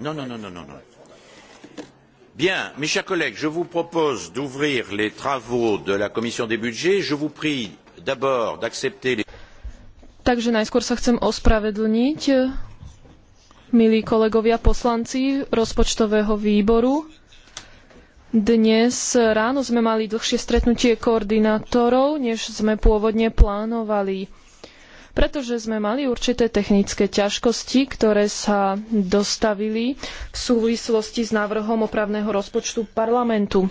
Non, non, non, non, non. non. Bien, mes chers collègues, je vous propose d'ouvrir les travaux de la commission des budgets. Je vous prie d'abord d'accepter les... Takže najskôr sa chcem ospravedlniť, milí kolegovia poslanci rozpočtového výboru. Dnes ráno sme mali dlhšie stretnutie koordinátorov, než sme pôvodne plánovali pretože sme mali určité technické ťažkosti, ktoré sa dostavili v súvislosti s návrhom opravného rozpočtu parlamentu.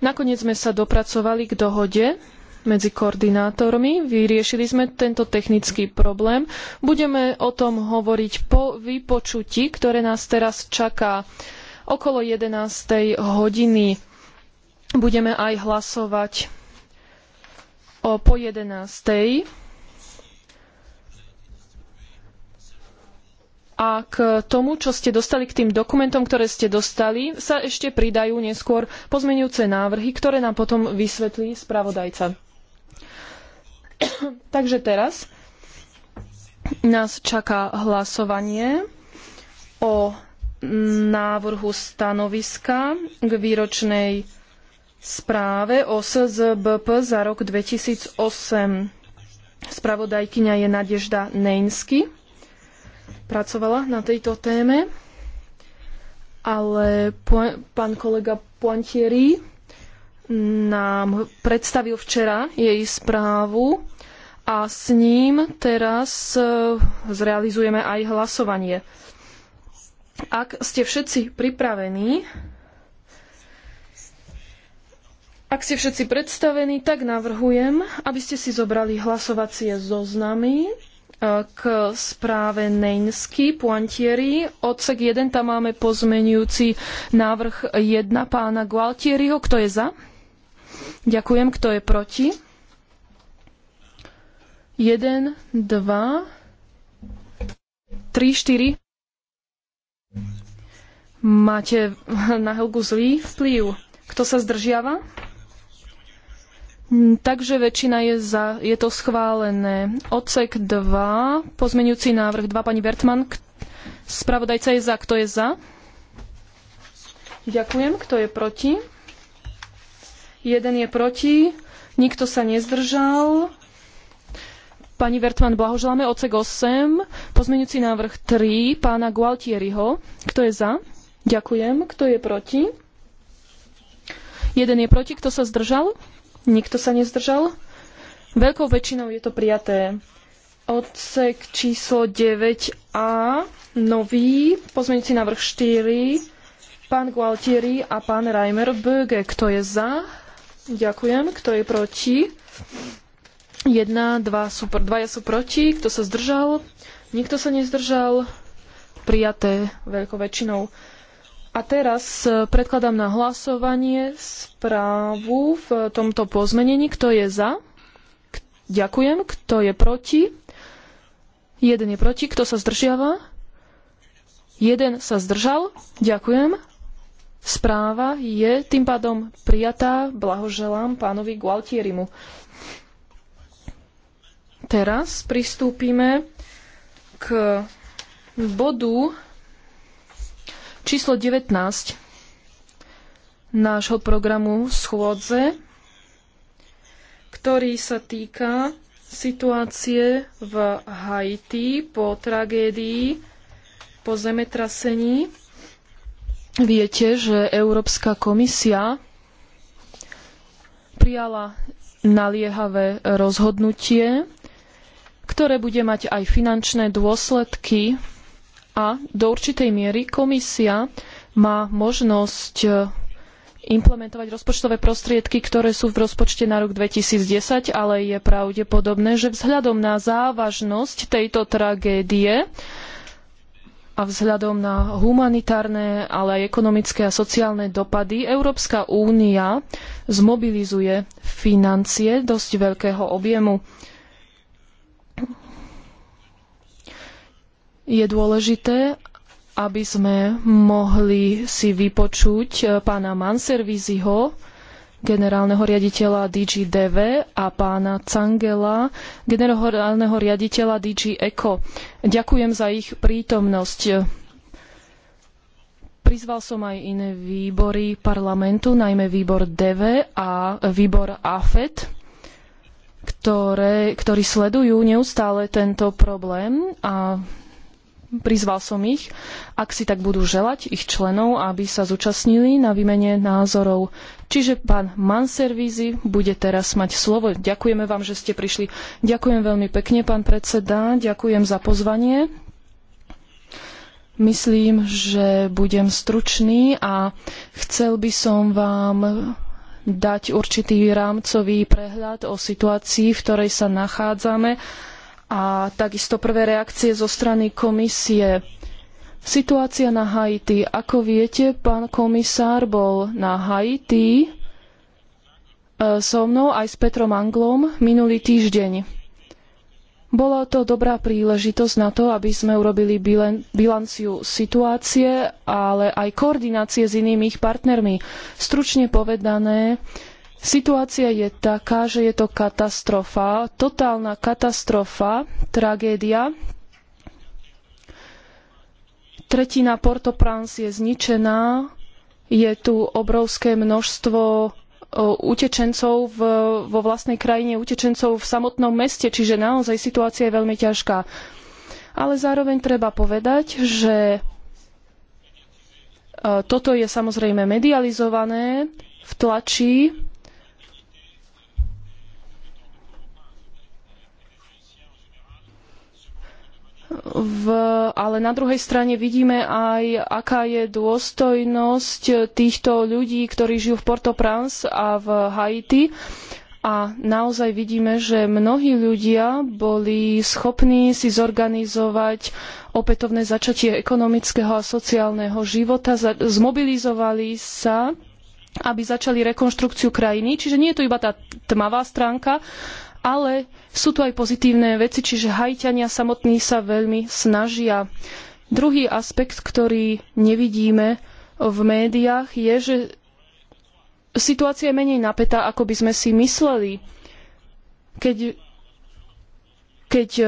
Nakoniec sme sa dopracovali k dohode medzi koordinátormi, vyriešili sme tento technický problém. Budeme o tom hovoriť po vypočutí, ktoré nás teraz čaká okolo 11. hodiny. Budeme aj hlasovať o po jedenástej. A k tomu, čo ste dostali, k tým dokumentom, ktoré ste dostali, sa ešte pridajú neskôr pozmenujúce návrhy, ktoré nám potom vysvetlí spravodajca. Takže teraz nás čaká hlasovanie o návrhu stanoviska k výročnej správe o SZBP za rok 2008. Spravodajkyňa je Nadežda Nejnsky. Pracovala na tejto téme, ale pán kolega Pointieri nám predstavil včera jej správu a s ním teraz e, zrealizujeme aj hlasovanie. Ak ste všetci pripravení, ak ste všetci predstavení, tak navrhujem, aby ste si zobrali hlasovacie zoznamy e, k správe Nejnsky, Pointieri. Odsek 1, tam máme pozmenujúci návrh 1 pána Gualtieriho. Kto je za? Ďakujem. Kto je proti? 1, 2, 3, 4. Máte na Helgu zlý vplyv. Kto sa zdržiava? Hm, takže väčšina je za, je to schválené. Odsek 2, pozmenujúci návrh 2, pani Bertman, spravodajca je za, kto je za? Ďakujem, kto je proti? Jeden je proti, nikto sa nezdržal. Pani Vertman blahoželáme. Odsek 8, pozmenujúci návrh 3, pána Gualtieriho, kto je za? Ďakujem, kto je proti? Jeden je proti, kto sa zdržal? Nikto sa nezdržal? Veľkou väčšinou je to prijaté. Odsek číslo 9a, nový, pozmeňujúci návrh 4, pán Gualtieri a pán Reimer Böge. Kto je za? Ďakujem. Kto je proti? Jedna, dva sú, dvaja sú proti. Kto sa zdržal? Nikto sa nezdržal. Prijaté veľkou väčšinou. A teraz e, predkladám na hlasovanie správu v tomto pozmenení. Kto je za? Ďakujem. Kto je proti? Jeden je proti. Kto sa zdržiava? Jeden sa zdržal. Ďakujem. Správa je tým pádom prijatá. Blahoželám pánovi Gualtierimu. Teraz pristúpime k bodu Číslo 19 nášho programu schôdze, ktorý sa týka situácie v Haiti po tragédii, po zemetrasení. Viete, že Európska komisia prijala naliehavé rozhodnutie, ktoré bude mať aj finančné dôsledky a do určitej miery komisia má možnosť e, implementovať rozpočtové prostriedky, ktoré sú v rozpočte na rok 2010, ale je pravdepodobné, že vzhľadom na závažnosť tejto tragédie a vzhľadom na humanitárne, ale aj ekonomické a sociálne dopady Európska únia zmobilizuje financie dosť veľkého objemu. Je dôležité, aby sme mohli si vypočuť eh, pána Manserviziho, generálneho riaditeľa DG DV a pána Cangela, generálneho riaditeľa DG ECO. Ďakujem za ich prítomnosť. Prizval som aj iné výbory parlamentu, najmä výbor DV a výbor AFET, ktoré, ktorí sledujú neustále tento problém a Prizval som ich, ak si tak budú želať, ich členov, aby sa zúčastnili na výmene názorov. Čiže pán Manservízy bude teraz mať slovo. Ďakujeme vám, že ste prišli. Ďakujem veľmi pekne, pán predseda. Ďakujem za pozvanie. Myslím, že budem stručný a chcel by som vám dať určitý rámcový prehľad o situácii, v ktorej sa nachádzame a takisto prvé reakcie zo strany komisie. Situácia na Haiti. Ako viete, pán komisár bol na Haiti e, so mnou aj s Petrom Anglom minulý týždeň. Bola to dobrá príležitosť na to, aby sme urobili bilanciu situácie, ale aj koordinácie s inými ich partnermi. Stručne povedané, Situácia je taká, že je to katastrofa, totálna katastrofa, tragédia. Tretina Port-au-Prince je zničená, je tu obrovské množstvo utečencov v, vo vlastnej krajine, utečencov v samotnom meste, čiže naozaj situácia je veľmi ťažká. Ale zároveň treba povedať, že e, toto je samozrejme medializované v tlači, V, ale na druhej strane vidíme aj, aká je dôstojnosť týchto ľudí, ktorí žijú v Port-au-Prince a v Haiti. A naozaj vidíme, že mnohí ľudia boli schopní si zorganizovať opätovné začatie ekonomického a sociálneho života, zmobilizovali sa aby začali rekonštrukciu krajiny. Čiže nie je to iba tá tmavá stránka, ale sú tu aj pozitívne veci, čiže hajťania samotní sa veľmi snažia. Druhý aspekt, ktorý nevidíme v médiách, je, že situácia je menej napätá, ako by sme si mysleli. Keď keď e,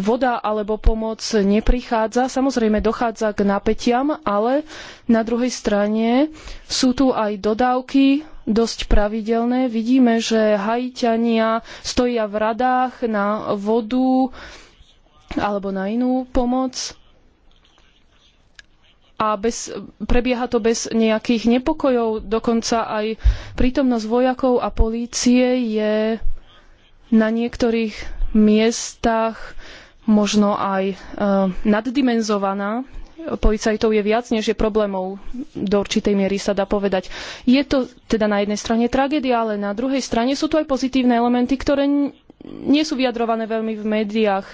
voda alebo pomoc neprichádza, samozrejme dochádza k napätiam, ale na druhej strane sú tu aj dodávky dosť pravidelné. Vidíme, že Haitiania stoja v radách na vodu alebo na inú pomoc a bez, prebieha to bez nejakých nepokojov. Dokonca aj prítomnosť vojakov a polície je na niektorých miestach možno aj e, naddimenzovaná policajtov je viac, než je problémov. Do určitej miery sa dá povedať. Je to teda na jednej strane tragédia, ale na druhej strane sú tu aj pozitívne elementy, ktoré nie sú vyjadrované veľmi v médiách.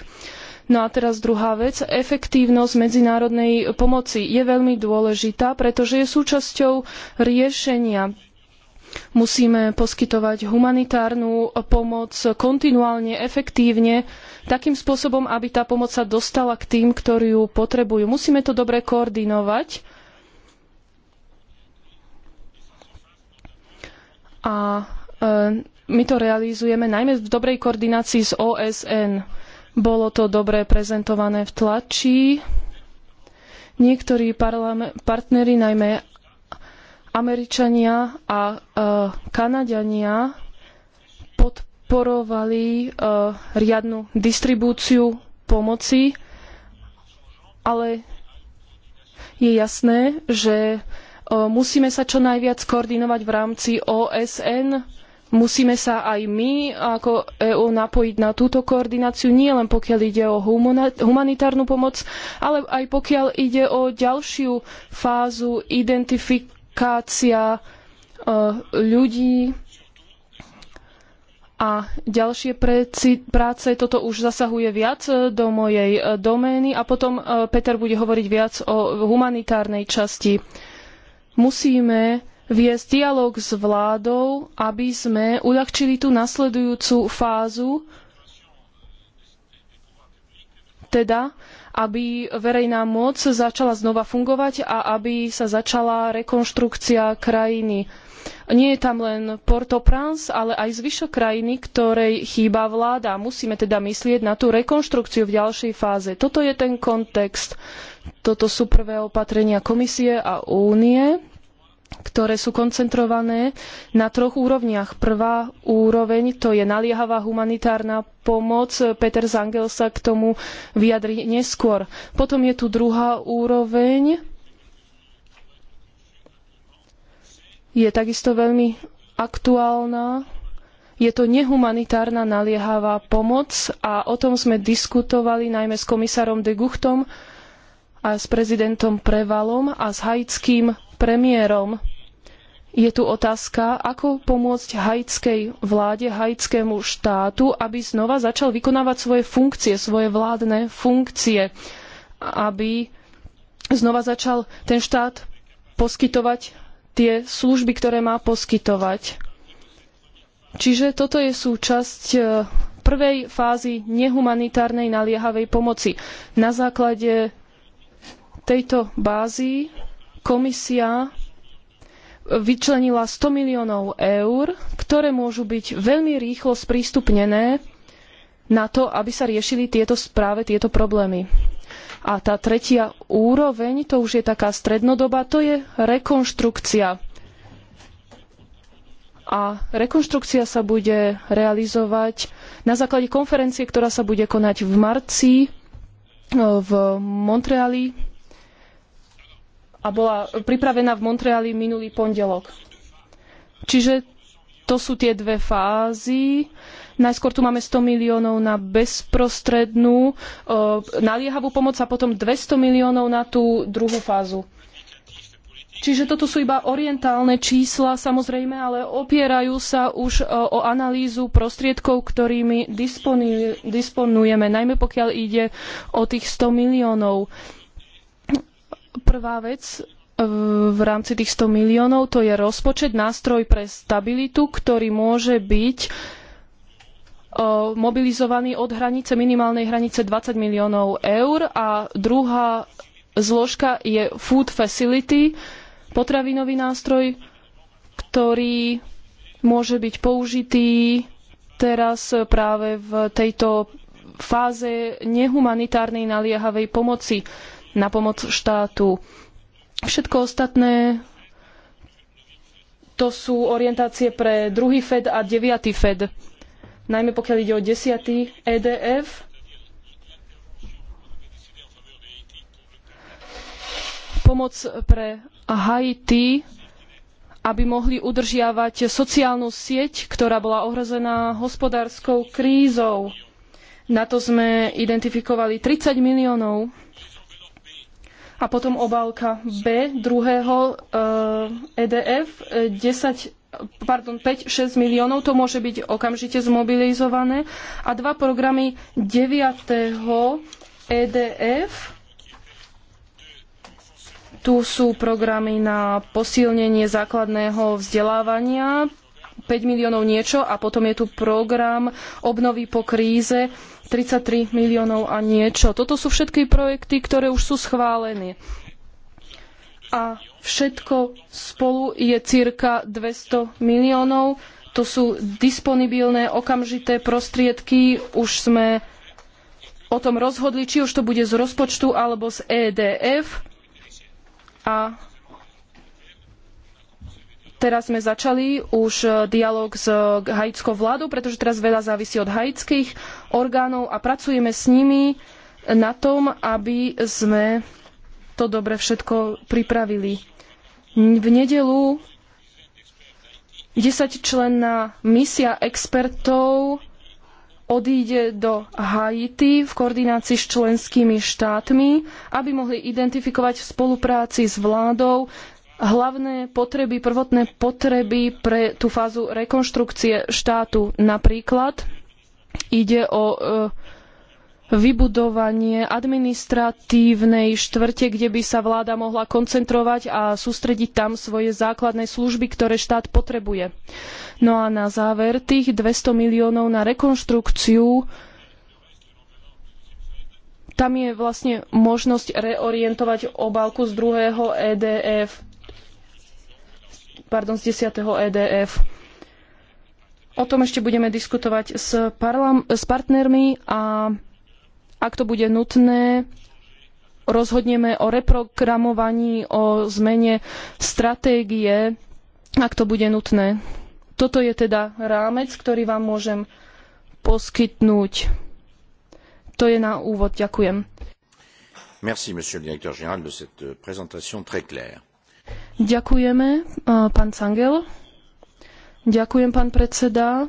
No a teraz druhá vec. Efektívnosť medzinárodnej pomoci je veľmi dôležitá, pretože je súčasťou riešenia Musíme poskytovať humanitárnu pomoc kontinuálne, efektívne, takým spôsobom, aby tá pomoc sa dostala k tým, ktorí ju potrebujú. Musíme to dobre koordinovať. A e, my to realizujeme najmä v dobrej koordinácii s OSN. Bolo to dobre prezentované v tlači. Niektorí partneri, najmä Američania a e, Kanadiania podporovali e, riadnu distribúciu pomoci, ale je jasné, že e, musíme sa čo najviac koordinovať v rámci OSN. Musíme sa aj my ako EÚ napojiť na túto koordináciu, nielen pokiaľ ide o humanitárnu pomoc, ale aj pokiaľ ide o ďalšiu fázu identifikácie edukácia e, ľudí a ďalšie práce. Toto už zasahuje viac do mojej e, domény a potom e, Peter bude hovoriť viac o humanitárnej časti. Musíme viesť dialog s vládou, aby sme uľahčili tú nasledujúcu fázu, teda aby verejná moc začala znova fungovať a aby sa začala rekonštrukcia krajiny. Nie je tam len Port-au-Prince, ale aj zvyšok krajiny, ktorej chýba vláda. Musíme teda myslieť na tú rekonštrukciu v ďalšej fáze. Toto je ten kontext. Toto sú prvé opatrenia komisie a únie ktoré sú koncentrované na troch úrovniach. Prvá úroveň to je naliehavá humanitárna pomoc. Peter Zangel sa k tomu vyjadri neskôr. Potom je tu druhá úroveň. Je takisto veľmi aktuálna. Je to nehumanitárna naliehavá pomoc a o tom sme diskutovali najmä s komisárom de Guchtom a s prezidentom Prevalom a s haitským premiérom. Je tu otázka, ako pomôcť haitskej vláde, haitskému štátu, aby znova začal vykonávať svoje funkcie, svoje vládne funkcie, aby znova začal ten štát poskytovať tie služby, ktoré má poskytovať. Čiže toto je súčasť e, prvej fázy nehumanitárnej naliehavej pomoci. Na základe tejto bázy komisia vyčlenila 100 miliónov eur, ktoré môžu byť veľmi rýchlo sprístupnené na to, aby sa riešili tieto práve tieto problémy. A tá tretia úroveň, to už je taká strednodoba, to je rekonštrukcia. A rekonštrukcia sa bude realizovať na základe konferencie, ktorá sa bude konať v marci e, v Montreali a bola pripravená v Montreali minulý pondelok. Čiže to sú tie dve fázy. Najskôr tu máme 100 miliónov na bezprostrednú e, naliehavú pomoc a potom 200 miliónov na tú druhú fázu. Čiže toto sú iba orientálne čísla, samozrejme, ale opierajú sa už e, o analýzu prostriedkov, ktorými disponujeme, najmä pokiaľ ide o tých 100 miliónov. Prvá vec e, v rámci tých 100 miliónov to je rozpočet, nástroj pre stabilitu, ktorý môže byť e, mobilizovaný od hranice, minimálnej hranice 20 miliónov eur a druhá zložka je Food Facility, potravinový nástroj, ktorý môže byť použitý teraz práve v tejto fáze nehumanitárnej naliehavej pomoci na pomoc štátu. Všetko ostatné to sú orientácie pre druhý FED a deviatý FED. Najmä pokiaľ ide o desiatý EDF, pomoc pre Haiti, aby mohli udržiavať sociálnu sieť, ktorá bola ohrozená hospodárskou krízou. Na to sme identifikovali 30 miliónov a potom obálka B druhého EDF eh, e 10 eh, pardon, 5-6 miliónov, to môže byť okamžite zmobilizované. A dva programy 9. EDF, tu sú programy na posilnenie základného vzdelávania 5 miliónov niečo a potom je tu program obnovy po kríze 33 miliónov a niečo. Toto sú všetky projekty, ktoré už sú schválené. A všetko spolu je cirka 200 miliónov. To sú disponibilné okamžité prostriedky. Už sme o tom rozhodli, či už to bude z rozpočtu alebo z EDF. A Teraz sme začali už e, dialog s e, haitskou vládou, pretože teraz veľa závisí od haitských orgánov a pracujeme s nimi na tom, aby sme to dobre všetko pripravili. V nedelu 10 členná misia expertov odíde do Haiti v koordinácii s členskými štátmi, aby mohli identifikovať v spolupráci s vládou hlavné potreby, prvotné potreby pre tú fázu rekonštrukcie štátu. Napríklad ide o e, vybudovanie administratívnej štvrte, kde by sa vláda mohla koncentrovať a sústrediť tam svoje základné služby, ktoré štát potrebuje. No a na záver tých 200 miliónov na rekonštrukciu tam je vlastne možnosť reorientovať obálku z druhého EDF pardon, z 10. EDF. O tom ešte budeme diskutovať s, s partnermi a ak to bude nutné, rozhodneme o reprogramovaní, o zmene stratégie, ak to bude nutné. Toto je teda rámec, ktorý vám môžem poskytnúť. To je na úvod. Ďakujem. Merci, monsieur le directeur général, de cette présentation très claire. Ďakujeme, e, pán Cangel. Ďakujem, pán predseda.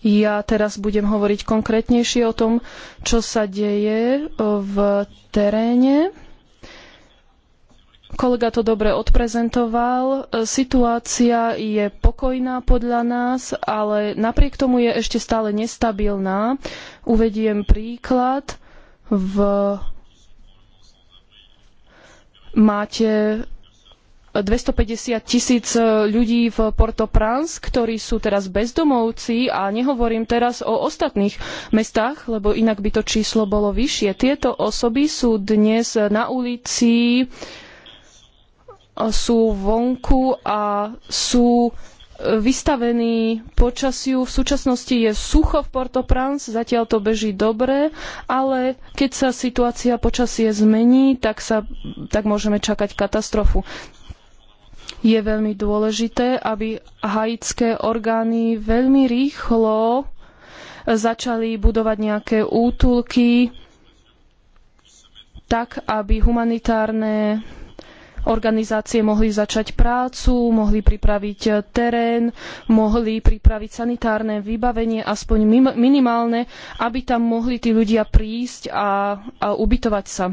Ja teraz budem hovoriť konkrétnejšie o tom, čo sa deje e, v teréne. Kolega to dobre odprezentoval. E, situácia je pokojná podľa nás, ale napriek tomu je ešte stále nestabilná. Uvediem príklad. V máte 250 tisíc e, ľudí v Port-au-Prince, ktorí sú teraz bezdomovci a nehovorím teraz o ostatných mestách, lebo inak by to číslo bolo vyššie. Tieto osoby sú dnes na ulici, e, sú vonku a sú Vystavení počasiu. V súčasnosti je sucho v Port-au-Prince, zatiaľ to beží dobre, ale keď sa situácia počasie zmení, tak, sa, tak môžeme čakať katastrofu. Je veľmi dôležité, aby haitské orgány veľmi rýchlo začali budovať nejaké útulky, tak aby humanitárne organizácie mohli začať prácu, mohli pripraviť eh, terén, mohli pripraviť sanitárne vybavenie, aspoň minimálne, aby tam mohli tí ľudia prísť a, a ubytovať sa.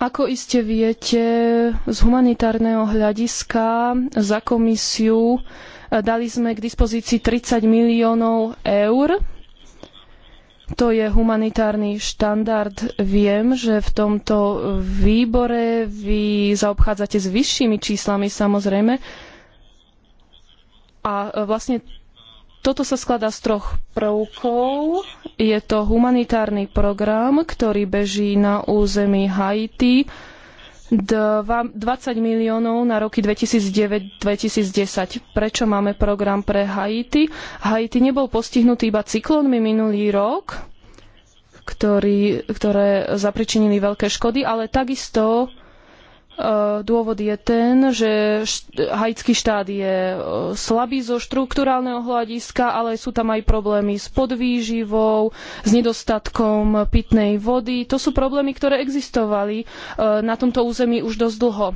Ako iste viete, z humanitárneho hľadiska za komisiu eh, dali sme k dispozícii 30 miliónov eur to je humanitárny štandard. Viem, že v tomto výbore vy zaobchádzate s vyššími číslami samozrejme. A e, vlastne toto sa skladá z troch prvkov. Je to humanitárny program, ktorý beží na území Haiti 20 miliónov na roky 2009-2010. Prečo máme program pre Haiti? Haiti nebol postihnutý iba cyklónmi minulý rok, ktorý, ktoré zapričinili veľké škody, ale takisto Eh, dôvod je ten, že haitský štát je eh, slabý zo štrukturálneho hľadiska, ale sú tam aj problémy s podvýživou, s nedostatkom pitnej vody. To sú problémy, ktoré existovali eh, na tomto území už dosť dlho.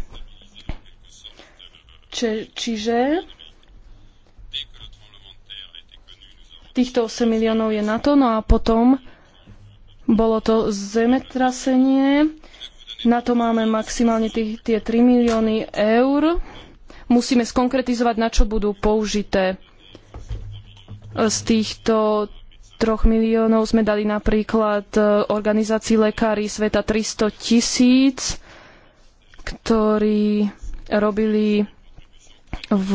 Či, čiže týchto 8 miliónov je na to, no a potom bolo to zemetrasenie na to máme maximálne tých, tie 3 milióny eur. Musíme skonkretizovať, na čo budú použité. Z týchto 3 miliónov sme dali napríklad e, organizácii lekári sveta 300 tisíc, ktorí robili v,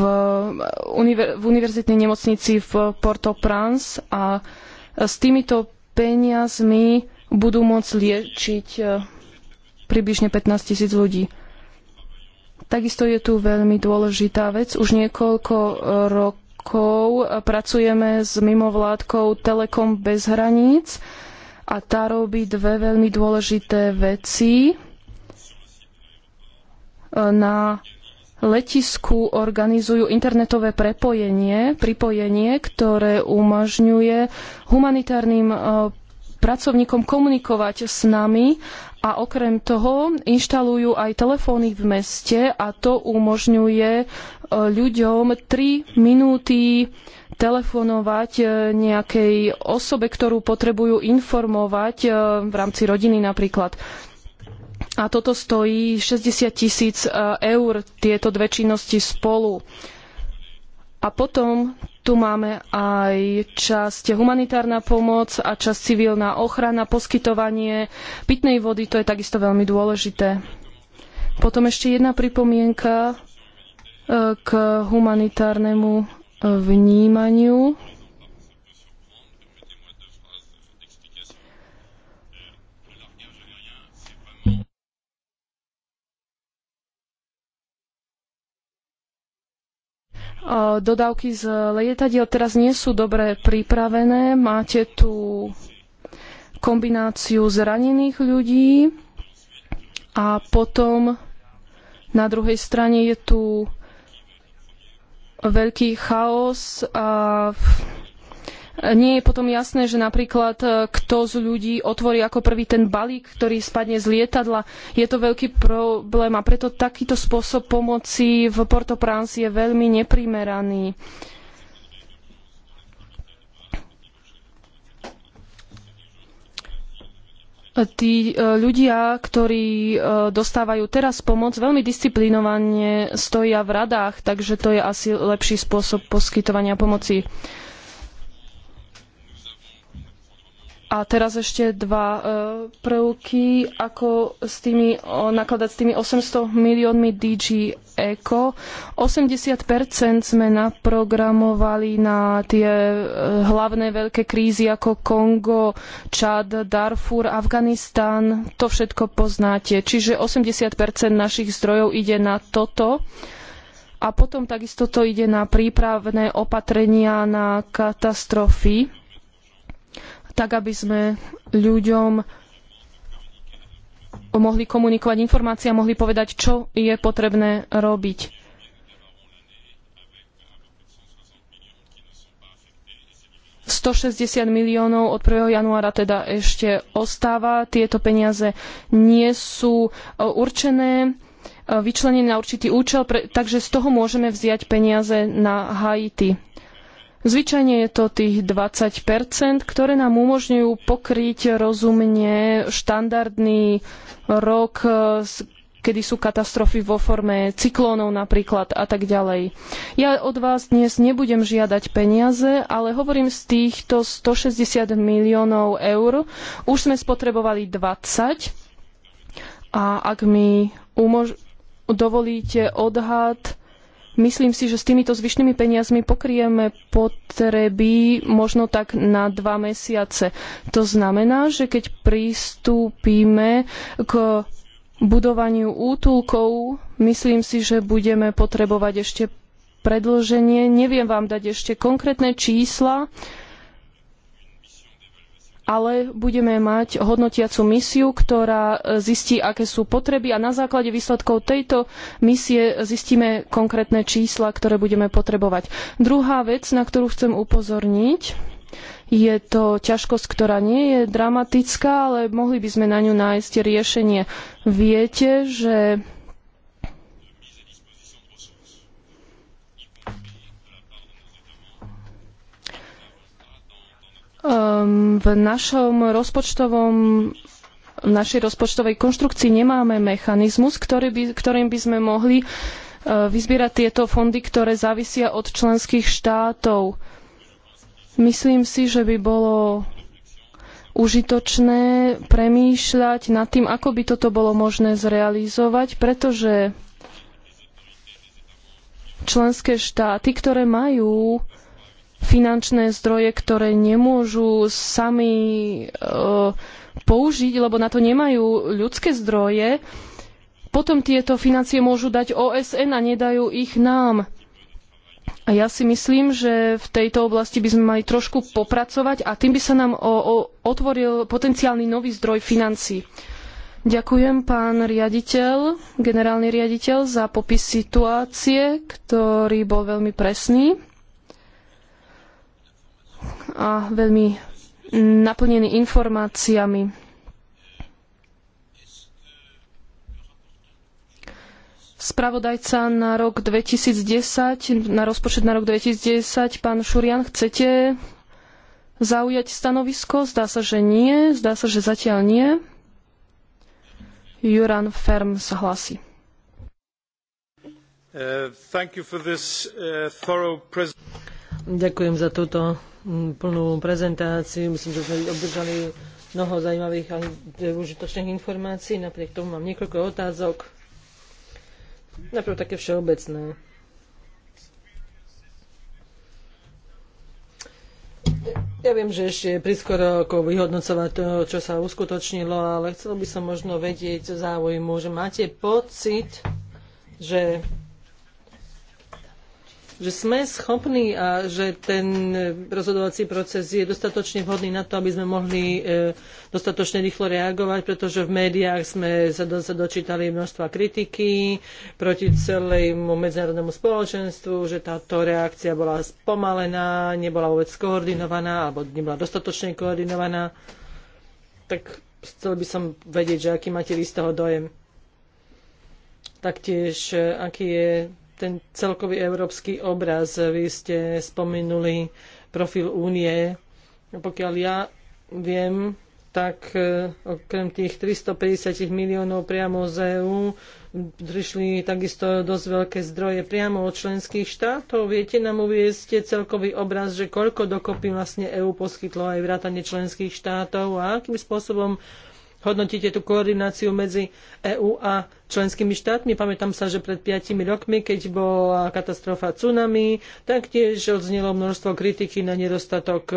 univer- v univerzitnej nemocnici v Port-au-Prince a s týmito peniazmi budú môcť liečiť e, približne 15 tisíc ľudí. Takisto je tu veľmi dôležitá vec. Už niekoľko e, rokov e, pracujeme s mimovládkou Telekom bez hraníc a tá robí dve veľmi dôležité veci. E, na letisku organizujú internetové prepojenie, pripojenie, ktoré umožňuje humanitárnym pracovníkom komunikovať s nami a okrem toho inštalujú aj telefóny v meste a to umožňuje e, ľuďom 3 minúty telefonovať e, nejakej osobe, ktorú potrebujú informovať e, v rámci rodiny napríklad. A toto stojí 60 tisíc eur, tieto dve činnosti spolu. A potom tu máme aj časť humanitárna pomoc a časť civilná ochrana, poskytovanie pitnej vody, to je takisto veľmi dôležité. Potom ešte jedna pripomienka e, k humanitárnemu e, vnímaniu dodávky z lietadiel teraz nie sú dobre pripravené. Máte tu kombináciu zranených ľudí a potom na druhej strane je tu veľký chaos a nie je potom jasné, že napríklad e, kto z ľudí otvorí ako prvý ten balík, ktorý spadne z lietadla. Je to veľký problém a preto takýto spôsob pomoci v Port-au-Prince je veľmi neprimeraný. tí e, ľudia, ktorí e, dostávajú teraz pomoc, veľmi disciplinovane stoja v radách, takže to je asi lepší spôsob poskytovania pomoci. A teraz ešte dva e, prvky, ako s tými, nakladať s tými 800 miliónmi DG Eco. 80% sme naprogramovali na tie e, hlavné veľké krízy ako Kongo, Čad, Darfur, Afganistan. To všetko poznáte. Čiže 80% našich zdrojov ide na toto. A potom takisto to ide na prípravné opatrenia na katastrofy tak aby sme ľuďom mohli komunikovať informácie a mohli povedať, čo je potrebné robiť. 160 miliónov od 1. januára teda ešte ostáva. Tieto peniaze nie sú e, určené, e, vyčlenené na určitý účel, takže z toho môžeme vziať peniaze na Haiti. Zvyčajne je to tých 20 ktoré nám umožňujú pokryť rozumne štandardný rok, e, kedy sú katastrofy vo forme cyklónov napríklad a tak ďalej. Ja od vás dnes nebudem žiadať peniaze, ale hovorím z týchto 160 miliónov eur. Už sme spotrebovali 20 a ak mi umož- dovolíte odhad, Myslím si, že s týmito zvyšnými peniazmi pokrieme potreby možno tak na dva mesiace. To znamená, že keď pristúpime k budovaniu útulkov, myslím si, že budeme potrebovať ešte predloženie. Neviem vám dať ešte konkrétne čísla, ale budeme mať hodnotiacu misiu, ktorá e, zistí, aké sú potreby a na základe výsledkov tejto misie zistíme konkrétne čísla, ktoré budeme potrebovať. Druhá vec, na ktorú chcem upozorniť, je to ťažkosť, ktorá nie je dramatická, ale mohli by sme na ňu nájsť riešenie. Viete, že Ehm, v našom rozpočtovom v našej rozpočtovej konštrukcii nemáme mechanizmus, ktorý by, ktorým by sme mohli e, vyzbierať tieto fondy, ktoré závisia od členských štátov. Myslím si, že by bolo užitočné premýšľať nad tým, ako by toto bolo možné zrealizovať, pretože členské štáty, ktoré majú finančné zdroje, ktoré nemôžu sami e, použiť, lebo na to nemajú ľudské zdroje, potom tieto financie môžu dať OSN a nedajú ich nám. A ja si myslím, že v tejto oblasti by sme mali trošku popracovať a tým by sa nám o, o, otvoril potenciálny nový zdroj financií. Ďakujem pán riaditeľ, generálny riaditeľ za popis situácie, ktorý bol veľmi presný a veľmi naplnený informáciami. Spravodajca na rok 2010, na rozpočet na rok 2010, pán Šurian, chcete zaujať stanovisko? Zdá sa, že nie. Zdá sa, že zatiaľ nie. Juran Ferm sa hlási. Uh, this, uh, Ďakujem za túto plnú prezentáciu. Myslím, že sme obdržali mnoho zaujímavých a užitočných informácií. Napriek tomu mám niekoľko otázok. Najprv také všeobecné. Ja viem, že ešte je priskoro ako vyhodnocovať to, čo sa uskutočnilo, ale chcel by som možno vedieť záujmu, že máte pocit, že že sme schopní a že ten rozhodovací proces je dostatočne vhodný na to, aby sme mohli e, dostatočne rýchlo reagovať, pretože v médiách sme sa, do, sa dočítali množstva kritiky proti celému medzinárodnému spoločenstvu, že táto reakcia bola spomalená, nebola vôbec koordinovaná alebo nebola dostatočne koordinovaná. Tak chcel by som vedieť, že aký máte vy z toho dojem. Taktiež, e, aký je ten celkový európsky obraz. Vy ste spomenuli profil únie. No, pokiaľ ja viem, tak e, okrem tých 350 miliónov priamo z EÚ prišli takisto dosť veľké zdroje priamo od členských štátov. Viete nám uviezť celkový obraz, že koľko dokopy vlastne EÚ poskytlo aj vrátanie členských štátov a akým spôsobom hodnotíte tú koordináciu medzi EÚ a členskými štátmi. Pamätám sa, že pred piatimi rokmi, keď bola katastrofa tsunami, tak tiež odznelo množstvo kritiky na nedostatok ehm,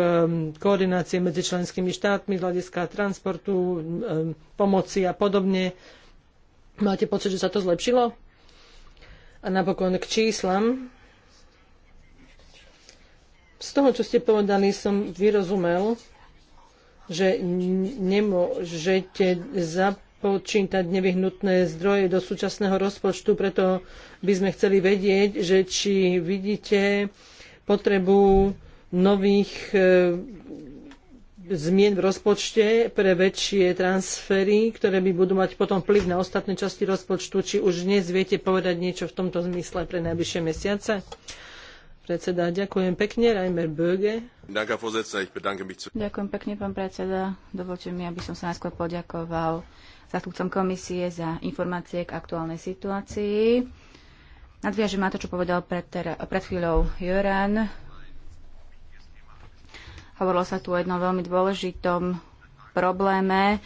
koordinácie medzi členskými štátmi z hľadiska transportu, ehm, pomoci a podobne. Máte pocit, že sa to zlepšilo? A napokon k číslam. Z toho, čo ste povedali, som vyrozumel, že nemôžete započítať nevyhnutné zdroje do súčasného rozpočtu, preto by sme chceli vedieť, že či vidíte potrebu nových e, zmien v rozpočte pre väčšie transfery, ktoré by budú mať potom vplyv na ostatné časti rozpočtu, či už dnes viete povedať niečo v tomto zmysle pre najbližšie mesiace? Predseda, ďakujem pekne, Reimer Böge. Ďakujem pekne, pán predseda. Dovolte mi, aby som sa najskôr poďakoval zástupcom komisie za informácie k aktuálnej situácii. Nadviažem na to, čo povedal pred, pred chvíľou Joran. Hovorilo sa tu o jednom veľmi dôležitom probléme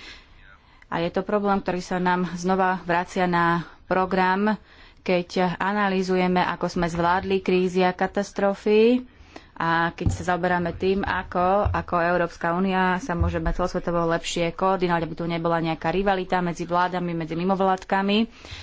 a je to problém, ktorý sa nám znova vracia na program keď analýzujeme, ako sme zvládli krízy a katastrofy a keď sa zaoberáme tým, ako, ako Európska únia sa môžeme celosvetovo lepšie koordinovať, aby tu nebola nejaká rivalita medzi vládami, medzi mimovládkami,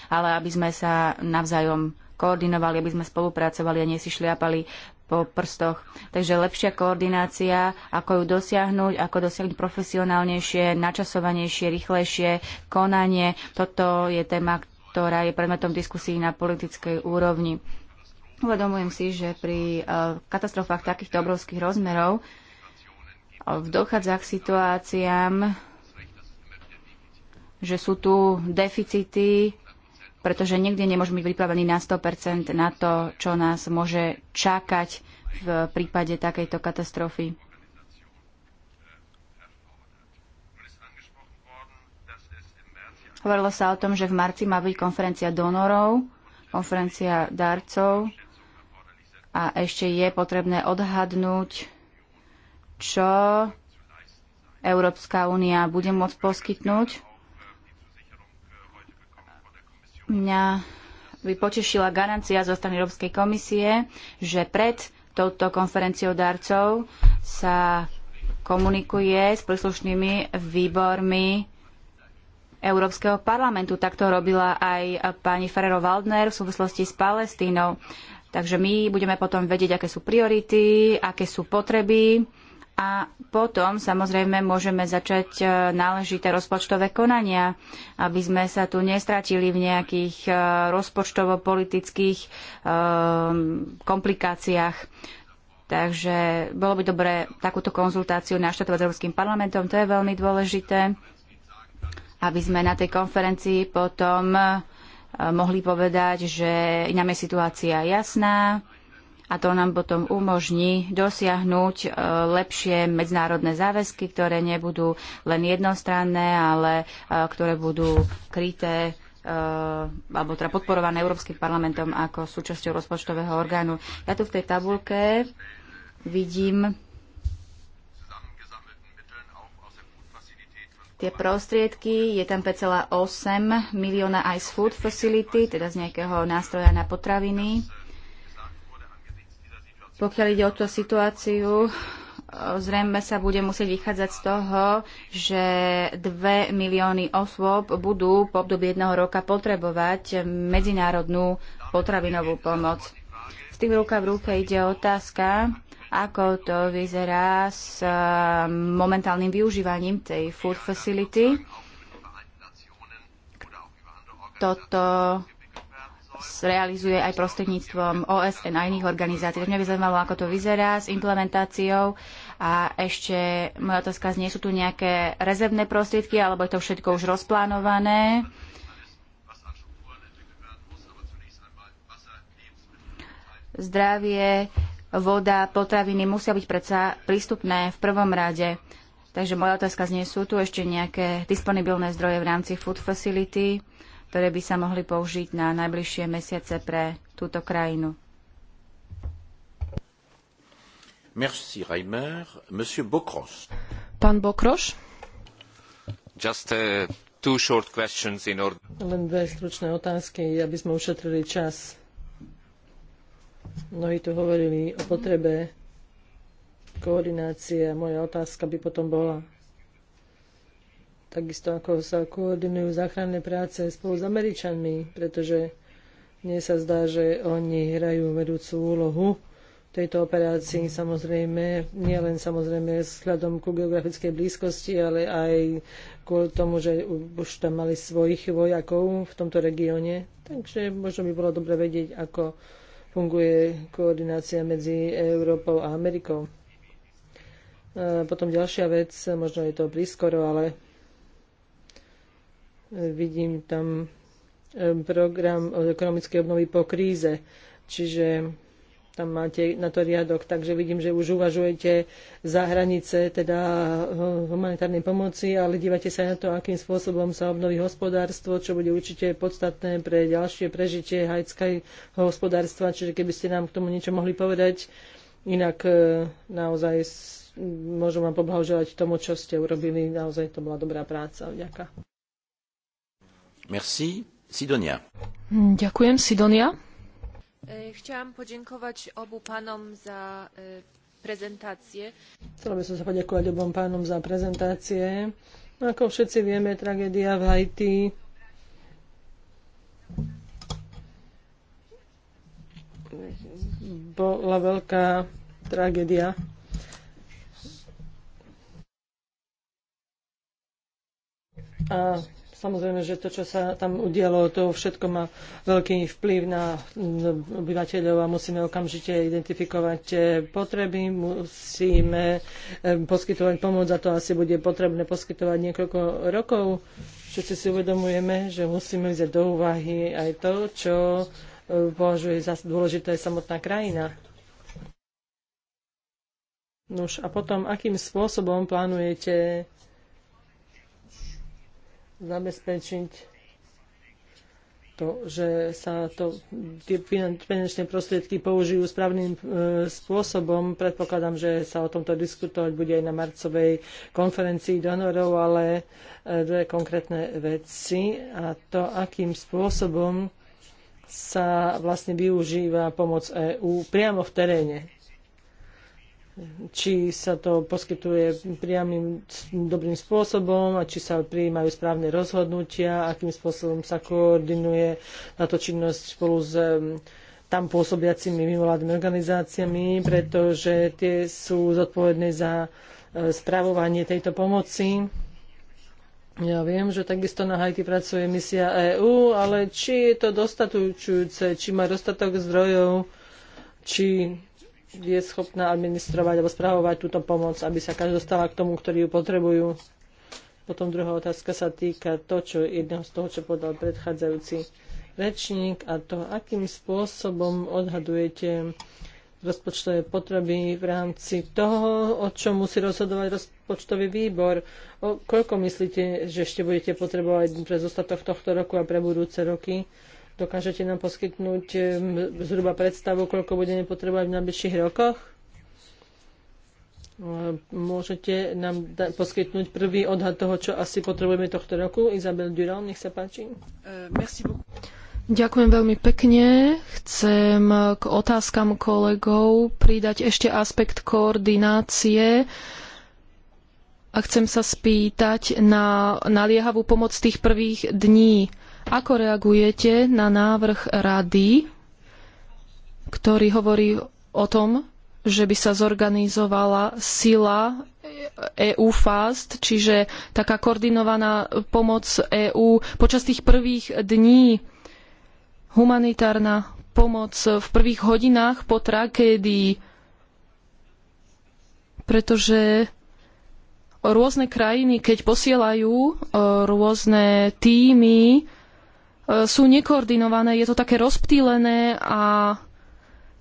ale aby sme sa navzájom koordinovali, aby sme spolupracovali a si šliapali po prstoch. Takže lepšia koordinácia, ako ju dosiahnuť, ako dosiahnuť profesionálnejšie, načasovanejšie, rýchlejšie konanie. Toto je téma, ktorá je predmetom diskusí na politickej úrovni. Uvedomujem si, že pri e, katastrofách takýchto obrovských rozmerov e, v dochádza k situáciám, že sú tu deficity, pretože nikdy nemôžeme byť pripravení na 100% na to, čo nás môže čakať v prípade takejto katastrofy. Hovorilo sa o tom, že v marci má byť konferencia donorov, konferencia darcov a ešte je potrebné odhadnúť, čo Európska únia bude môcť poskytnúť. Mňa by potešila garancia zo strany Európskej komisie, že pred touto konferenciou darcov sa komunikuje s príslušnými výbormi Európskeho parlamentu. Tak to robila aj pani Ferrero Waldner v súvislosti s Palestínou. Takže my budeme potom vedieť, aké sú priority, aké sú potreby a potom samozrejme môžeme začať e, náležité rozpočtové konania, aby sme sa tu nestratili v nejakých e, rozpočtovo-politických e, komplikáciách. Takže bolo by dobre takúto konzultáciu naštatovať s Európskym parlamentom, to je veľmi dôležité aby sme na tej konferencii potom e, mohli povedať, že nám je situácia jasná a to nám potom umožní dosiahnuť e, lepšie medzinárodné záväzky, ktoré nebudú len jednostranné, ale e, ktoré budú kryté alebo teda podporované Európskym parlamentom ako súčasťou rozpočtového orgánu. Ja tu v tej tabulke vidím tie prostriedky. Je tam 5,8 milióna aj z Food Facility, teda z nejakého nástroja na potraviny. Pokiaľ ide o tú situáciu, e, zrejme sa bude musieť vychádzať z toho, že 2 milióny osôb budú po období jedného roka potrebovať medzinárodnú potravinovú pomoc. Z tým ruka v ruke ide otázka, ako to vyzerá s um, momentálnym využívaním tej food facility. Toto realizuje aj prostredníctvom OSN a iných organizácií. Mňa by zaujímalo, ako to vyzerá s implementáciou. A ešte moja otázka znie, sú tu nejaké rezervné prostriedky, alebo je to všetko už rozplánované? Zdravie, voda, potraviny musia byť predsa prístupné v prvom rade. Takže moja otázka znie, sú tu ešte nejaké disponibilné zdroje v rámci Food Facility, ktoré by sa mohli použiť na najbližšie mesiace pre túto krajinu? Merci, Reimer. Monsieur Bokros. Pán Bokros. Just uh, two short questions in order. Len dve stručné otázky, aby sme ušetrili čas Mnohí tu hovorili o potrebe koordinácie. Moja otázka by potom bola, takisto ako sa koordinujú záchranné práce spolu s Američanmi, pretože mne sa zdá, že oni hrajú vedúcu úlohu v tejto operácii, samozrejme, nielen samozrejme vzhľadom ku geografickej blízkosti, ale aj kvôli tomu, že už tam mali svojich vojakov v tomto regióne. Takže možno by bolo dobre vedieť, ako funguje koordinácia medzi Európou a Amerikou. Potom ďalšia vec, možno je to prískoro, ale vidím tam eh, program ekonomickej obnovy po kríze. Čiže tam máte na to riadok, takže vidím, že už uvažujete za hranice teda eh, humanitárnej pomoci, ale dívate sa aj na to, akým spôsobom sa obnoví hospodárstvo, čo bude určite podstatné pre ďalšie prežitie hajckého hospodárstva, čiže keby ste nám k tomu niečo mohli povedať, inak eh, naozaj môžem vám poblahoželať tomu, čo ste urobili, naozaj to bola dobrá práca. Ďakujem. Merci. Sidonia. Hm, ďakujem, Sidonia. E, chciałam podziękować obu panom za e, prezentácie. Chcela by som sa poďakovať obom pánom za prezentácie. Ako všetci vieme, tragédia v Haiti bola veľká tragédia. A Samozrejme, že to, čo sa tam udialo, to všetko má veľký vplyv na obyvateľov a musíme okamžite identifikovať eh, potreby, musíme eh, poskytovať pomoc a to asi bude potrebné poskytovať niekoľko rokov. Všetci si uvedomujeme, že musíme vziať do úvahy aj to, čo eh, považuje za dôležité samotná krajina. Nuž a potom, akým spôsobom plánujete zabezpečiť to, že sa to, tie finančné prostriedky použijú správnym e, spôsobom. Predpokladám, že sa o tomto diskutovať bude aj na marcovej konferencii donorov, ale e, dve konkrétne veci a to, akým spôsobom sa vlastne využíva pomoc EÚ priamo v teréne či sa to poskytuje priamým dobrým spôsobom a či sa prijímajú správne rozhodnutia, akým spôsobom sa koordinuje táto činnosť spolu s tam pôsobiacimi mimovládnymi organizáciami, pretože tie sú zodpovedné za e, spravovanie tejto pomoci. Ja viem, že takisto na Haiti pracuje misia EÚ, ale či je to dostatočujúce, či má dostatok zdrojov, či je schopná administrovať alebo spravovať túto pomoc, aby sa každá dostala k tomu, ktorí ju potrebujú. Potom druhá otázka sa týka to, čo jedného z toho, čo podal predchádzajúci rečník a to, akým spôsobom odhadujete rozpočtové potreby v rámci toho, o čom musí rozhodovať rozpočtový výbor. O koľko myslíte, že ešte budete potrebovať pre zostatok tohto roku a pre budúce roky? Dokážete nám poskytnúť e, zhruba predstavu, koľko budeme potrebovať v najbližších rokoch? E, môžete nám da- poskytnúť prvý odhad toho, čo asi potrebujeme tohto roku. Izabel Durán, nech sa páči. E, merci Ďakujem veľmi pekne. Chcem k otázkam kolegov pridať ešte aspekt koordinácie a chcem sa spýtať na naliehavú pomoc tých prvých dní. Ako reagujete na návrh rady, ktorý hovorí o tom, že by sa zorganizovala sila EU Fast, čiže taká koordinovaná pomoc EÚ počas tých prvých dní, humanitárna pomoc v prvých hodinách po tragédii, pretože rôzne krajiny, keď posielajú e, rôzne týmy, E, sú nekoordinované, je to také rozptýlené a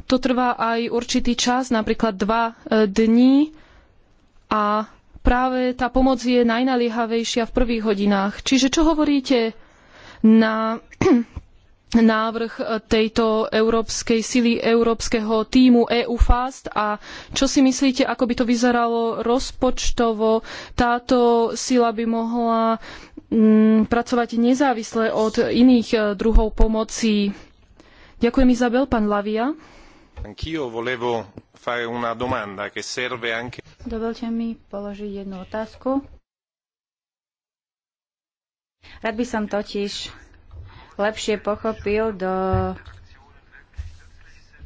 to trvá aj určitý čas, napríklad dva e, dní a práve tá pomoc je najnaliehavejšia v prvých hodinách. Čiže čo hovoríte na návrh e, tejto európskej sily, európskeho tímu EU Fast a čo si myslíte, ako by to vyzeralo rozpočtovo? Táto sila by mohla Mm, pracovať nezávisle od iných eh, druhov pomoci. Ďakujem Izabel, pán Lavia. Dovolte mi položiť jednu otázku. Rád by som totiž lepšie pochopil, do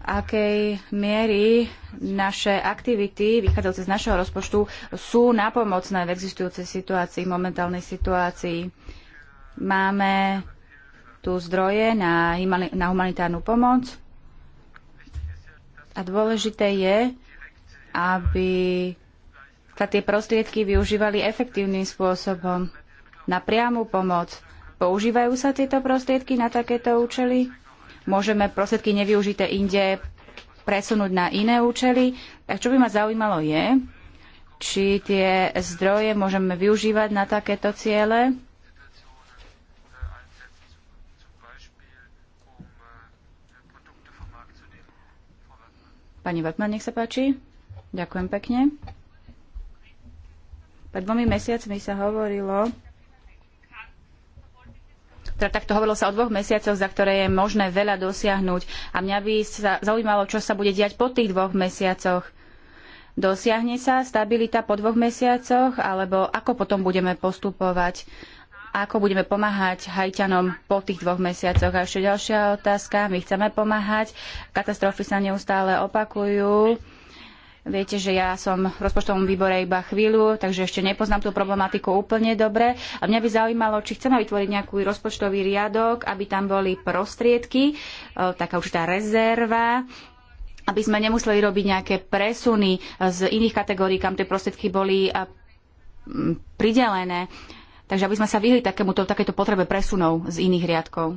akej miery naše aktivity vychádzajúce z našeho rozpočtu sú napomocné v existujúcej situácii, v momentálnej situácii. Máme tu zdroje na, na humanitárnu pomoc a dôležité je, aby sa tie prostriedky využívali efektívnym spôsobom na priamu pomoc. Používajú sa tieto prostriedky na takéto účely? môžeme prostriedky nevyužité inde presunúť na iné účely. Tak čo by ma zaujímalo je, či tie zdroje môžeme využívať na takéto ciele. Pani Vatman, nech sa páči. Ďakujem pekne. Pred dvomi mesiacmi sa hovorilo teda takto hovorilo sa o dvoch mesiacoch, za ktoré je možné veľa dosiahnuť. A mňa by sa zaujímalo, čo sa bude diať po tých dvoch mesiacoch. Dosiahne sa stabilita po dvoch mesiacoch, alebo ako potom budeme postupovať? Ako budeme pomáhať hajťanom po tých dvoch mesiacoch? A ešte ďalšia otázka. My chceme pomáhať. Katastrofy sa neustále opakujú Viete, že ja som v rozpočtovom výbore iba chvíľu, takže ešte nepoznám tú problematiku úplne dobre. A mňa by zaujímalo, či chceme vytvoriť nejaký rozpočtový riadok, aby tam boli prostriedky, e, taká určitá rezerva, aby sme nemuseli robiť nejaké presuny e, z iných kategórií, kam tie prostriedky boli pridelené. Takže aby sme sa vyhli takémuto, takéto potrebe presunov z iných riadkov.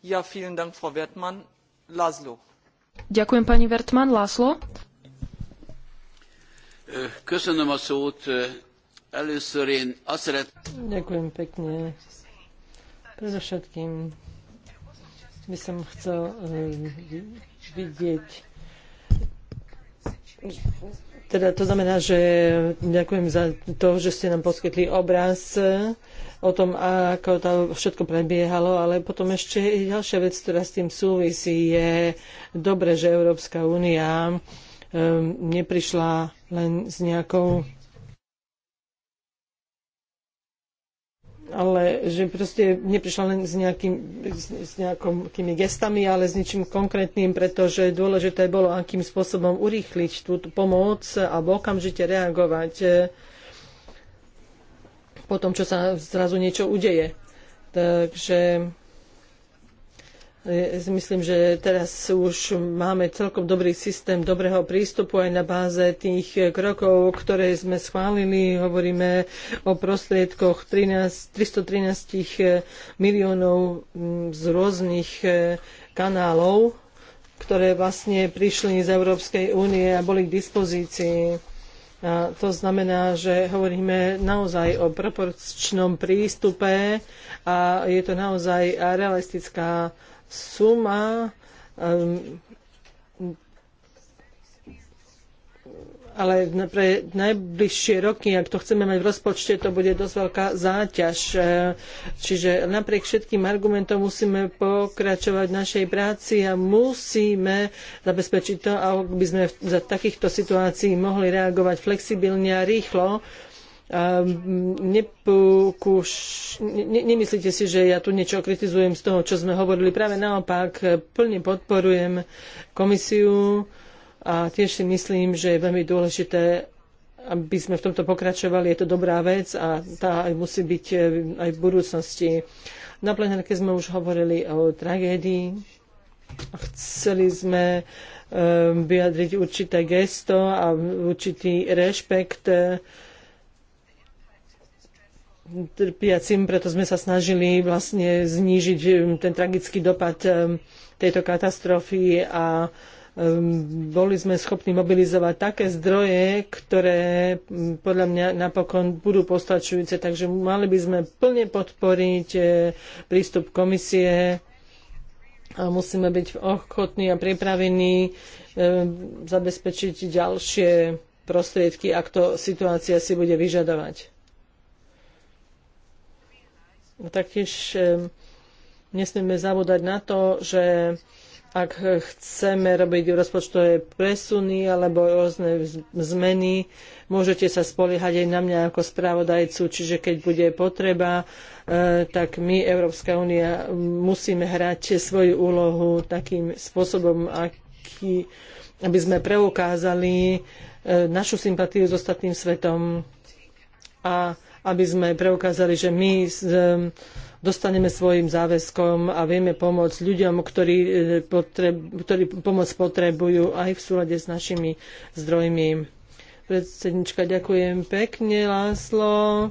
Ja, vielen Dank, Frau Wertmann. Laszlo. Ďakujem pani Wertmann. Köszönöm a szót. Először én azt szeret... Ďakujem pekne. Predovšetkým by som chcel eh, vidieť teda to znamená, že ďakujem za to, že ste nám poskytli obraz eh, o tom, ako to všetko prebiehalo, ale potom ešte ďalšia vec, ktorá s tým súvisí, je dobre, že Európska únia Ehm, neprišla len s nejakou ale že proste neprišla len s, nejakým, s nejakými gestami, ale s ničím konkrétnym, pretože dôležité bolo, akým spôsobom urýchliť túto pomoc alebo okamžite reagovať e, po tom, čo sa zrazu niečo udeje. Takže E, myslím, že teraz už máme celkom dobrý systém dobrého prístupu aj na báze tých krokov, ktoré sme schválili. Hovoríme o prostriedkoch 13, 313 miliónov mm, z rôznych e, kanálov, ktoré vlastne prišli z Európskej únie a boli k dispozícii. A to znamená, že hovoríme naozaj o proporčnom prístupe a je to naozaj realistická suma um, ale pre najbližšie roky, ak to chceme mať v rozpočte, to bude dosť veľká záťaž. E, čiže napriek všetkým argumentom musíme pokračovať v našej práci a musíme zabezpečiť to, aby sme za takýchto situácií mohli reagovať flexibilne a rýchlo, Ehm, nepúkuš, ne, nemyslíte si, že ja tu niečo kritizujem z toho, čo sme hovorili. Práve naopak, eh, plne podporujem komisiu a tiež si myslím, že je veľmi dôležité, aby sme v tomto pokračovali. Je to dobrá vec a tá aj musí byť eh, aj v budúcnosti. Na plenárke sme už hovorili o tragédii. Chceli sme ehm, vyjadriť určité gesto a určitý rešpekt eh, trpiacim, preto sme sa snažili vlastne znížiť um, ten tragický dopad um, tejto katastrofy a um, boli sme schopní mobilizovať také zdroje, ktoré podľa mňa napokon budú postačujúce. Takže mali by sme plne podporiť e, prístup komisie a musíme byť ochotní a pripravení e, zabezpečiť ďalšie prostriedky, ak to situácia si bude vyžadovať. No Taktiež nesmieme zabúdať na to, že ak chceme robiť rozpočtové presuny alebo rôzne zmeny, môžete sa spoliehať aj na mňa ako správodajcu, čiže keď bude potreba, e, tak my, Európska únia, musíme hrať svoju úlohu takým spôsobom, aký, aby sme preukázali e, našu sympatiu s ostatným svetom a aby sme preukázali, že my dostaneme svojim záväzkom a vieme pomôcť ľuďom, ktorí, e, potreb, ktorí pomoc potrebujú aj v súlade s našimi zdrojmi. Predsednička, ďakujem pekne, Láslo.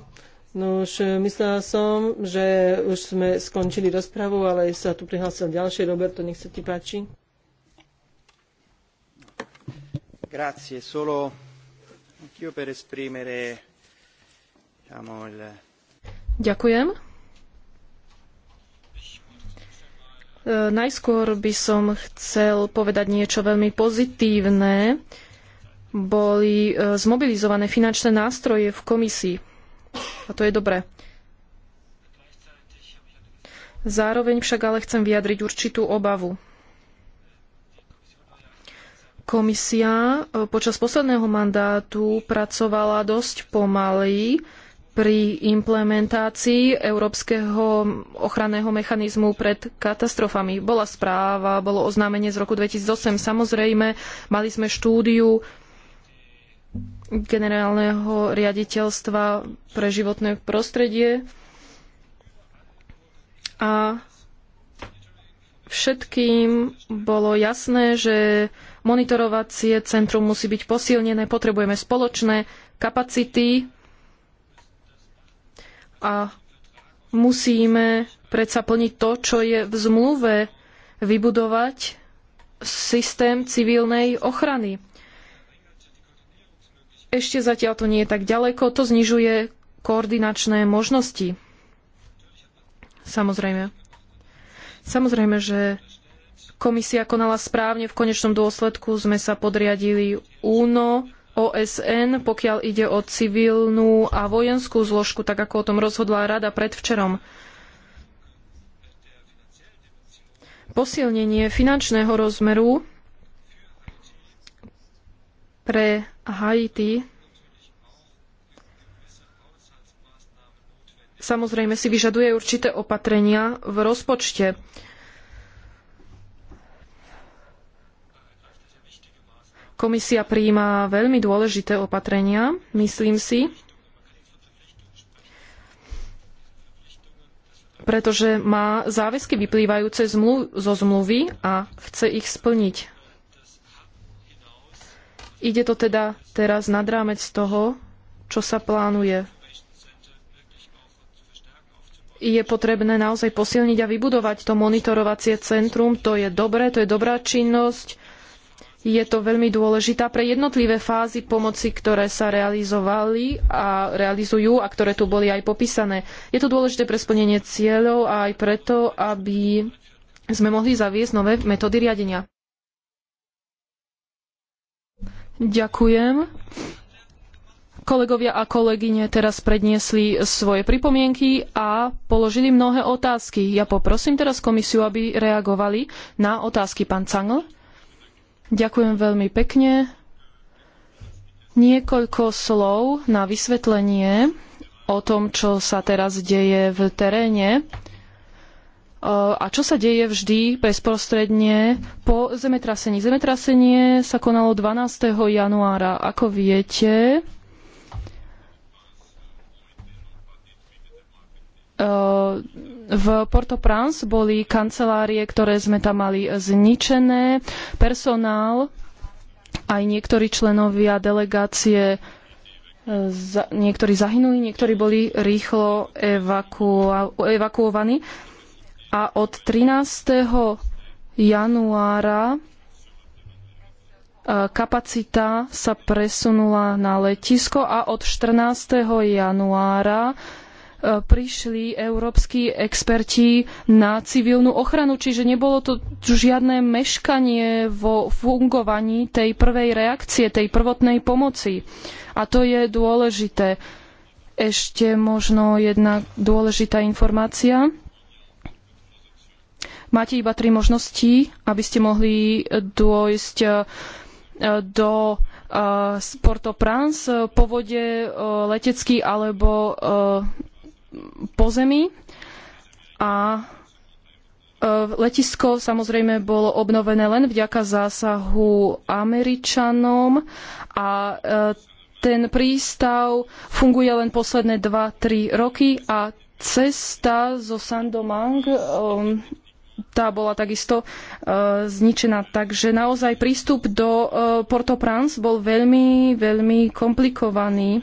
No už myslela som, že už sme skončili rozpravu, ale sa tu prihlásil ďalší. Roberto, nech sa ti páči. Grazie, solo anch'io per esprimere Ďakujem. E, najskôr by som chcel povedať niečo veľmi pozitívne. Boli e, zmobilizované finančné nástroje v komisii. A to je dobré. Zároveň však ale chcem vyjadriť určitú obavu. Komisia e, počas posledného mandátu pracovala dosť pomaly pri implementácii Európskeho ochranného mechanizmu pred katastrofami. Bola správa, bolo oznámenie z roku 2008. Samozrejme, mali sme štúdiu generálneho riaditeľstva pre životné prostredie a všetkým bolo jasné, že monitorovacie centrum musí byť posilnené, potrebujeme spoločné kapacity a musíme predsa plniť to, čo je v zmluve, vybudovať systém civilnej ochrany. Ešte zatiaľ to nie je tak ďaleko, to znižuje koordinačné možnosti. Samozrejme. Samozrejme, že komisia konala správne, v konečnom dôsledku sme sa podriadili UNO, OSN, pokiaľ ide o civilnú a vojenskú zložku, tak ako o tom rozhodla rada predvčerom. Posilnenie finančného rozmeru pre Haiti samozrejme si vyžaduje určité opatrenia v rozpočte. Komisia prijíma veľmi dôležité opatrenia, myslím si, pretože má záväzky vyplývajúce zo zmluvy a chce ich splniť. Ide to teda teraz nad rámec toho, čo sa plánuje. Je potrebné naozaj posilniť a vybudovať to monitorovacie centrum. To je dobré, to je dobrá činnosť. Je to veľmi dôležitá pre jednotlivé fázy pomoci, ktoré sa realizovali a realizujú a ktoré tu boli aj popísané. Je to dôležité pre splnenie cieľov a aj preto, aby sme mohli zaviesť nové metódy riadenia. Ďakujem. Kolegovia a kolegyne teraz predniesli svoje pripomienky a položili mnohé otázky. Ja poprosím teraz komisiu, aby reagovali na otázky. Pán Cangl? Ďakujem veľmi pekne. Niekoľko slov na vysvetlenie o tom, čo sa teraz deje v teréne e, a čo sa deje vždy bezprostredne po zemetrasení. Zemetrasenie sa konalo 12. januára. Ako viete, e, v Port-au-Prince boli kancelárie, ktoré sme tam mali zničené, personál, aj niektorí členovia delegácie, e, niektorí zahynuli, niektorí boli rýchlo evaku, evakuovaní. A od 13. januára e, kapacita sa presunula na letisko a od 14. januára prišli európski experti na civilnú ochranu, čiže nebolo to žiadne meškanie vo fungovaní tej prvej reakcie, tej prvotnej pomoci. A to je dôležité. Ešte možno jedna dôležitá informácia. Máte iba tri možnosti, aby ste mohli dôjsť e, do e, Port-au-Prince po vode e, letecky alebo po zemi a e, Letisko samozrejme bolo obnovené len vďaka zásahu Američanom a e, ten prístav funguje len posledné 2-3 roky a cesta zo Sandomang e, tá bola takisto zničená. Takže naozaj prístup do Port-au-Prince bol veľmi, veľmi komplikovaný.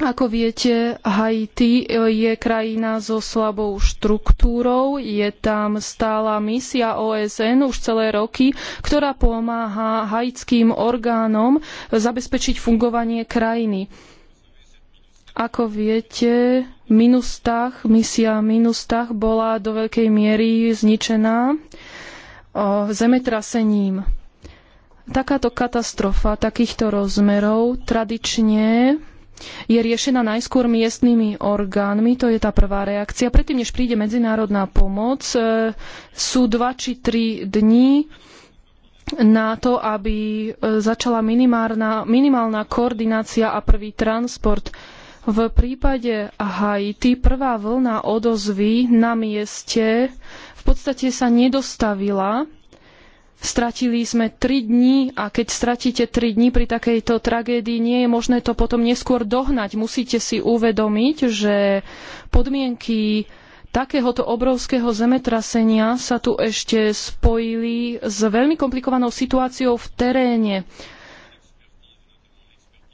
Ako viete, Haiti e, je krajina so slabou štruktúrou, je tam stála misia OSN už celé roky, ktorá pomáha haitským orgánom zabezpečiť fungovanie krajiny. Ako viete, Minustah, misia Minustah bola do veľkej miery zničená e, zemetrasením. Takáto katastrofa takýchto rozmerov tradične je riešená najskôr miestnymi orgánmi, to je tá prvá reakcia. Predtým, než príde medzinárodná pomoc, e, sú dva či tri dní na to, aby e, začala minimálna koordinácia a prvý transport. V prípade Haiti prvá vlna odozvy na mieste v podstate sa nedostavila Stratili sme 3 dní a keď stratíte 3 dní pri takejto tragédii, nie je možné to potom neskôr dohnať. Musíte si uvedomiť, že podmienky takéhoto obrovského zemetrasenia sa tu ešte spojili s veľmi komplikovanou situáciou v teréne.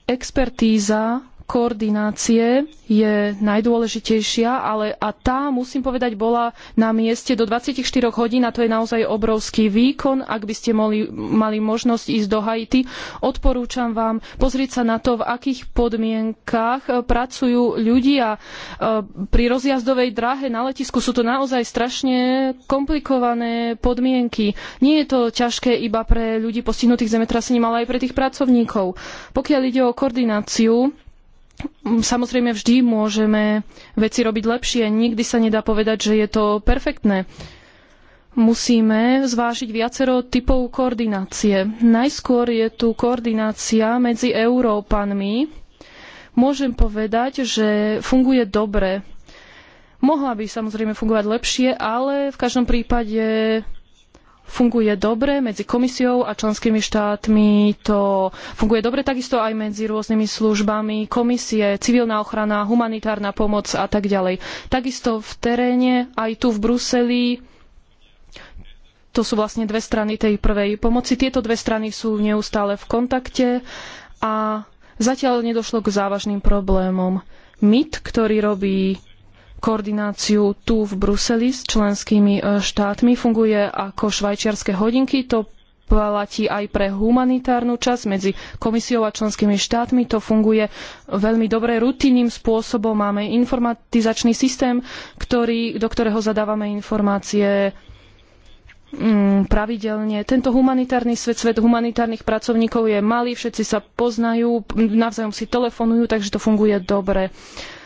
Expertíza koordinácie je najdôležitejšia, ale a tá, musím povedať, bola na mieste do 24 hodín a to je naozaj obrovský výkon. Ak by ste mali, mali možnosť ísť do Haiti, odporúčam vám pozrieť sa na to, v akých podmienkach e, pracujú ľudia. E, pri rozjazdovej dráhe na letisku sú to naozaj strašne komplikované podmienky. Nie je to ťažké iba pre ľudí postihnutých zemetrasením, ale aj pre tých pracovníkov. Pokiaľ ide o koordináciu, Samozrejme, vždy môžeme veci robiť lepšie. Nikdy sa nedá povedať, že je to perfektné. Musíme zvážiť viacero typov koordinácie. Najskôr je tu koordinácia medzi Európanmi. Môžem povedať, že funguje dobre. Mohla by samozrejme fungovať lepšie, ale v každom prípade funguje dobre medzi komisiou a členskými štátmi, to funguje dobre takisto aj medzi rôznymi službami komisie, civilná ochrana, humanitárna pomoc a tak ďalej. Takisto v teréne, aj tu v Bruseli, to sú vlastne dve strany tej prvej pomoci. Tieto dve strany sú neustále v kontakte a zatiaľ nedošlo k závažným problémom. MIT, ktorý robí koordináciu tu v Bruseli s členskými e, štátmi. Funguje ako švajčiarske hodinky. To platí aj pre humanitárnu časť medzi komisiou a členskými štátmi. To funguje veľmi dobre rutinným spôsobom. Máme informatizačný systém, ktorý, do ktorého zadávame informácie mm, pravidelne. Tento humanitárny svet, svet humanitárnych pracovníkov je malý, všetci sa poznajú, navzájom si telefonujú, takže to funguje dobre. Uh,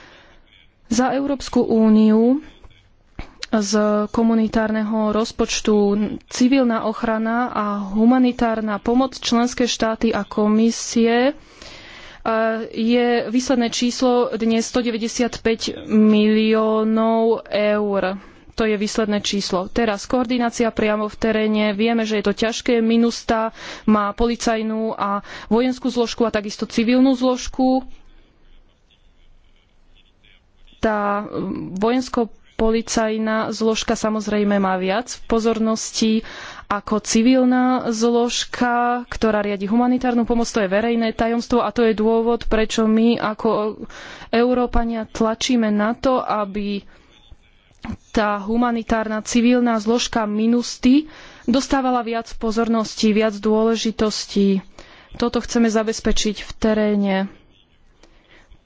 za Európsku úniu z komunitárneho rozpočtu civilná ochrana a humanitárna pomoc členské štáty a komisie e, je výsledné číslo dnes 195 miliónov eur. To je výsledné číslo. Teraz koordinácia priamo v teréne. Vieme, že je to ťažké. Minusta má policajnú a vojenskú zložku a takisto civilnú zložku tá um, vojensko policajná zložka samozrejme má viac pozornosti ako civilná zložka, ktorá riadi humanitárnu pomoc. To je verejné tajomstvo a to je dôvod, prečo my ako Európania tlačíme na to, aby tá humanitárna civilná zložka MINUSTY dostávala viac pozornosti, viac dôležitosti. Toto chceme zabezpečiť v teréne.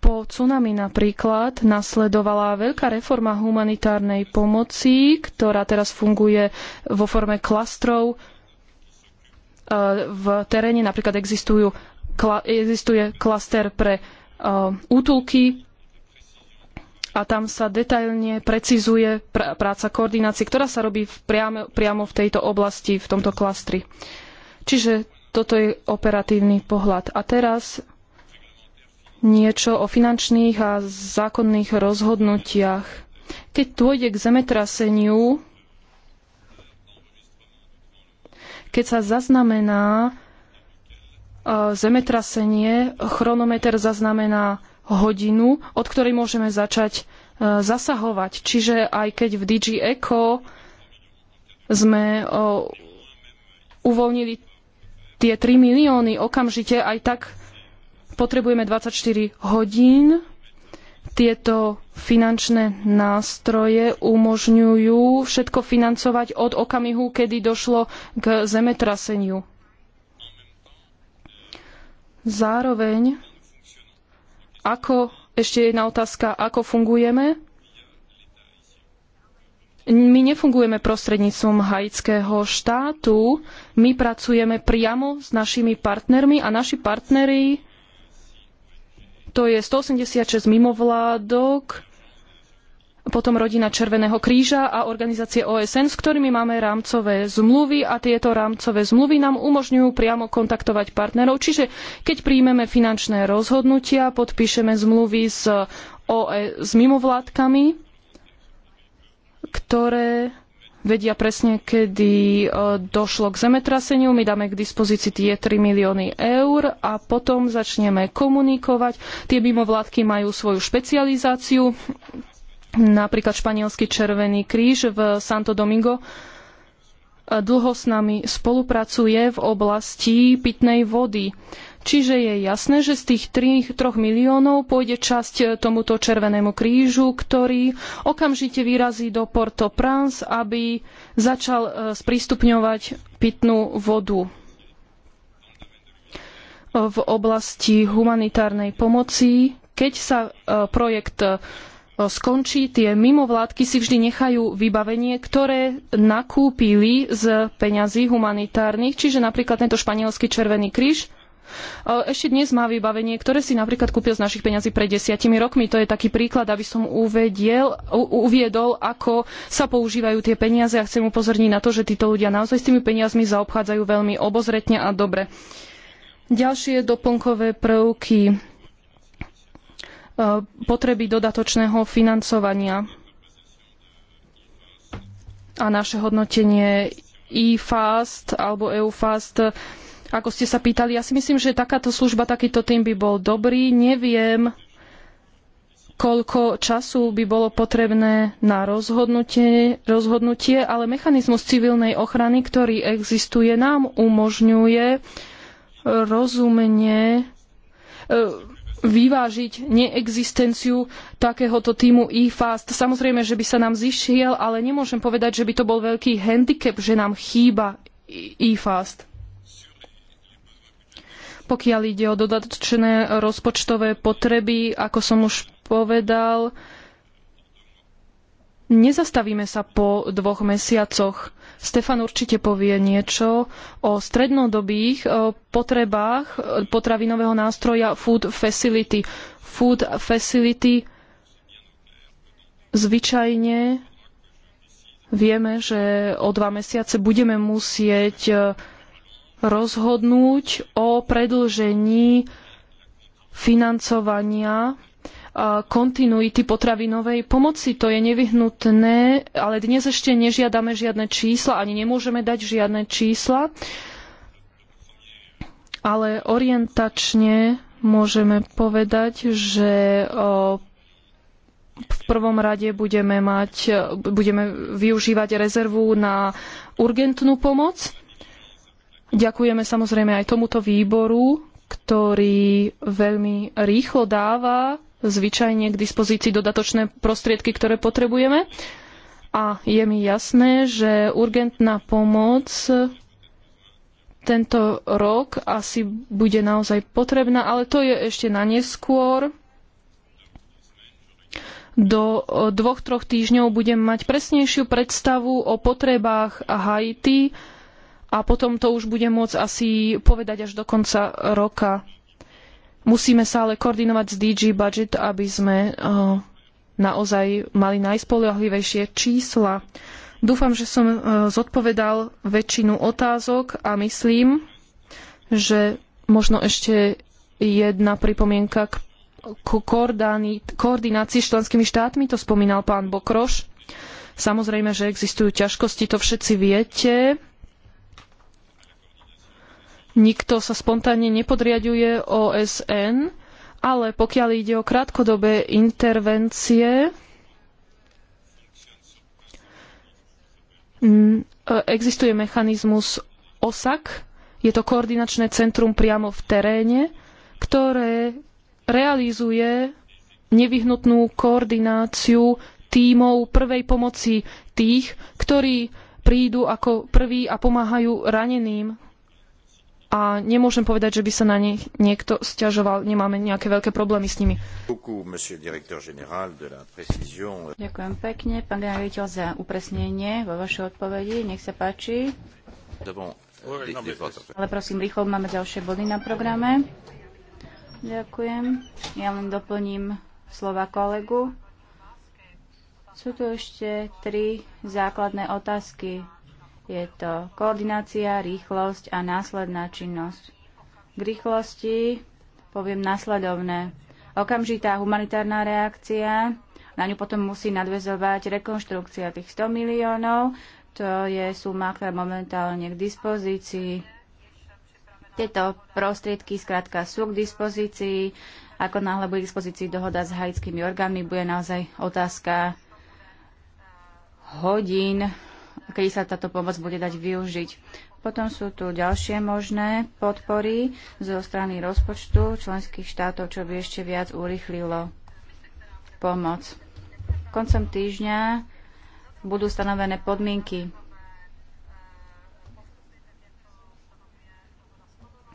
Po tsunami napríklad nasledovala veľká reforma humanitárnej pomoci, ktorá teraz funguje vo forme klastrov. E, v teréne napríklad existujú, existuje klaster pre e, útulky a tam sa detailne precizuje práca koordinácie, ktorá sa robí priamo, priamo v tejto oblasti, v tomto klastri. Čiže toto je operatívny pohľad. A teraz niečo o finančných a zákonných rozhodnutiach. Keď dôjde k zemetraseniu, keď sa zaznamená e, zemetrasenie, chronometer zaznamená hodinu, od ktorej môžeme začať e, zasahovať. Čiže aj keď v DG Eco sme e, uvoľnili tie 3 milióny okamžite, aj tak potrebujeme 24 hodín. Tieto finančné nástroje umožňujú všetko financovať od okamihu, kedy došlo k zemetraseniu. Zároveň, ako, ešte jedna otázka, ako fungujeme? My nefungujeme prostredníctvom haitského štátu, my pracujeme priamo s našimi partnermi a naši partneri to je 186 mimovládok, potom rodina Červeného kríža a organizácie OSN, s ktorými máme rámcové zmluvy a tieto rámcové zmluvy nám umožňujú priamo kontaktovať partnerov. Čiže keď príjmeme finančné rozhodnutia, podpíšeme zmluvy s, OS, e, s mimovládkami, ktoré vedia presne, kedy e, došlo k zemetraseniu. My dáme k dispozícii tie 3 milióny eur a potom začneme komunikovať. Tie mimovládky majú svoju špecializáciu, napríklad Španielský červený kríž v Santo Domingo e, dlho s nami spolupracuje v oblasti pitnej vody. Čiže je jasné, že z tých 3, 3 miliónov pôjde časť e, tomuto Červenému krížu, ktorý okamžite vyrazí do Port-au-Prince, aby začal e, sprístupňovať pitnú vodu e, v oblasti humanitárnej pomoci. Keď sa projekt skončí, tie mimovládky si vždy nechajú vybavenie, ktoré nakúpili z peňazí humanitárnych, čiže napríklad tento španielský Červený kríž E, ešte dnes má vybavenie, ktoré si napríklad kúpil z našich peňazí pred desiatimi rokmi. To je taký príklad, aby som uvediel, uviedol, ako sa používajú tie peniaze a chcem upozorniť na to, že títo ľudia naozaj s tými peniazmi zaobchádzajú veľmi obozretne a dobre. Ďalšie doplnkové prvky e, potreby dodatočného financovania a naše hodnotenie e-fast alebo EU-fast ako ste sa pýtali. Ja si myslím, že takáto služba, takýto tým by bol dobrý. Neviem, koľko času by bolo potrebné na rozhodnutie, rozhodnutie ale mechanizmus civilnej ochrany, ktorý existuje, nám umožňuje rozumne e, vyvážiť neexistenciu takéhoto týmu e-fast. Samozrejme, že by sa nám zišiel, ale nemôžem povedať, že by to bol veľký handicap, že nám chýba e-fast. Pokiaľ ide o dodatočné rozpočtové potreby, ako som už povedal, nezastavíme sa po dvoch mesiacoch. Stefan určite povie niečo o strednodobých e, potrebách e, potravinového nástroja Food Facility. Food Facility zvyčajne vieme, že o dva mesiace budeme musieť e, rozhodnúť o predĺžení financovania kontinuity potravinovej pomoci. To je nevyhnutné, ale dnes ešte nežiadame žiadne čísla, ani nemôžeme dať žiadne čísla, ale orientačne môžeme povedať, že v prvom rade budeme, mať, budeme využívať rezervu na urgentnú pomoc Ďakujeme samozrejme aj tomuto výboru, ktorý veľmi rýchlo dáva zvyčajne k dispozícii dodatočné prostriedky, ktoré potrebujeme. A je mi jasné, že urgentná pomoc tento rok asi bude naozaj potrebná, ale to je ešte na neskôr. Do dvoch, troch týždňov budem mať presnejšiu predstavu o potrebách Haiti a potom to už budem môcť asi povedať až do konca roka. Musíme sa ale koordinovať s DG Budget, aby sme eh, naozaj mali najspoliahlivejšie čísla. Dúfam, že som eh, zodpovedal väčšinu otázok a myslím, že možno ešte jedna pripomienka k koordinácii s členskými štátmi, to spomínal pán Bokroš. Samozrejme, že existujú ťažkosti, to všetci viete nikto sa spontánne nepodriaduje OSN, ale pokiaľ ide o krátkodobé intervencie, e, existuje mechanizmus OSAC, je to koordinačné centrum priamo v teréne, ktoré realizuje nevyhnutnú koordináciu tímov prvej pomoci tých, ktorí prídu ako prví a pomáhajú raneným a nemôžem povedať, že by sa na nich niekto stiažoval. Nemáme nejaké veľké problémy s nimi. Ďakujem pekne, pán riaditeľ, za upresnenie vo vašej odpovedi. Nech sa páči. Ale prosím, rýchlo máme ďalšie body na programe. Ďakujem. Ja len doplním slova kolegu. Sú tu ešte tri základné otázky je to koordinácia, rýchlosť a následná činnosť. K rýchlosti poviem následovné. Okamžitá humanitárna reakcia, na ňu potom musí nadvezovať rekonštrukcia tých 100 miliónov, to je suma, ktorá momentálne k dispozícii. Tieto prostriedky skrátka sú k dispozícii. Ako náhle bude k dispozícii dohoda s haitskými orgánmi, bude naozaj otázka hodín, kedy sa táto pomoc bude dať využiť. Potom sú tu ďalšie možné podpory zo strany rozpočtu členských štátov, čo by ešte viac urychlilo pomoc. Koncom týždňa budú stanovené podmienky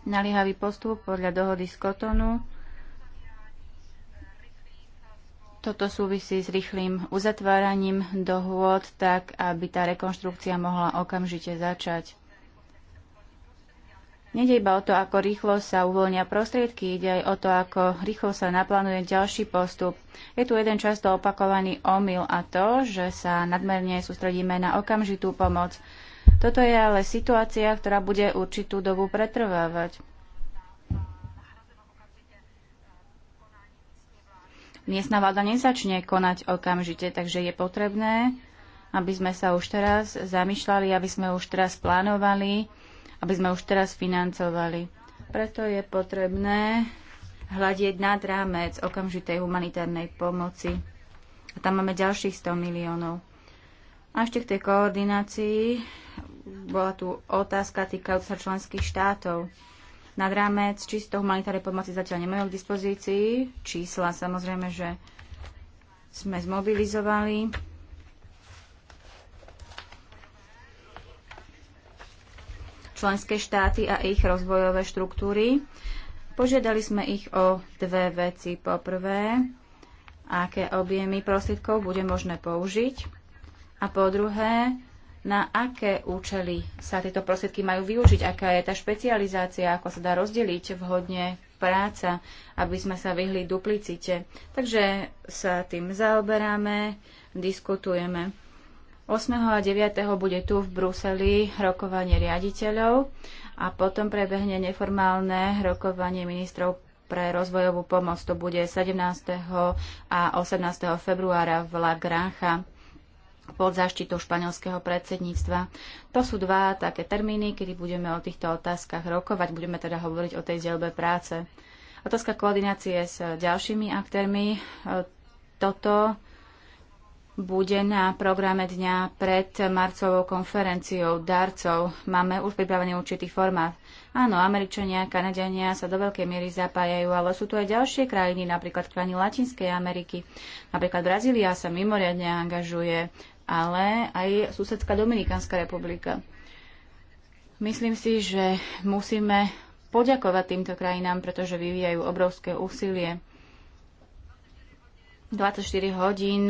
naliehavý postup podľa dohody z Kotonu toto súvisí s rýchlým uzatváraním dohôd, tak aby tá rekonštrukcia mohla okamžite začať. Nede iba o to, ako rýchlo sa uvoľnia prostriedky, ide aj o to, ako rýchlo sa naplánuje ďalší postup. Je tu jeden často opakovaný omyl a to, že sa nadmerne sústredíme na okamžitú pomoc. Toto je ale situácia, ktorá bude určitú dobu pretrvávať. miestna vláda nezačne konať okamžite, takže je potrebné, aby sme sa už teraz zamýšľali, aby sme už teraz plánovali, aby sme už teraz financovali. Preto je potrebné hľadieť nad rámec okamžitej humanitárnej pomoci. A tam máme ďalších 100 miliónov. A ešte k tej koordinácii bola tu otázka týkajúca členských štátov nad rámec čisto humanitárnej pomoci zatiaľ nemajú k dispozícii. Čísla samozrejme, že sme zmobilizovali. členské štáty a ich rozvojové štruktúry. Požiadali sme ich o dve veci. Poprvé, aké objemy prostriedkov bude možné použiť. A po druhé, na aké účely sa tieto prostriedky majú využiť, aká je tá špecializácia, ako sa dá rozdeliť vhodne práca, aby sme sa vyhli duplicite. Takže sa tým zaoberáme, diskutujeme. 8. a 9. bude tu v Bruseli rokovanie riaditeľov a potom prebehne neformálne rokovanie ministrov pre rozvojovú pomoc. To bude 17. a 18. februára v La Granja pod zaštitou španielského predsedníctva. To sú dva také termíny, kedy budeme o týchto otázkach rokovať, budeme teda hovoriť o tej dielbe práce. Otázka koordinácie s ďalšími aktérmi. E, toto bude na programe dňa pred marcovou konferenciou darcov. Máme už pripravený určitý formát. Áno, Američania, Kanadiania sa do veľkej miery zapájajú, ale sú tu aj ďalšie krajiny, napríklad krajiny Latinskej Ameriky. Napríklad Brazília sa mimoriadne angažuje, ale aj susedská Dominikánska republika. Myslím si, že musíme poďakovať týmto krajinám, pretože vyvíjajú obrovské úsilie. 24 hodín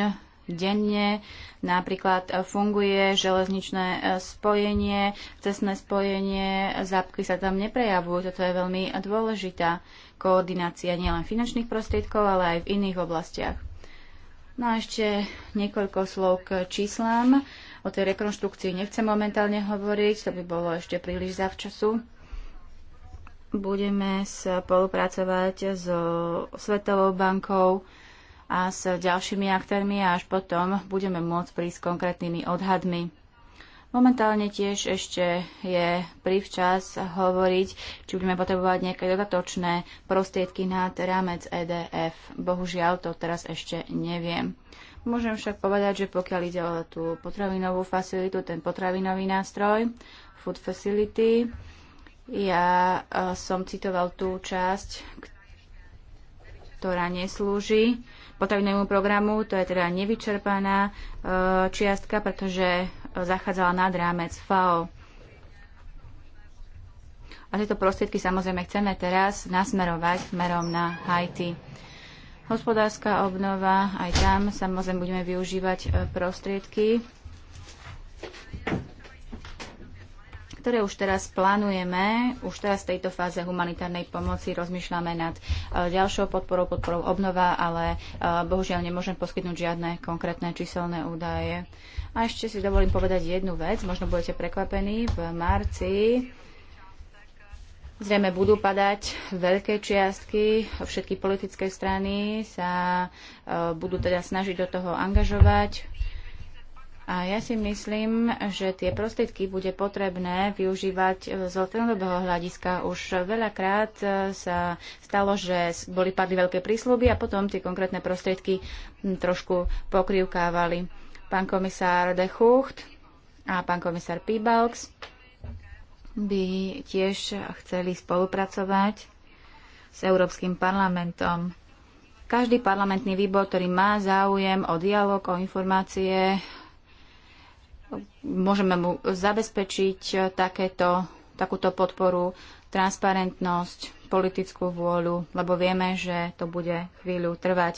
denne napríklad funguje železničné e, spojenie, cestné spojenie, zápky sa tam neprejavujú, toto je veľmi dôležitá koordinácia nielen finančných prostriedkov, ale aj v iných oblastiach. No a ešte niekoľko slov k číslám. O tej rekonštrukcii nechcem momentálne hovoriť, to by bolo ešte príliš zavčasu. Budeme spolupracovať so Svetovou bankou a s ďalšími aktérmi a až potom budeme môcť prísť s konkrétnymi odhadmi. Momentálne tiež ešte je prívčas hovoriť, či budeme potrebovať nejaké dodatočné prostriedky nad rámec EDF. Bohužiaľ, to teraz ešte neviem. Môžem však povedať, že pokiaľ ide o tú potravinovú facilitu, ten potravinový nástroj, food facility, ja e, som citoval tú časť, ktorá neslúži potravinovému programu, to je teda nevyčerpaná e, čiastka, pretože zachádzala nad rámec FAO. A tieto prostriedky samozrejme chceme teraz nasmerovať smerom na Haiti. Hospodárska obnova, aj tam samozrejme budeme využívať e, prostriedky, ktoré už teraz plánujeme. Už teraz v tejto fáze humanitárnej pomoci rozmýšľame nad e, ďalšou podporou, podporou obnova, ale e, bohužiaľ nemôžem poskytnúť žiadne konkrétne číselné údaje. A ešte si dovolím povedať jednu vec, možno budete prekvapení, v marci Zrejme budú padať veľké čiastky, všetky politické strany sa e, budú teda snažiť do toho angažovať. A ja si myslím, že tie prostriedky bude potrebné využívať e, z dlhodobého hľadiska. Už veľakrát e, sa stalo, že boli padli veľké prísľuby a potom tie konkrétne prostriedky trošku pokrivkávali. Pán komisár De Chucht a pán komisár Pibalks by tiež chceli spolupracovať s Európskym parlamentom. Každý parlamentný výbor, ktorý má záujem o dialog, o informácie, môžeme mu zabezpečiť takéto, takúto podporu transparentnosť, politickú vôľu, lebo vieme, že to bude chvíľu trvať.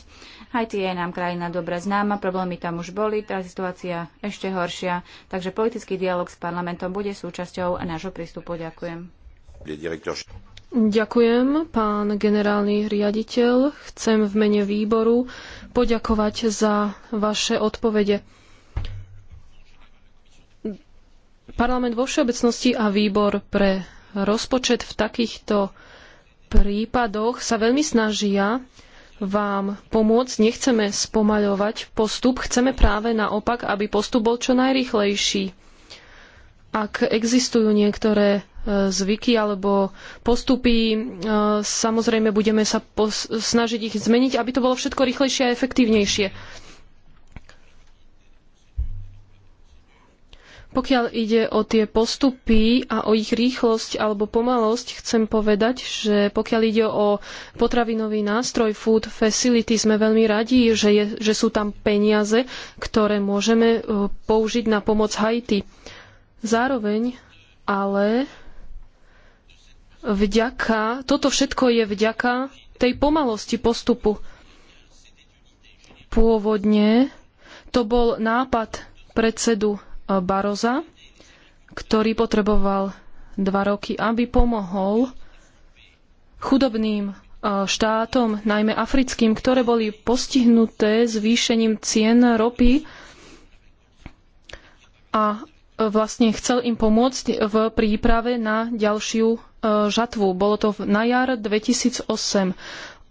Haiti je nám krajina dobre známa, problémy tam už boli, tá situácia ešte horšia, takže politický dialog s parlamentom bude súčasťou nášho prístupu. Ďakujem. Ďakujem, pán generálny riaditeľ. Chcem v mene výboru poďakovať za vaše odpovede. Parlament vo všeobecnosti a výbor pre rozpočet v takýchto prípadoch sa veľmi snažia vám pomôcť. Nechceme spomaľovať postup, chceme práve naopak, aby postup bol čo najrychlejší. Ak existujú niektoré e, zvyky alebo postupy, e, samozrejme budeme sa snažiť ich zmeniť, aby to bolo všetko rýchlejšie a efektívnejšie. Pokiaľ ide o tie postupy a o ich rýchlosť alebo pomalosť, chcem povedať, že pokiaľ ide o potravinový nástroj Food Facility, sme veľmi radi, že, je, že sú tam peniaze, ktoré môžeme e, použiť na pomoc Haiti. Zároveň ale vďaka, toto všetko je vďaka tej pomalosti postupu. Pôvodne to bol nápad predsedu Baroza, ktorý potreboval dva roky, aby pomohol chudobným e, štátom, najmä africkým, ktoré boli postihnuté zvýšením cien ropy a e, vlastne chcel im pomôcť v príprave na ďalšiu e, žatvu. Bolo to na jar 2008.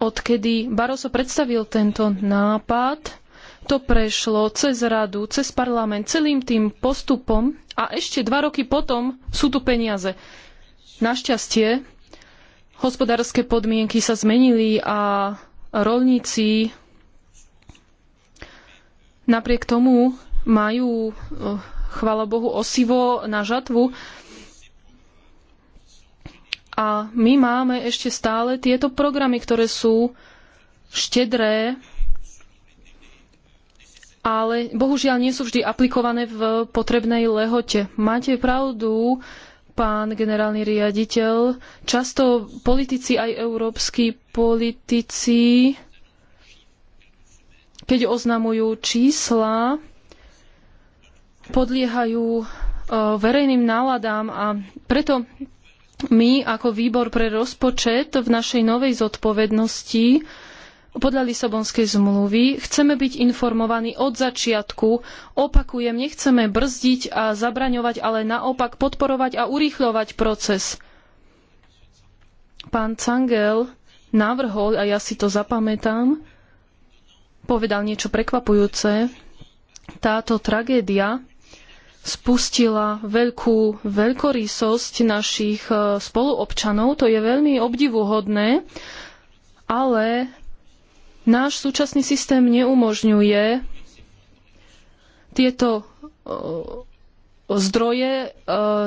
Odkedy Barroso predstavil tento nápad, to prešlo cez radu, cez parlament, celým tým postupom a ešte dva roky potom sú tu peniaze. Našťastie hospodárske podmienky sa zmenili a rolníci napriek tomu majú, eh, chvála Bohu, osivo na žatvu. A my máme ešte stále tieto programy, ktoré sú štedré ale bohužiaľ nie sú vždy aplikované v potrebnej lehote. Máte pravdu, pán generálny riaditeľ. Často politici, aj európsky politici, keď oznamujú čísla, podliehajú e, verejným náladám a preto my ako výbor pre rozpočet v našej novej zodpovednosti podľa Lisabonskej zmluvy chceme byť informovaní od začiatku. Opakujem, nechceme brzdiť a zabraňovať, ale naopak podporovať a urýchľovať proces. Pán Cangel navrhol, a ja si to zapamätám, povedal niečo prekvapujúce. Táto tragédia spustila veľkú veľkorysosť našich eh, spoluobčanov. To je veľmi obdivuhodné, ale Náš súčasný systém neumožňuje tieto e, zdroje e,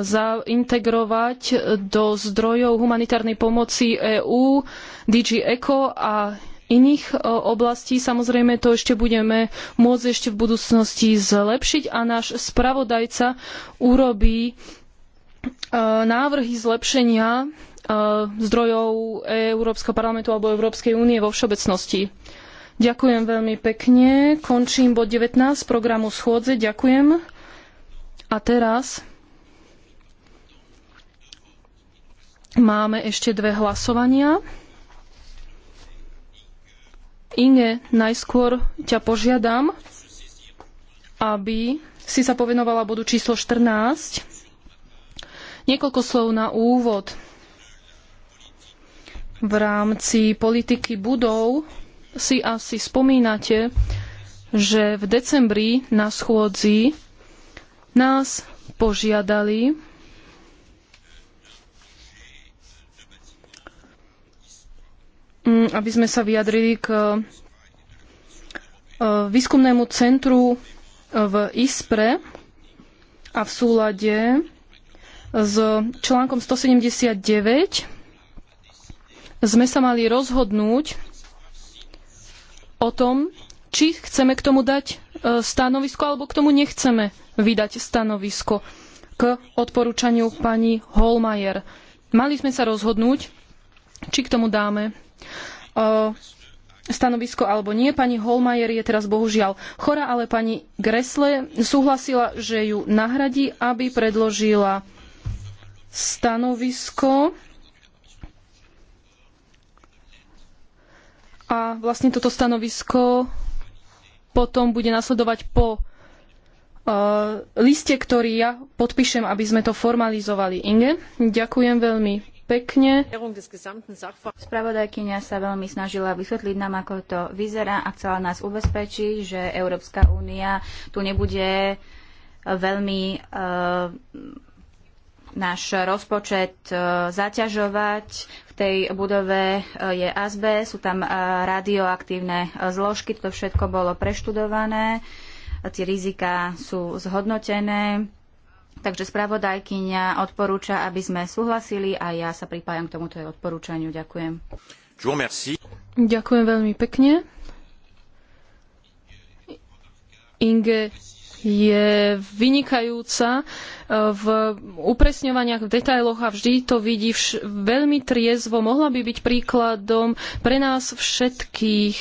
zaintegrovať do zdrojov humanitárnej pomoci EÚ, DG ECO a iných e, oblastí. Samozrejme, to ešte budeme môcť ešte v budúcnosti zlepšiť a náš spravodajca urobí návrhy zlepšenia zdrojov Európskeho parlamentu alebo Európskej únie vo všeobecnosti. Ďakujem veľmi pekne. Končím bod 19 programu schôdze. Ďakujem. A teraz máme ešte dve hlasovania. Inge, najskôr ťa požiadam, aby si sa povenovala bodu číslo 14. Niekoľko slov na úvod. V rámci politiky budov si asi spomínate, že v decembri na schôdzi nás požiadali mm, aby sme sa vyjadrili k e, výskumnému centru e, v ISPRE a v súlade s článkom 179 sme sa mali rozhodnúť o tom, či chceme k tomu dať e, stanovisko alebo k tomu nechceme vydať stanovisko k odporúčaniu pani Holmajer. Mali sme sa rozhodnúť, či k tomu dáme e, stanovisko alebo nie. Pani Holmajer je teraz bohužiaľ chora, ale pani Gresle súhlasila, že ju nahradí, aby predložila stanovisko A vlastne toto stanovisko potom bude nasledovať po uh, liste, ktorý ja podpíšem, aby sme to formalizovali. Inge, ďakujem veľmi pekne. Spravodajkyňa sa veľmi snažila vysvetliť nám, ako to vyzerá a chcela nás ubezpečiť, že Európska únia tu nebude veľmi uh, náš rozpočet e, zaťažovať. V tej budove e, je ASB, sú tam e, radioaktívne zložky, to všetko bolo preštudované, tie rizika sú zhodnotené. Takže spravodajkyňa odporúča, aby sme súhlasili a ja sa pripájam k tomuto jej odporúčaniu. Ďakujem. Ďakujem veľmi pekne. Inge je vynikajúca e, v upresňovaniach, v detailoch a vždy to vidí vš veľmi triezvo. Mohla by byť príkladom pre nás všetkých,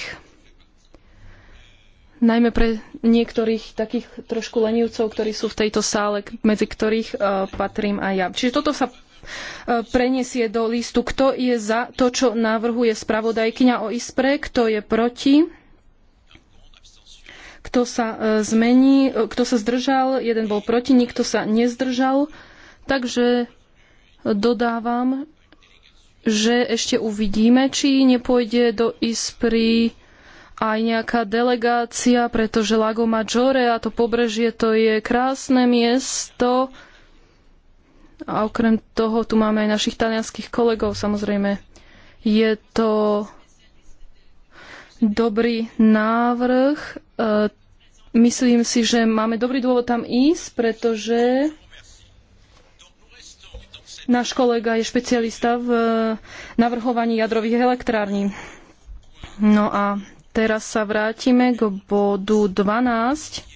najmä pre niektorých takých trošku lenivcov, ktorí sú v tejto sále, medzi ktorých uh, patrím aj ja. Čiže toto sa e, preniesie do listu, kto je za to, čo navrhuje spravodajkyňa o ISPRE, kto je proti kto sa e, zmení, e, kto sa zdržal, jeden bol proti, nikto sa nezdržal. Takže dodávam, že ešte uvidíme, či nepôjde do ISPRI aj nejaká delegácia, pretože Lago Maggiore a to pobrežie to je krásne miesto. A okrem toho tu máme aj našich talianských kolegov, samozrejme. Je to dobrý návrh. E, Myslím si, že máme dobrý dôvod tam ísť, pretože náš kolega je špecialista v eh, navrhovaní jadrových elektrární. No a teraz sa vrátime k bodu 12.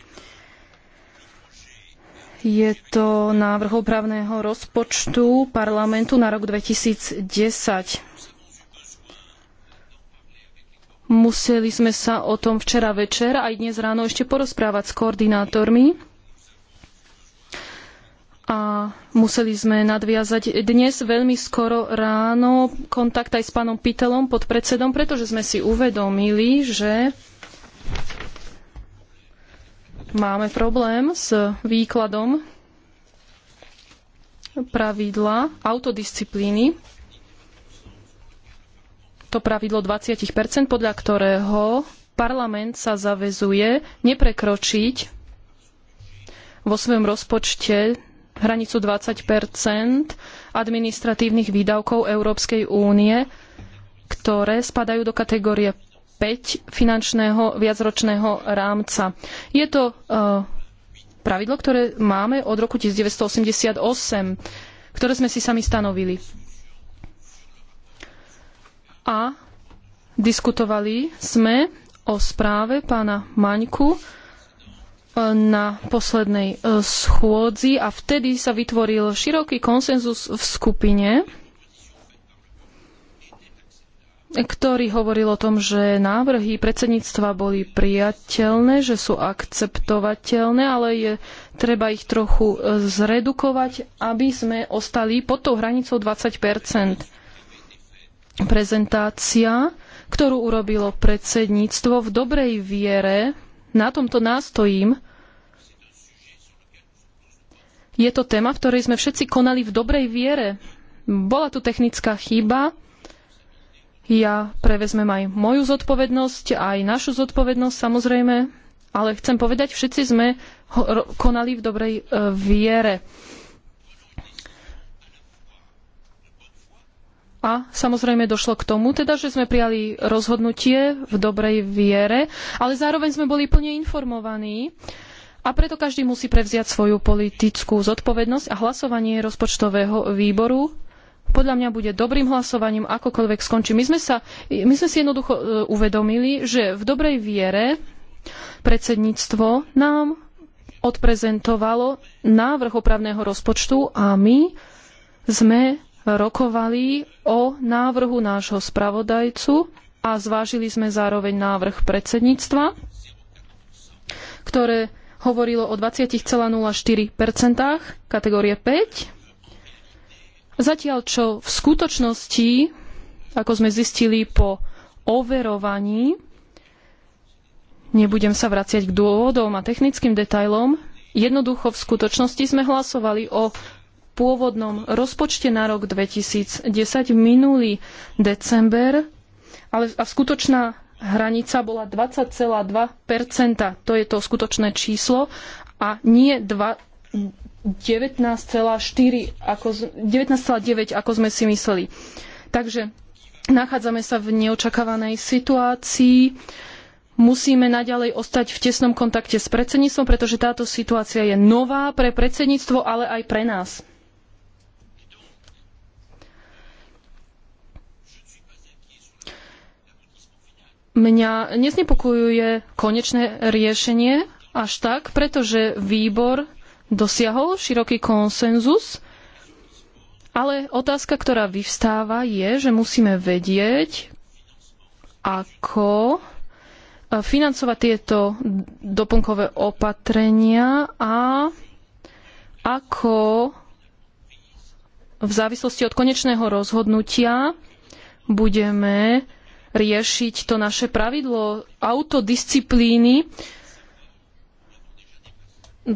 Je to návrh opravného rozpočtu parlamentu na rok 2010. Museli sme sa o tom včera večer aj dnes ráno ešte porozprávať s koordinátormi. A museli sme nadviazať dnes veľmi skoro ráno kontakt aj s pánom Pitelom, pod predsedom, pretože sme si uvedomili, že máme problém s výkladom pravidla autodisciplíny to pravidlo 20%, podľa ktorého parlament sa zavezuje neprekročiť vo svojom rozpočte hranicu 20 administratívnych výdavkov Európskej únie, ktoré spadajú do kategórie 5 finančného viacročného rámca. Je to eh, pravidlo, ktoré máme od roku 1988, ktoré sme si sami stanovili a diskutovali sme o správe pána Maňku e, na poslednej e, schôdzi a vtedy sa vytvoril široký konsenzus v skupine, ktorý hovoril o tom, že návrhy predsedníctva boli prijateľné, že sú akceptovateľné, ale je treba ich trochu e, zredukovať, aby sme ostali pod tou hranicou 20 prezentácia, ktorú urobilo predsedníctvo v dobrej viere. Na tomto nástojím. Je to téma, v ktorej sme všetci konali v dobrej viere. Bola tu technická chyba. Ja prevezmem aj moju zodpovednosť, aj našu zodpovednosť samozrejme, ale chcem povedať, všetci sme konali v dobrej e, viere. A samozrejme došlo k tomu, teda, že sme prijali rozhodnutie v dobrej viere, ale zároveň sme boli plne informovaní a preto každý musí prevziať svoju politickú zodpovednosť a hlasovanie rozpočtového výboru podľa mňa bude dobrým hlasovaním, akokoľvek skončí. My sme, sa, my sme si jednoducho e, uvedomili, že v dobrej viere predsedníctvo nám odprezentovalo návrh opravného rozpočtu a my sme rokovali o návrhu nášho spravodajcu a zvážili sme zároveň návrh predsedníctva, ktoré hovorilo o 20,04% kategórie 5. Zatiaľ čo v skutočnosti, ako sme zistili po overovaní, nebudem sa vraciať k dôvodom a technickým detailom, jednoducho v skutočnosti sme hlasovali o pôvodnom rozpočte na rok 2010 minulý december, ale a skutočná hranica bola 20,2%. To je to skutočné číslo a nie 19,4 ako, 19,9 ako sme si mysleli. Takže nachádzame sa v neočakávanej situácii. Musíme naďalej ostať v tesnom kontakte s predsedníctvom, pretože táto situácia je nová pre predsedníctvo, ale aj pre nás. Mňa nesnepokojuje konečné riešenie až tak, pretože výbor dosiahol široký konsenzus, ale otázka, ktorá vyvstáva, je, že musíme vedieť, ako financovať tieto doplnkové opatrenia a ako v závislosti od konečného rozhodnutia budeme riešiť to naše pravidlo autodisciplíny,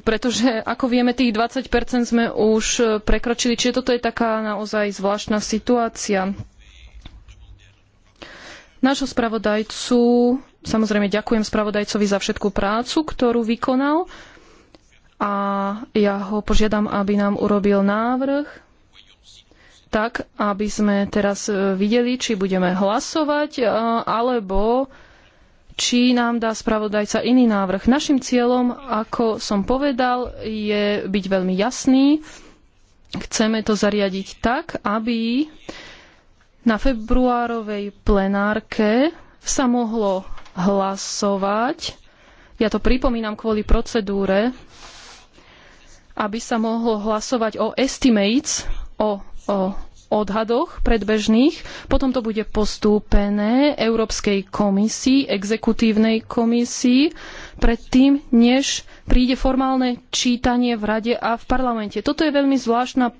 pretože ako vieme, tých 20% sme už e, prekročili, čiže toto je taká naozaj zvláštna situácia. Nášho spravodajcu, samozrejme ďakujem spravodajcovi za všetkú prácu, ktorú vykonal a ja ho požiadam, aby nám urobil návrh tak, aby sme teraz e, videli, či budeme hlasovať, e, alebo či nám dá spravodajca iný návrh. Našim cieľom, ako som povedal, je byť veľmi jasný. Chceme to zariadiť tak, aby na februárovej plenárke sa mohlo hlasovať. Ja to pripomínam kvôli procedúre, aby sa mohlo hlasovať o estimates, o o odhadoch predbežných, potom to bude postúpené Európskej komisii, exekutívnej komisii, predtým, než príde formálne čítanie v Rade a v parlamente. Toto je veľmi zvláštna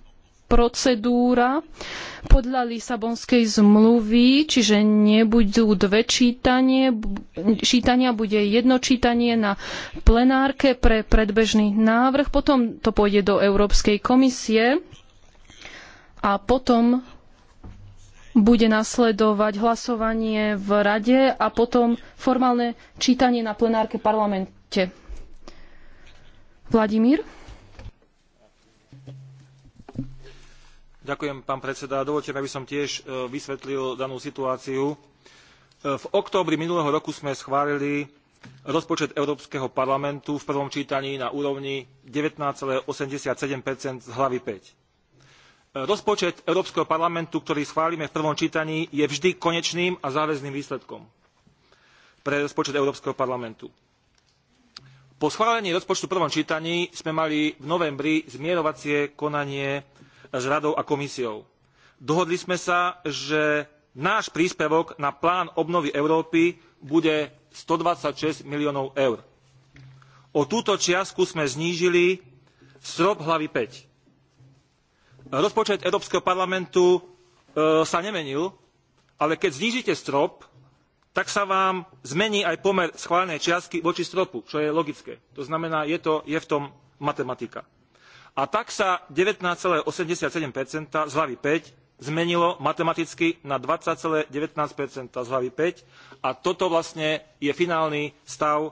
procedúra podľa Lisabonskej zmluvy, čiže nebudú dve čítanie, čítania, bude jedno čítanie na plenárke pre predbežný návrh, potom to pôjde do Európskej komisie a potom bude nasledovať hlasovanie v rade a potom formálne čítanie na plenárke parlamente. Vladimír? Ďakujem, pán predseda. Dovolte mi, aby som tiež e, vysvetlil danú situáciu. E, v októbri minulého roku sme schválili rozpočet Európskeho parlamentu v prvom čítaní na úrovni 19,87 z hlavy 5 rozpočet európskeho parlamentu ktorý schválime v prvom čítaní je vždy konečným a záväzným výsledkom pre rozpočet európskeho parlamentu. po schválení rozpočtu v prvom čítaní sme mali v novembri zmierovacie konanie s radou a komisiou. dohodli sme sa že náš príspevok na plán obnovy európy bude one hundred and twenty six miliónov eur. o túto čiastku sme znížili strop hlavy 5 rozpočet Európskeho parlamentu e, sa nemenil, ale keď znížite strop, tak sa vám zmení aj pomer schválenej čiastky voči stropu, čo je logické. To znamená, je, to, je v tom matematika. A tak sa 19,87% z hlavy 5 zmenilo matematicky na 20,19% z hlavy 5 a toto vlastne je finálny stav e,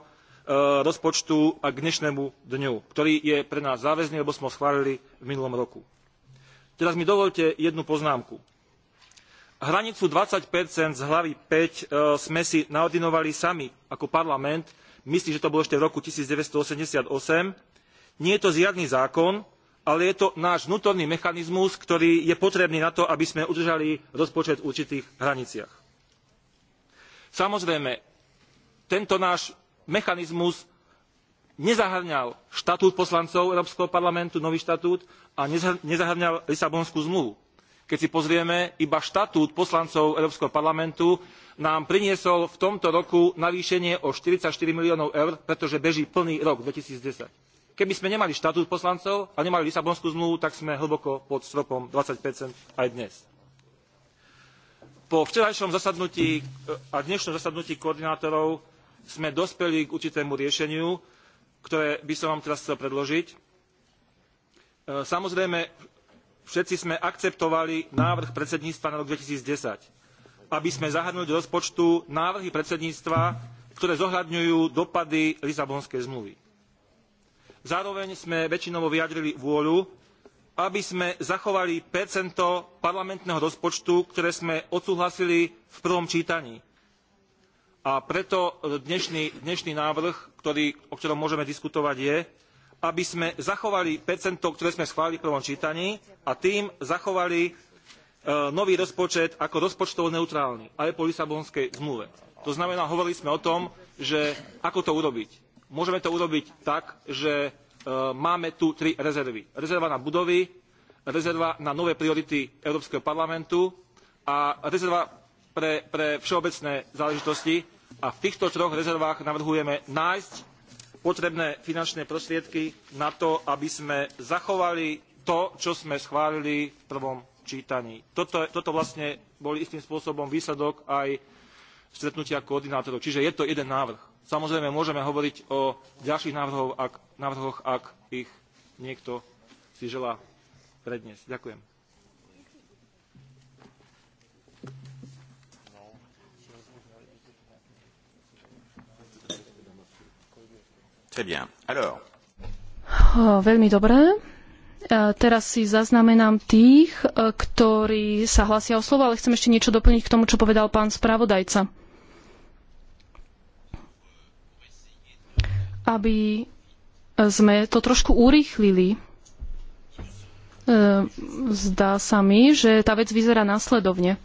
rozpočtu a k dnešnému dňu, ktorý je pre nás záväzný, lebo sme ho schválili v minulom roku. Teraz mi dovolte jednu poznámku. Hranicu 20 z hlavy 5 e, sme si naordinovali sami ako parlament, myslím, že to bolo ešte v roku 1988. Nie je to žiadny zákon, ale je to náš vnútorný mechanizmus, ktorý je potrebný na to, aby sme udržali rozpočet v určitých hraniciach. Samozrejme, tento náš mechanizmus nezahŕňal štatút poslancov Európskeho parlamentu, nový štatút, a nezahŕňal Lisabonskú zmluvu. Keď si pozrieme, iba štatút poslancov Európskeho parlamentu nám priniesol v tomto roku navýšenie o 44 miliónov eur, pretože beží plný rok 2010. Keby sme nemali štatút poslancov a nemali Lisabonskú zmluvu, tak sme hlboko pod stropom 20 aj dnes. Po včerajšom zasadnutí e, a dnešnom zasadnutí koordinátorov sme dospeli k určitému riešeniu, ktoré by som vám teraz chcel predložiť. E, samozrejme, všetci sme akceptovali návrh predsedníctva na rok 2010, aby sme zahrnuli do rozpočtu návrhy predsedníctva, ktoré zohľadňujú dopady Lisabonskej zmluvy. Zároveň sme väčšinovo vyjadrili vôľu, aby sme zachovali percento parlamentného rozpočtu, ktoré sme odsúhlasili v prvom čítaní. A preto dnešný, dnešný návrh ktorý, o ktorom môžeme diskutovať, je, aby sme zachovali percento, ktoré sme schválili v prvom čítaní a tým zachovali e, nový rozpočet ako rozpočtovo neutrálny, ale po Lisabonskej zmluve. To znamená, hovorili sme o tom, že ako to urobiť. Môžeme to urobiť tak, že e, máme tu tri rezervy. Rezerva na budovy, rezerva na nové priority Európskeho parlamentu a rezerva pre, pre všeobecné záležitosti, a v týchto troch rezervách navrhujeme nájsť potrebné finančné prostriedky na to, aby sme zachovali to, čo sme schválili v prvom čítaní. Toto, toto vlastne bol istým spôsobom výsledok aj stretnutia koordinátorov. Čiže je to jeden návrh. Samozrejme, môžeme hovoriť o ďalších návrhoch, ak, návrhoch, ak ich niekto si želá predniesť. Ďakujem. Très bien. Alors. Oh, veľmi dobré. E, teraz si zaznamenám tých, e, ktorí sa hlasia o slovo, ale chcem ešte niečo doplniť k tomu, čo povedal pán spravodajca. Aby e, sme to trošku urýchlili, zdá sa mi, že tá vec vyzerá následovne.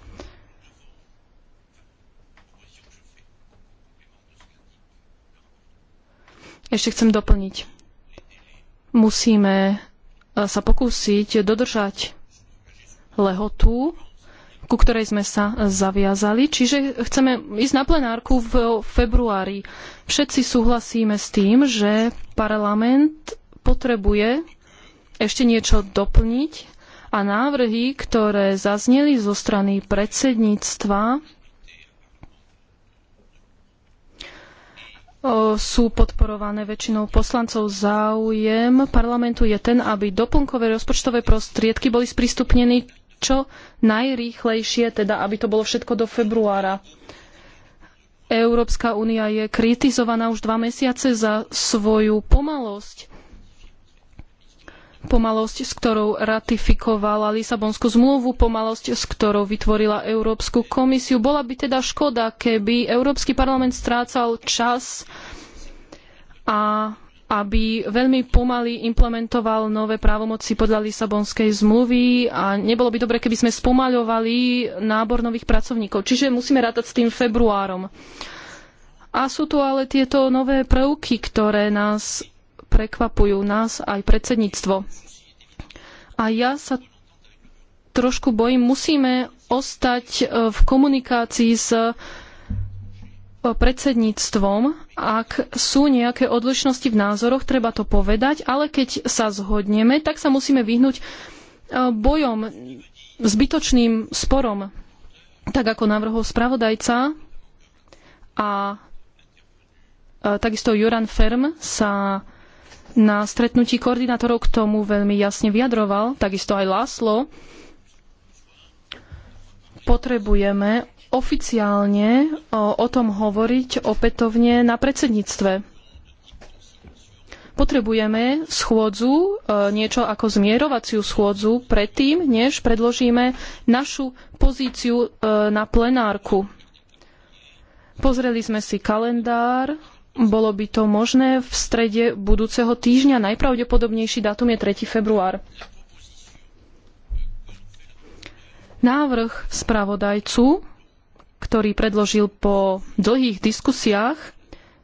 ešte chcem doplniť. Musíme e, sa pokúsiť dodržať lehotu, ku ktorej sme sa zaviazali. Čiže chceme ísť na plenárku v februári. Všetci súhlasíme s tým, že parlament potrebuje ešte niečo doplniť a návrhy, ktoré zazneli zo strany predsedníctva sú podporované väčšinou poslancov. Záujem parlamentu je ten, aby doplnkové rozpočtové prostriedky boli sprístupnení čo najrýchlejšie, teda aby to bolo všetko do februára. Európska únia je kritizovaná už dva mesiace za svoju pomalosť pomalosť, s ktorou ratifikovala Lisabonskú zmluvu, pomalosť, s ktorou vytvorila Európsku komisiu. Bola by teda škoda, keby Európsky parlament strácal čas a aby veľmi pomaly implementoval nové právomoci podľa Lisabonskej zmluvy a nebolo by dobre, keby sme spomaľovali nábor nových pracovníkov. Čiže musíme rátať s tým februárom. A sú tu ale tieto nové prvky, ktoré nás prekvapujú nás aj predsedníctvo. A ja sa trošku bojím, musíme ostať e, v komunikácii s e, predsedníctvom, ak sú nejaké odlišnosti v názoroch, treba to povedať, ale keď sa zhodneme, tak sa musíme vyhnúť e, bojom, zbytočným sporom, tak ako navrhol spravodajca a takisto Joran Ferm sa na stretnutí koordinátorov k tomu veľmi jasne vyjadroval, takisto aj Láslo. Potrebujeme oficiálne o, o tom hovoriť opätovne na predsedníctve potrebujeme schôdzu, niečo ako zmierovaciu schôdzu predtým, než predložíme našu pozíciu na plenárku. Pozreli sme si kalendár bolo by to možné v strede budúceho týždňa. Najpravdepodobnejší dátum je 3. február. Návrh spravodajcu, ktorý predložil po dlhých diskusiách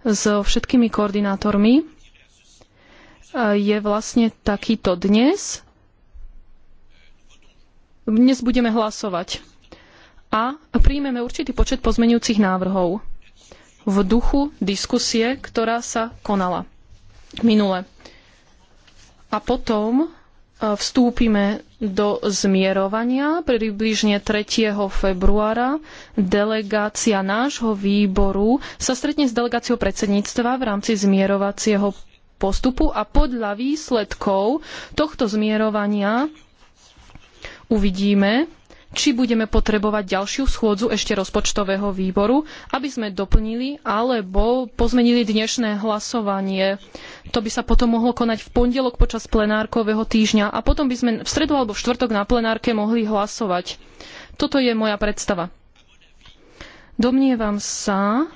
so všetkými koordinátormi, je vlastne takýto dnes. Dnes budeme hlasovať a príjmeme určitý počet pozmenujúcich návrhov v duchu diskusie, ktorá sa konala minule. A potom e, vstúpime do zmierovania. Približne 3. februára delegácia nášho výboru sa stretne s delegáciou predsedníctva v rámci zmierovacieho postupu a podľa výsledkov tohto zmierovania uvidíme, či budeme potrebovať ďalšiu schôdzu ešte rozpočtového výboru, aby sme doplnili alebo pozmenili dnešné hlasovanie. To by sa potom mohlo konať v pondelok počas plenárkového týždňa a potom by sme v stredu alebo v štvrtok na plenárke mohli hlasovať. Toto je moja predstava. Domnievam sa,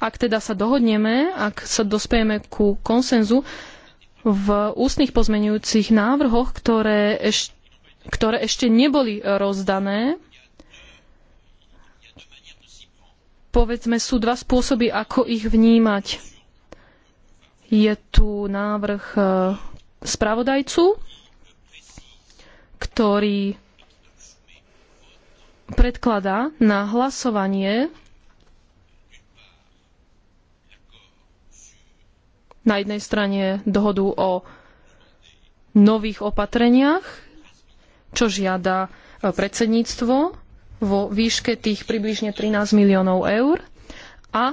Ak teda sa dohodneme, ak sa dospejeme ku konsenzu v ústnych pozmenujúcich návrhoch, ktoré, eš, ktoré ešte neboli rozdané, povedzme, sú dva spôsoby, ako ich vnímať. Je tu návrh e, spravodajcu, ktorý predkladá na hlasovanie na jednej strane dohodu o nových opatreniach, čo žiada e, predsedníctvo vo výške tých približne 13 miliónov eur a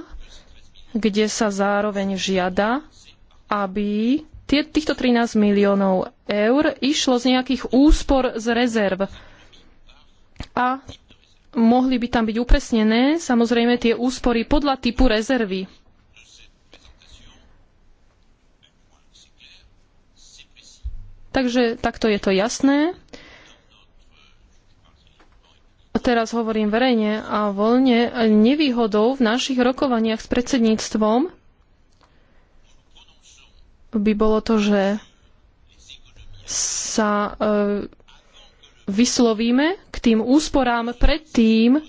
kde sa zároveň žiada, aby týchto 13 miliónov eur išlo z nejakých úspor z rezerv. A mohli by tam byť upresnené samozrejme tie úspory podľa typu rezervy Takže takto je to jasné. Teraz hovorím verejne a voľne. Nevýhodou v našich rokovaniach s predsedníctvom by bolo to, že sa e, vyslovíme k tým úsporám predtým,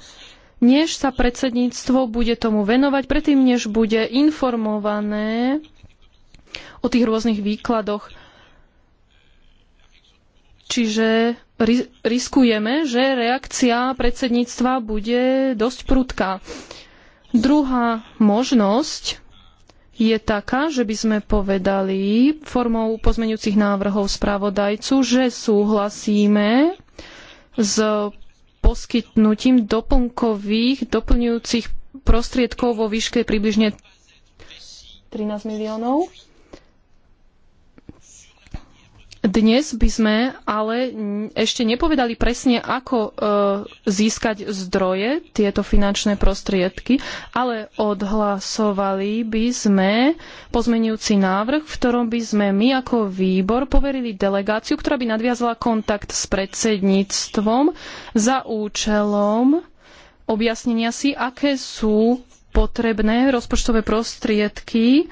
než sa predsedníctvo bude tomu venovať, predtým, než bude informované o tých rôznych výkladoch. Čiže riskujeme, že reakcia predsedníctva bude dosť prudká. Druhá možnosť je taká, že by sme povedali formou pozmeňujúcich návrhov spravodajcu, že súhlasíme s poskytnutím doplnkových, doplňujúcich prostriedkov vo výške približne 13 miliónov dnes by sme ale ešte nepovedali presne, ako e, získať zdroje, tieto finančné prostriedky, ale odhlasovali by sme pozmenujúci návrh, v ktorom by sme my ako výbor poverili delegáciu, ktorá by nadviazala kontakt s predsedníctvom za účelom objasnenia si, aké sú potrebné rozpočtové prostriedky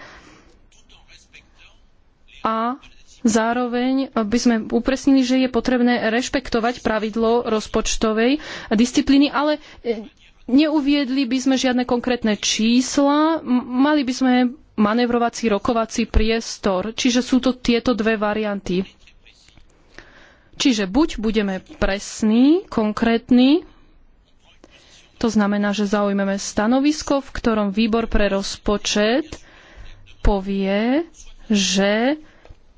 a Zároveň by sme upresnili, že je potrebné rešpektovať pravidlo rozpočtovej disciplíny, ale e, neuviedli by sme žiadne konkrétne čísla, mali by sme manevrovací rokovací priestor, čiže sú to tieto dve varianty. Čiže buď budeme presní, konkrétni, to znamená, že zaujmeme stanovisko, v ktorom výbor pre rozpočet povie, že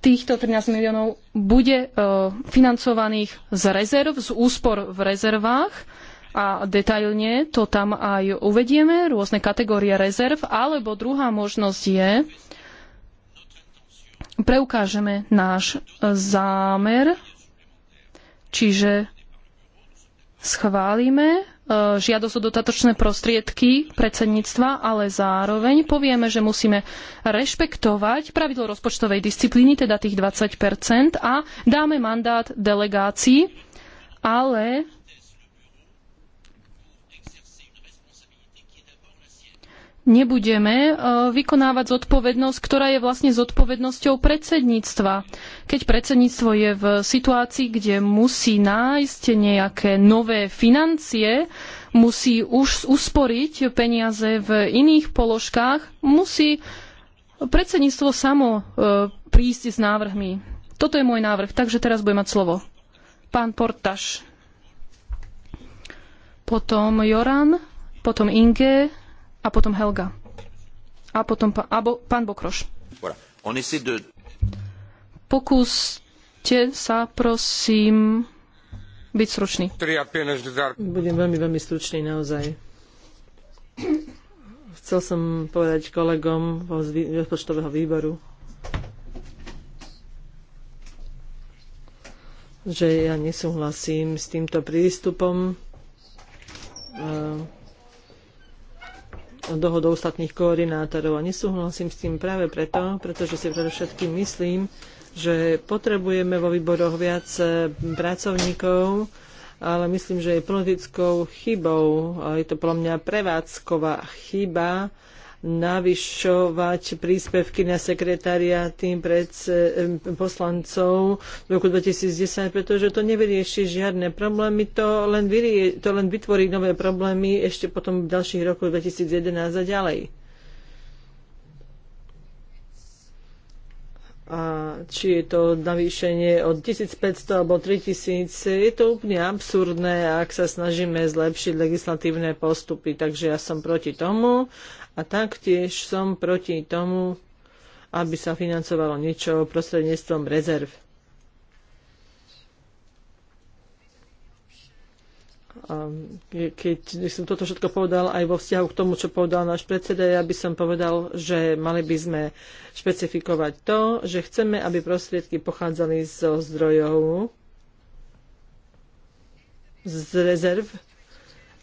týchto 13 miliónov bude e, financovaných z rezerv, z úspor v rezervách a detailne to tam aj uvedieme, rôzne kategórie rezerv, alebo druhá možnosť je, preukážeme náš zámer, čiže schválime Eh, žiadosť o dotatočné prostriedky predsedníctva, ale zároveň povieme, že musíme rešpektovať pravidlo rozpočtovej disciplíny, teda tých 20 a dáme mandát delegácii, ale nebudeme e, vykonávať zodpovednosť, ktorá je vlastne zodpovednosťou predsedníctva. Keď predsedníctvo je v situácii, kde musí nájsť nejaké nové financie, musí už usporiť peniaze v iných položkách, musí predsedníctvo samo e, prísť s návrhmi. Toto je môj návrh, takže teraz bude mať slovo. Pán Portaš, potom Joran, potom Inge, a potom Helga. A potom pa, abo, pán Bokroš. Pokúste sa, prosím, byť stručný. Budem veľmi, veľmi stručný naozaj. Chcel som povedať kolegom z rozpočtového výboru, že ja nesúhlasím s týmto prístupom ehm, dohodou ostatných koordinátorov. A nesúhlasím s tým práve preto, pretože si predovšetkým myslím, že potrebujeme vo výboroch viac e, pracovníkov, ale myslím, že je politickou chybou, je to podľa mňa prevádzková chyba, navyšovať príspevky na tým pred eh, poslancov v roku 2010, pretože to nevyrieši žiadne problémy, to len, vyrie, to len vytvorí nové problémy ešte potom v ďalších rokoch 2011 a ďalej. a či je to navýšenie od 1500 alebo 3000, je to úplne absurdné, ak sa snažíme zlepšiť legislatívne postupy. Takže ja som proti tomu a taktiež som proti tomu, aby sa financovalo niečo prostredníctvom rezerv. A keď som toto všetko povedal aj vo vzťahu k tomu, čo povedal náš predseda, ja by som povedal, že mali by sme špecifikovať to, že chceme, aby prostriedky pochádzali zo zdrojov z rezerv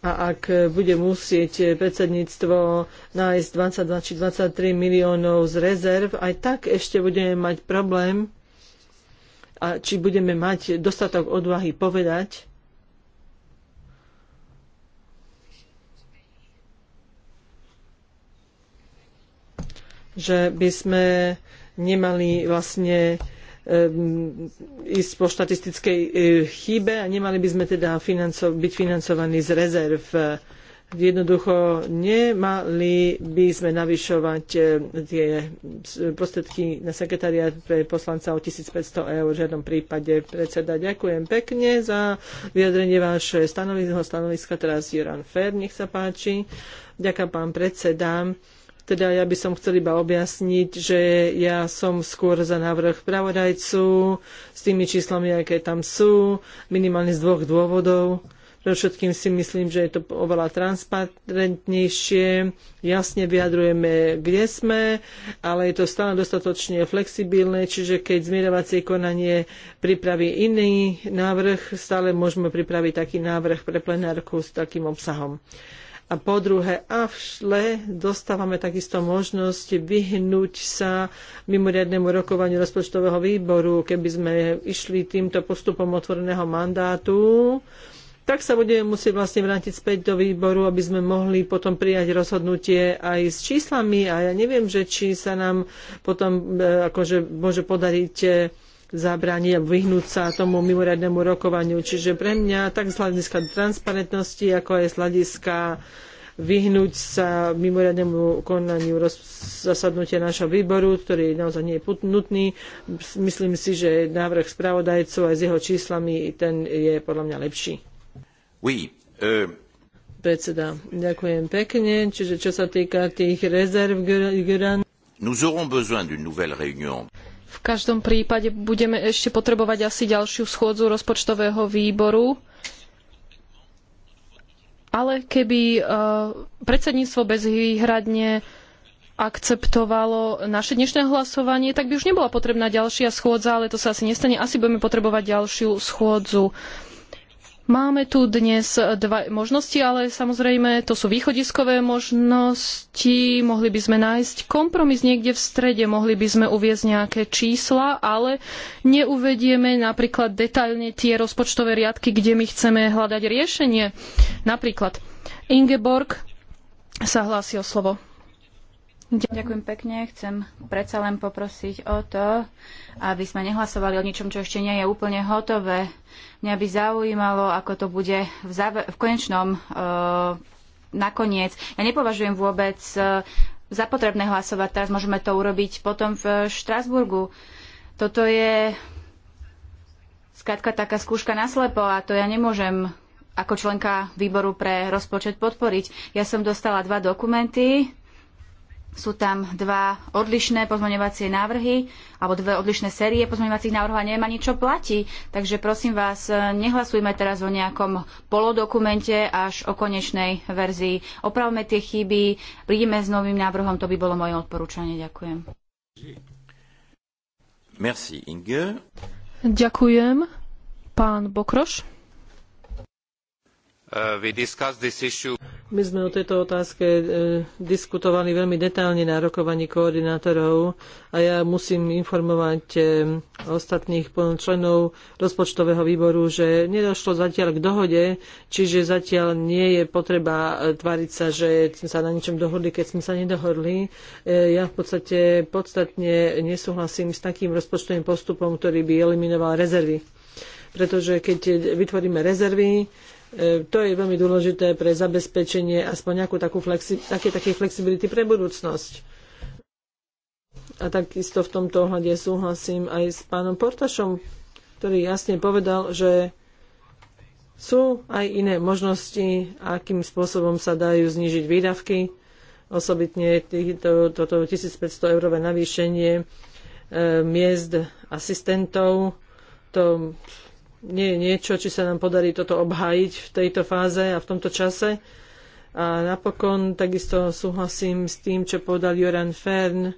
a ak bude musieť predsedníctvo nájsť 22 či 23 miliónov z rezerv, aj tak ešte budeme mať problém, a či budeme mať dostatok odvahy povedať, že by sme nemali vlastne Ehm, ísť po štatistickej e, chybe a nemali by sme teda financo- byť financovaní z rezerv. Jednoducho nemali by sme navyšovať e, tie prostriedky na sekretariat pre poslanca o 1500 eur v žiadnom prípade. Predseda, ďakujem pekne za vyjadrenie vaše Stanoviska teraz Juran Fer, nech sa páči. Ďakujem pán predseda. Teda ja by som chcel iba objasniť, že ja som skôr za návrh pravodajcu s tými číslami, aké tam sú, minimálne z dvoch dôvodov. Pre všetkým si myslím, že je to oveľa transparentnejšie, jasne vyjadrujeme, kde sme, ale je to stále dostatočne flexibilné, čiže keď zmierovacie konanie pripraví iný návrh, stále môžeme pripraviť taký návrh pre plenárku s takým obsahom. A po druhé, a dostávame takisto možnosť vyhnúť sa mimoriadnemu rokovaniu rozpočtového výboru, keby sme išli týmto postupom otvoreného mandátu tak sa budeme musieť vlastne vrátiť späť do výboru, aby sme mohli potom prijať rozhodnutie aj s číslami a ja neviem, že či sa nám potom e, akože môže podariť e, zabrániť alebo vyhnúť sa tomu mimoriadnemu rokovaniu. Čiže pre mňa tak z hľadiska transparentnosti, ako aj z hľadiska vyhnúť sa mimoriadnemu konaniu zasadnutia našho výboru, ktorý naozaj nie je nutný. Myslím si, že návrh spravodajcu aj s jeho číslami, ten je podľa mňa lepší. Oui, uh... Predseda, ďakujem pekne. Čiže čo sa týka tých rezerv, Nous aurons besoin d'une nouvelle réunion. V každom prípade budeme ešte potrebovať asi ďalšiu schôdzu rozpočtového výboru. Ale keby e, predsedníctvo bezvýhradne akceptovalo naše dnešné hlasovanie, tak by už nebola potrebná ďalšia schôdza, ale to sa asi nestane. Asi budeme potrebovať ďalšiu schôdzu. Máme tu dnes dva možnosti, ale samozrejme to sú východiskové možnosti. Mohli by sme nájsť kompromis niekde v strede, mohli by sme uviezť nejaké čísla, ale neuvedieme napríklad detailne tie rozpočtové riadky, kde my chceme hľadať riešenie. Napríklad Ingeborg sa hlási o slovo. Ďakujem pekne. Chcem predsa len poprosiť o to, aby sme nehlasovali o ničom, čo ešte nie je úplne hotové. Mňa by zaujímalo, ako to bude v, záve- v konečnom uh, nakoniec. Ja nepovažujem vôbec uh, za potrebné hlasovať teraz. Môžeme to urobiť potom v Štrasburgu. Toto je skrátka taká skúška naslepo a to ja nemôžem ako členka výboru pre rozpočet podporiť. Ja som dostala dva dokumenty sú tam dva odlišné pozmeňovacie návrhy alebo dve odlišné série pozmeňovacích návrhov a neviem ani čo platí. Takže prosím vás, nehlasujme teraz o nejakom polodokumente až o konečnej verzii. Opravme tie chyby, prídeme s novým návrhom, to by bolo moje odporúčanie. Ďakujem. Merci, Inge. Ďakujem, pán Bokroš. Uh, My sme o tejto otázke uh, diskutovali veľmi detálne na rokovaní koordinátorov a ja musím informovať um, ostatných členov rozpočtového výboru, že nedošlo zatiaľ k dohode, čiže zatiaľ nie je potreba uh, tváriť sa, že sme sa na ničom dohodli, keď sme sa nedohodli. Ja v podstate podstatne nesúhlasím s takým rozpočtovým postupom, ktorý by eliminoval rezervy. Pretože keď vytvoríme rezervy, E, to je veľmi dôležité pre zabezpečenie aspoň nejakú takú flexi- také, také flexibility pre budúcnosť. A takisto v tomto ohľade súhlasím aj s pánom Portašom, ktorý jasne povedal, že sú aj iné možnosti, akým spôsobom sa dajú znížiť výdavky, osobitne týchto, toto 1500 eurové navýšenie e, miest asistentov. To nie je niečo, či sa nám podarí toto obhájiť v tejto fáze a v tomto čase. A napokon takisto súhlasím s tým, čo povedal Joran Fern,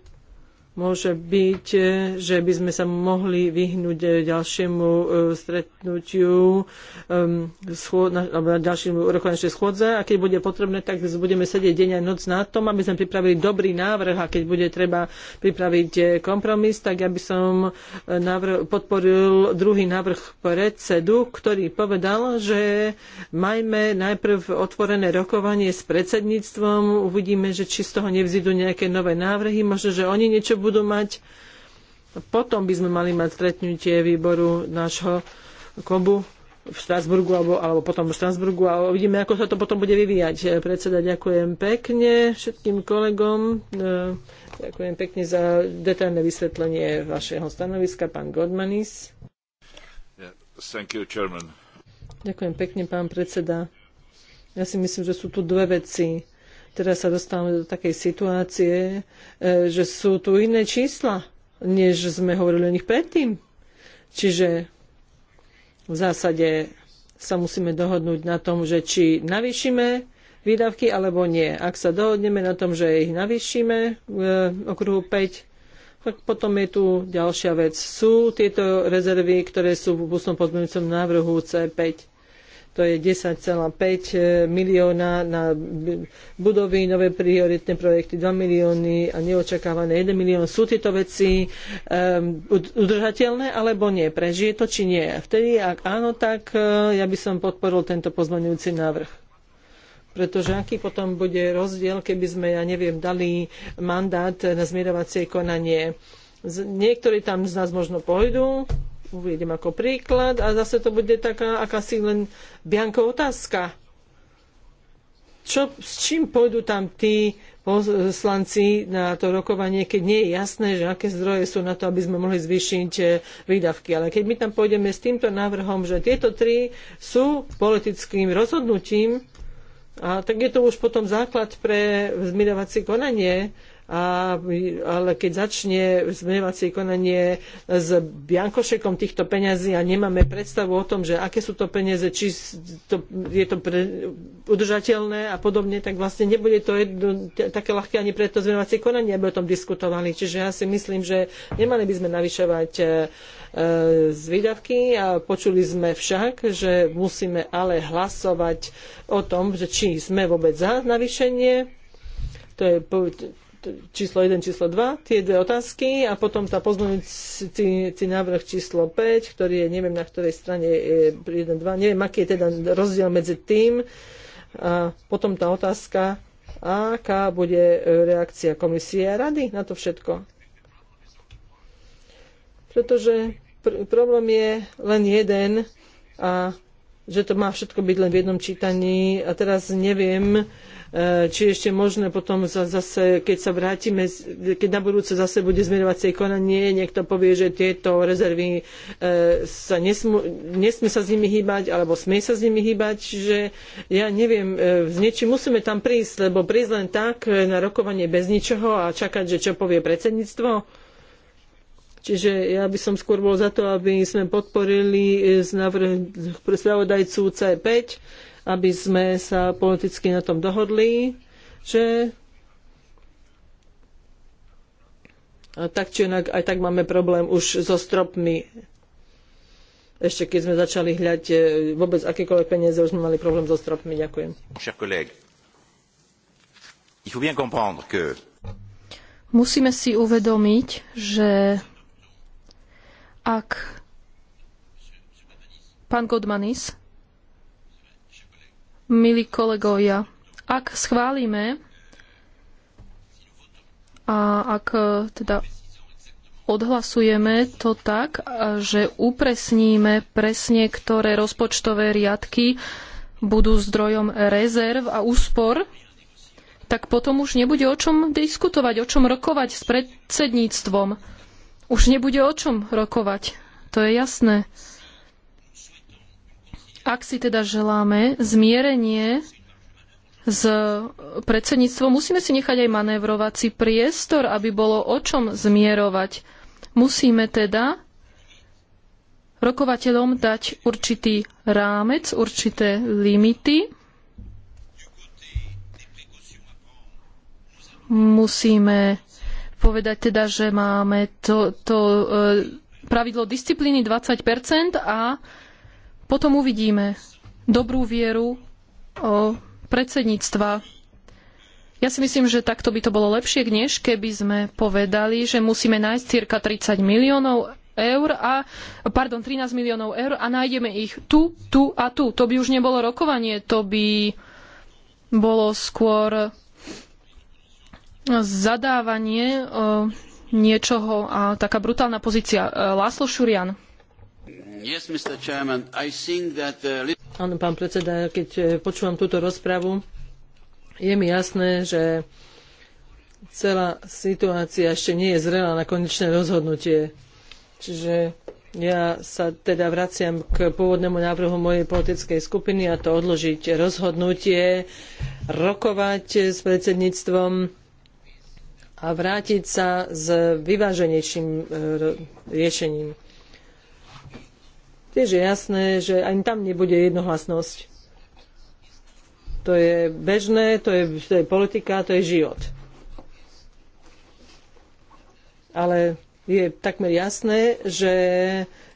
Môže byť, e, že by sme sa mohli vyhnúť e, ďalšiemu e, stretnutiu alebo ďalšiemu rokovanejšej schôdze a keď bude potrebné, tak budeme sedieť deň a noc na tom, aby sme pripravili dobrý návrh a keď bude treba pripraviť kompromis, tak aby som návrh, podporil druhý návrh predsedu, ktorý povedal, že majme najprv otvorené rokovanie s predsedníctvom, uvidíme, že či z toho nevzídu nejaké nové návrhy, možno, že oni niečo budú mať. Potom by sme mali mať stretnutie výboru nášho kobu v Strasburgu alebo, alebo potom v Strasburgu. a uvidíme, ako sa to potom bude vyvíjať. Predseda, ďakujem pekne všetkým kolegom. E, ďakujem pekne za detailné vysvetlenie vašeho stanoviska, pán Godmanis. Yeah, you, ďakujem pekne, pán predseda. Ja si myslím, že sú tu dve veci teraz sa dostávame do takej situácie, e, že sú tu iné čísla, než sme hovorili o nich predtým. Čiže v zásade sa musíme dohodnúť na tom, že či navýšime výdavky alebo nie. Ak sa dohodneme na tom, že ich navýšime v e, okruhu 5, tak potom je tu ďalšia vec. Sú tieto rezervy, ktoré sú v ústnom pozmeňujúcom návrhu C5 to je 10,5 eh, milióna na budovy, nové prioritné projekty 2 milióny a neočakávané 1 milión. Sú tieto veci um, udržateľné alebo nie? Prežije to či nie? Vtedy, ak áno, tak eh, ja by som podporil tento pozmeňujúci návrh pretože aký potom bude rozdiel, keby sme, ja neviem, dali mandát na zmierovacie konanie. Niektorí tam z nás možno pôjdu, uvediem ako príklad a zase to bude taká akási len bianko otázka. Čo, s čím pôjdu tam tí poslanci na to rokovanie, keď nie je jasné, že aké zdroje sú na to, aby sme mohli zvýšiť eh, výdavky. Ale keď my tam pôjdeme s týmto návrhom, že tieto tri sú politickým rozhodnutím, a tak je to už potom základ pre zmidovacie konanie, a, ale keď začne zmenovacie konanie s biankošekom týchto peňazí a nemáme predstavu o tom, že aké sú to peniaze, či to, je to pre, udržateľné a podobne, tak vlastne nebude to jedno, také ľahké ani pre to zmenovacie konanie, aby o tom diskutovali. Čiže ja si myslím, že nemali by sme navyšovať e, e výdavky a počuli sme však, že musíme ale hlasovať o tom, že či sme vôbec za navýšenie to je číslo 1, číslo 2, tie dve otázky a potom tá pozmeňujúci návrh číslo 5, ktorý je, neviem na ktorej strane je 1, 2, neviem aký je teda rozdiel medzi tým a potom tá otázka, aká bude reakcia komisie a rady na to všetko. Pretože pr- problém je len jeden a že to má všetko byť len v jednom čítaní a teraz neviem, Eh, či ešte možné potom zase, keď sa vrátime, keď na budúce zase bude zmierovacie konanie, niekto povie, že tieto rezervy eh, sa nesmú, nesmie sa s nimi hýbať, alebo smie sa s nimi hýbať, že ja neviem, eh, s niečím musíme tam prísť, lebo prísť len tak na rokovanie bez ničoho a čakať, že čo povie predsedníctvo. Čiže ja by som skôr bol za to, aby sme podporili z návrh spravodajcu C5 aby sme sa politicky na tom dohodli, že A tak či inak, aj tak máme problém už so stropmi. Ešte keď sme začali hľať e, vôbec akékoľvek peniaze, už sme mali problém so stropmi. Ďakujem. Musíme si uvedomiť, že ak pán Godmanis milí kolegovia, ak schválime a ak e, teda odhlasujeme to tak, e, že upresníme presne, ktoré rozpočtové riadky budú zdrojom rezerv a úspor, tak potom už nebude o čom diskutovať, o čom rokovať s predsedníctvom. Už nebude o čom rokovať. To je jasné. Ak si teda želáme zmierenie s predsedníctvom, musíme si nechať aj manévrovací priestor, aby bolo o čom zmierovať. Musíme teda rokovateľom dať určitý rámec, určité limity. Musíme povedať teda, že máme to, to e, pravidlo disciplíny 20% a potom uvidíme dobrú vieru predsedníctva. Ja si myslím, že takto by to bolo lepšie, než keby sme povedali, že musíme nájsť cirka 30 miliónov eur a, pardon, 13 miliónov eur a nájdeme ich tu, tu a tu. To by už nebolo rokovanie, to by bolo skôr zadávanie niečoho a taká brutálna pozícia. Láslo Šurian. Áno, pán predseda, keď eh, počúvam túto rozpravu, je mi jasné, že celá situácia ešte nie je zrelá na konečné rozhodnutie. Čiže ja sa teda vraciam k pôvodnému návrhu mojej politickej skupiny a to odložiť rozhodnutie, rokovať s predsedníctvom a vrátiť sa s vyváženejším eh, riešením tiež je jasné, že ani tam nebude jednohlasnosť. To je bežné, to je, to je politika, to je život. Ale je takmer jasné, že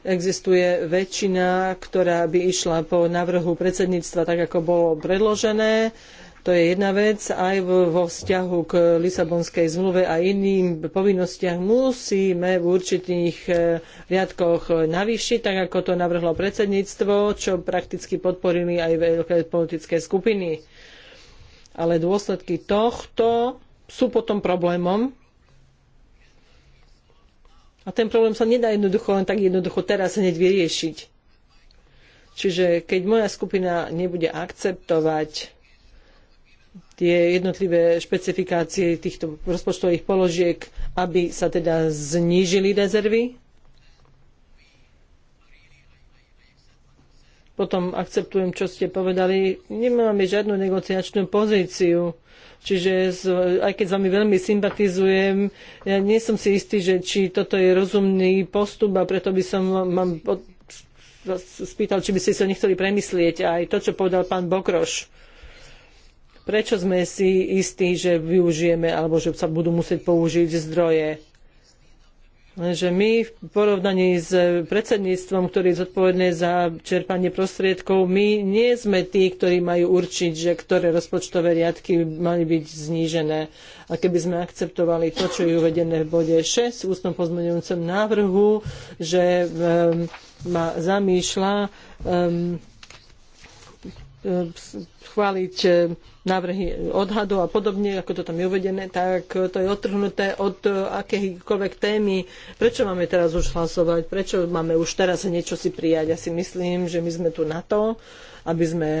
existuje väčšina, ktorá by išla po návrhu predsedníctva tak, ako bolo predložené. Uh, to je jedna vec, aj vo vzťahu k Lisabonskej zmluve a iným povinnostiach musíme v určitých eh, riadkoch navýšiť, tak ako to navrhlo predsedníctvo, čo prakticky podporili aj veľké politické skupiny. Ale dôsledky tohto sú potom problémom. A ten problém sa nedá jednoducho len tak jednoducho teraz hneď vyriešiť. Čiže keď moja skupina nebude akceptovať tie jednotlivé špecifikácie týchto rozpočtových položiek, aby sa teda znížili rezervy? Potom akceptujem, čo ste povedali. Nemáme žiadnu negociačnú pozíciu. Čiže aj keď s vami veľmi sympatizujem, ja nie som si istý, že či toto je rozumný postup a preto by som vám spýtal, či by ste sa nechceli premyslieť aj to, čo povedal pán Bokroš Prečo sme si istí, že využijeme alebo že sa budú musieť použiť zdroje? Lenže my v porovnaní s predsedníctvom, ktoré je zodpovedné za čerpanie prostriedkov, my nie sme tí, ktorí majú určiť, že ktoré rozpočtové riadky mali byť znížené. A keby sme akceptovali to, čo je uvedené v bode 6 v ústnom pozmeňujúcom návrhu, že um, ma zamýšľa um, ehm, ehm, chváliť um, návrhy odhadov a podobne, ako to tam je uvedené, tak to je odtrhnuté od eh, akékoľvek témy. Prečo máme teraz už hlasovať? Prečo máme už teraz niečo si prijať? Ja si myslím, že my sme tu na to, aby sme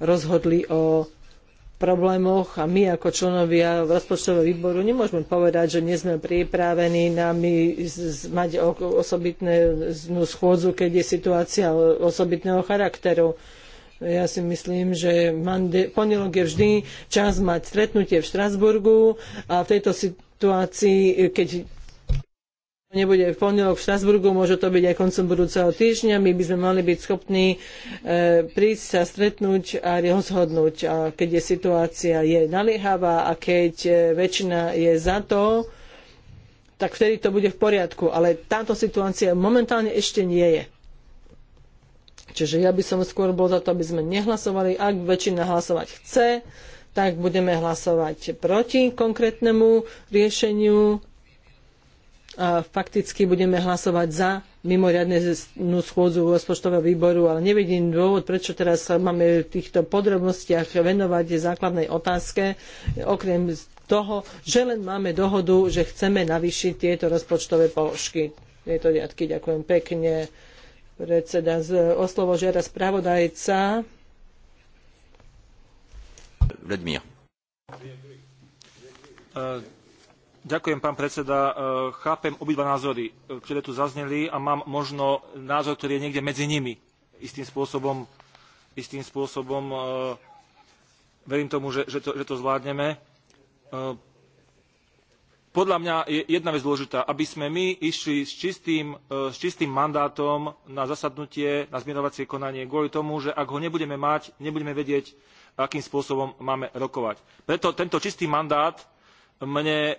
rozhodli o problémoch a my ako členovia rozpočtového výboru nemôžeme povedať, že nie sme pripravení na my mať osobitnú schôdzu, keď je situácia osobitného charakteru. Ja si myslím, že pondelok je vždy čas mať stretnutie v Štrasburgu a v tejto situácii, keď nebude v pondelok v Štrasburgu, môže to byť aj koncom budúceho týždňa. My by sme mali byť schopní e, prísť sa stretnúť a rozhodnúť, a keď je situácia je naliehavá a keď e, väčšina je za to, tak vtedy to bude v poriadku. Ale táto situácia momentálne ešte nie je. Čiže ja by som skôr bol za to, aby sme nehlasovali. Ak väčšina hlasovať chce, tak budeme hlasovať proti konkrétnemu riešeniu a fakticky budeme hlasovať za mimoriadnú schôdzu rozpočtového výboru, ale nevidím dôvod, prečo teraz sa máme v týchto podrobnostiach venovať základnej otázke, okrem toho, že len máme dohodu, že chceme navýšiť tieto rozpočtové položky. Tieto riadky. Ďakujem pekne predseda z oslovo žiada spravodajca. Vladimír. E, ďakujem, pán predseda. E, chápem obidva názory, e, ktoré tu zazneli a mám možno názor, ktorý je niekde medzi nimi. Istým spôsobom, istým spôsobom verím tomu, že, že, to, že to zvládneme podľa mňa je jedna vec dôležitá, aby sme my išli s čistým, e, s čistým mandátom na zasadnutie, na zmierovacie konanie, kvôli tomu, že ak ho nebudeme mať, nebudeme vedieť, akým spôsobom máme rokovať. Preto tento čistý mandát mne, e,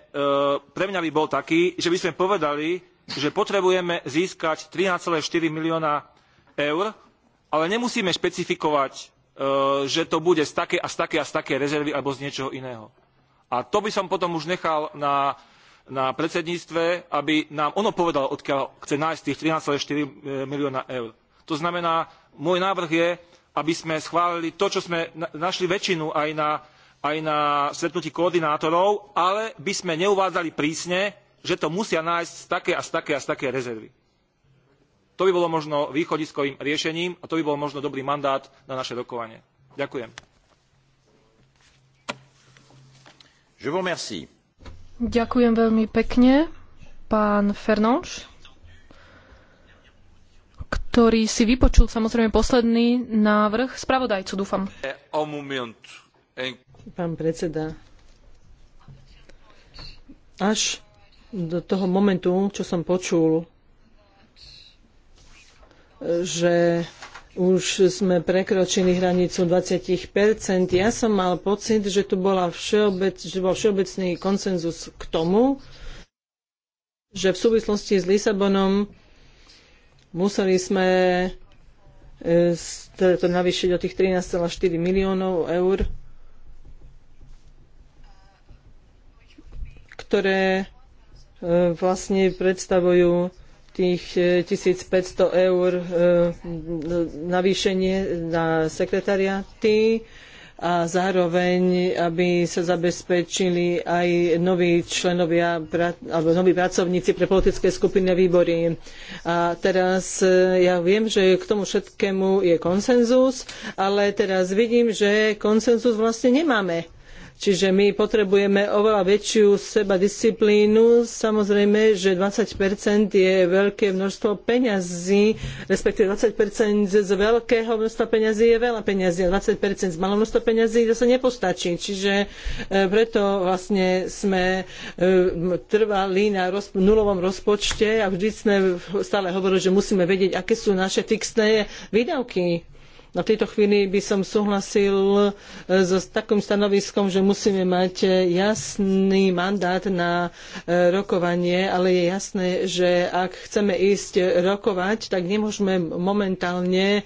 pre mňa by bol taký, že by sme povedali, že potrebujeme získať 13,4 milióna eur, ale nemusíme špecifikovať, e, že to bude z takej a z takej a z takej rezervy alebo z niečoho iného a to by som potom už nechal na, na predsedníctve, aby nám ono povedalo, odkiaľ chce nájsť tých 13,4 eh, milióna eur. To znamená, môj návrh je, aby sme schválili to, čo sme našli väčšinu aj na, aj na stretnutí koordinátorov, ale by sme neuvádzali prísne, že to musia nájsť z také a z také a z také rezervy. To by bolo možno východiskovým riešením a to by bol možno dobrý mandát na naše rokovanie. Ďakujem. Je vous remercie. Ďakujem veľmi pekne, pán Fernonš, ktorý si vypočul samozrejme posledný návrh spravodajcu, dúfam. Pán predseda, až do toho momentu, čo som počul, že už sme prekročili hranicu 20%. Ja som mal pocit, že tu bola všeobec, že bol všeobecný konsenzus k tomu, že v súvislosti s Lisabonom museli sme e, teda to navýšiť o tých 13,4 miliónov eur, ktoré e, vlastne predstavujú tých 1500 e, eur e, navýšenie na sekretariaty a zároveň, aby sa zabezpečili aj noví členovia alebo noví pracovníci pre politické skupiny a výbory. A teraz e, ja viem, že k tomu všetkému je konsenzus, ale teraz vidím, že konsenzus vlastne nemáme Čiže my potrebujeme oveľa väčšiu seba disciplínu. Samozrejme, že 20% je veľké množstvo peňazí, respektíve 20% z veľkého množstva peňazí je veľa peňazí a 20% z malého množstva peňazí zase nepostačí. Čiže e, preto vlastne sme e, trvali na nulovom rozpočte a vždy sme stále hovorili, že musíme vedieť, aké sú naše fixné výdavky a v tejto chvíli by som súhlasil e, s takým stanoviskom, že musíme mať e, jasný mandát na e, rokovanie, ale je jasné, že ak chceme ísť rokovať, tak nemôžeme momentálne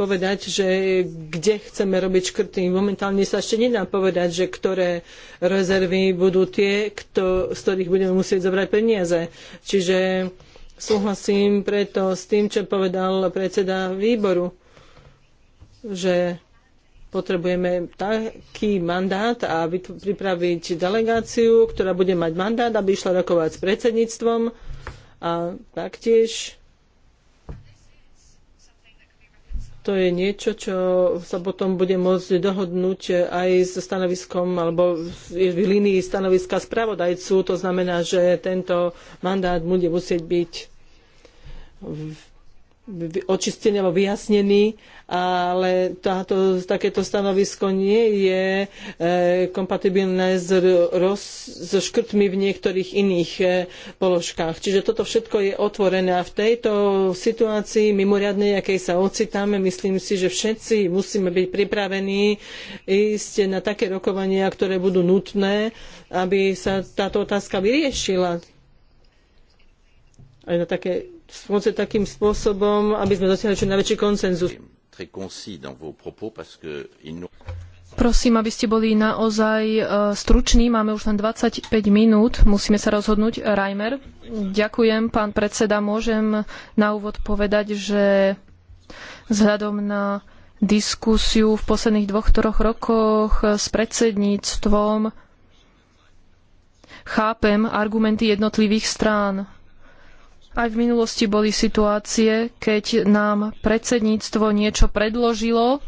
povedať, že kde chceme robiť škrty. Momentálne sa ešte nedá povedať, že ktoré rezervy budú tie, kto, z ktorých budeme musieť zobrať peniaze. Čiže súhlasím preto s tým, čo povedal predseda výboru že potrebujeme taký mandát a pripraviť delegáciu, ktorá bude mať mandát, aby išla rokovať s predsedníctvom a taktiež to je niečo, čo sa potom bude môcť dohodnúť aj so stanoviskom alebo v línii stanoviska spravodajcu. To znamená, že tento mandát bude musieť byť v očistený alebo vyjasnený, ale táto, takéto stanovisko nie je e, kompatibilné s, roz, s škrtmi v niektorých iných e, položkách. Čiže toto všetko je otvorené a v tejto situácii mimoriadnej, akej sa ocitáme, myslím si, že všetci musíme byť pripravení ísť na také rokovania, ktoré budú nutné, aby sa táto otázka vyriešila. Aj na také pomôcť takým spôsobom, aby sme dosiahli čo najväčší konsenzus. Prosím, aby ste boli naozaj e, struční. Máme už len 25 minút. Musíme sa rozhodnúť. Reimer. Ďakujem, pán predseda. Môžem na úvod povedať, že vzhľadom na diskusiu v posledných dvoch, troch rokoch s predsedníctvom chápem argumenty jednotlivých strán aj v minulosti boli situácie, keď nám predsedníctvo niečo predložilo,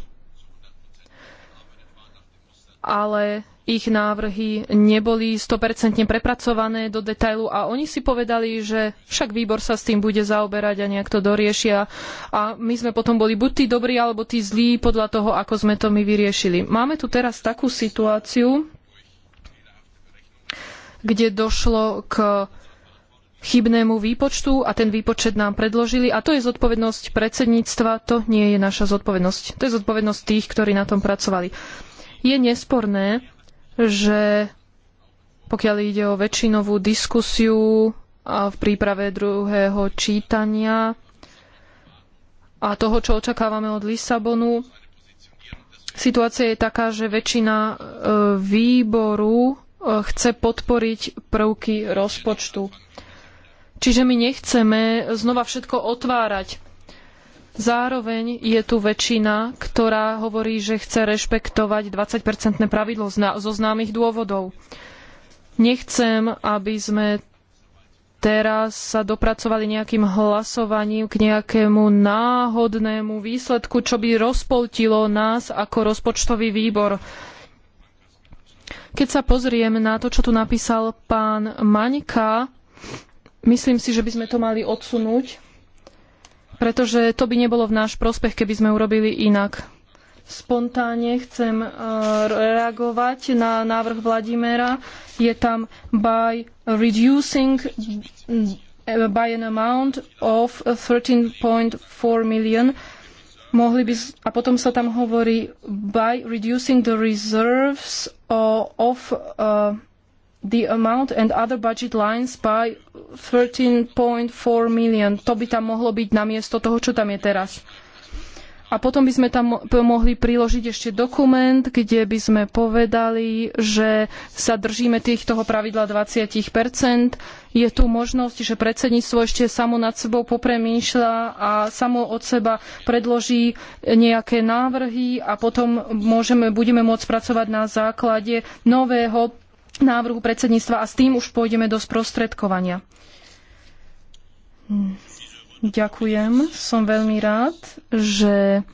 ale ich návrhy neboli 100% prepracované do detailu a oni si povedali, že však výbor sa s tým bude zaoberať a nejak to doriešia a my sme potom boli buď tí dobrí alebo tí zlí podľa toho, ako sme to my vyriešili. Máme tu teraz takú situáciu, kde došlo k chybnému výpočtu a ten výpočet nám predložili a to je zodpovednosť predsedníctva, to nie je naša zodpovednosť. To je zodpovednosť tých, ktorí na tom pracovali. Je nesporné, že pokiaľ ide o väčšinovú diskusiu a v príprave druhého čítania a toho, čo očakávame od Lisabonu, situácia je taká, že väčšina e, výboru e, chce podporiť prvky rozpočtu. Čiže my nechceme znova všetko otvárať. Zároveň je tu väčšina, ktorá hovorí, že chce rešpektovať 20-percentné pravidlo zo známych dôvodov. Nechcem, aby sme teraz sa dopracovali nejakým hlasovaním k nejakému náhodnému výsledku, čo by rozpoltilo nás ako rozpočtový výbor. Keď sa pozriem na to, čo tu napísal pán Maňka, Myslím si, že by sme to mali odsunúť, pretože to by nebolo v náš prospech, keby sme urobili inak. Spontánne chcem e, reagovať na návrh Vladimera. Je tam by reducing by an amount of 13.4 million mohli by, a potom sa tam hovorí by reducing the reserves of uh, the amount and other budget lines by 13.4 million. To by tam mohlo byť namiesto toho, čo tam je teraz. A potom by sme tam mohli priložiť ešte dokument, kde by sme povedali, že sa držíme týchtoho toho pravidla 20%. Je tu možnosť, že predsedníctvo ešte samo nad sebou popremýšľa a samo od seba predloží nejaké návrhy a potom môžeme, budeme môcť pracovať na základe nového návrhu predsedníctva a s tým už pôjdeme do sprostredkovania. Hm. Ďakujem. Som veľmi rád, že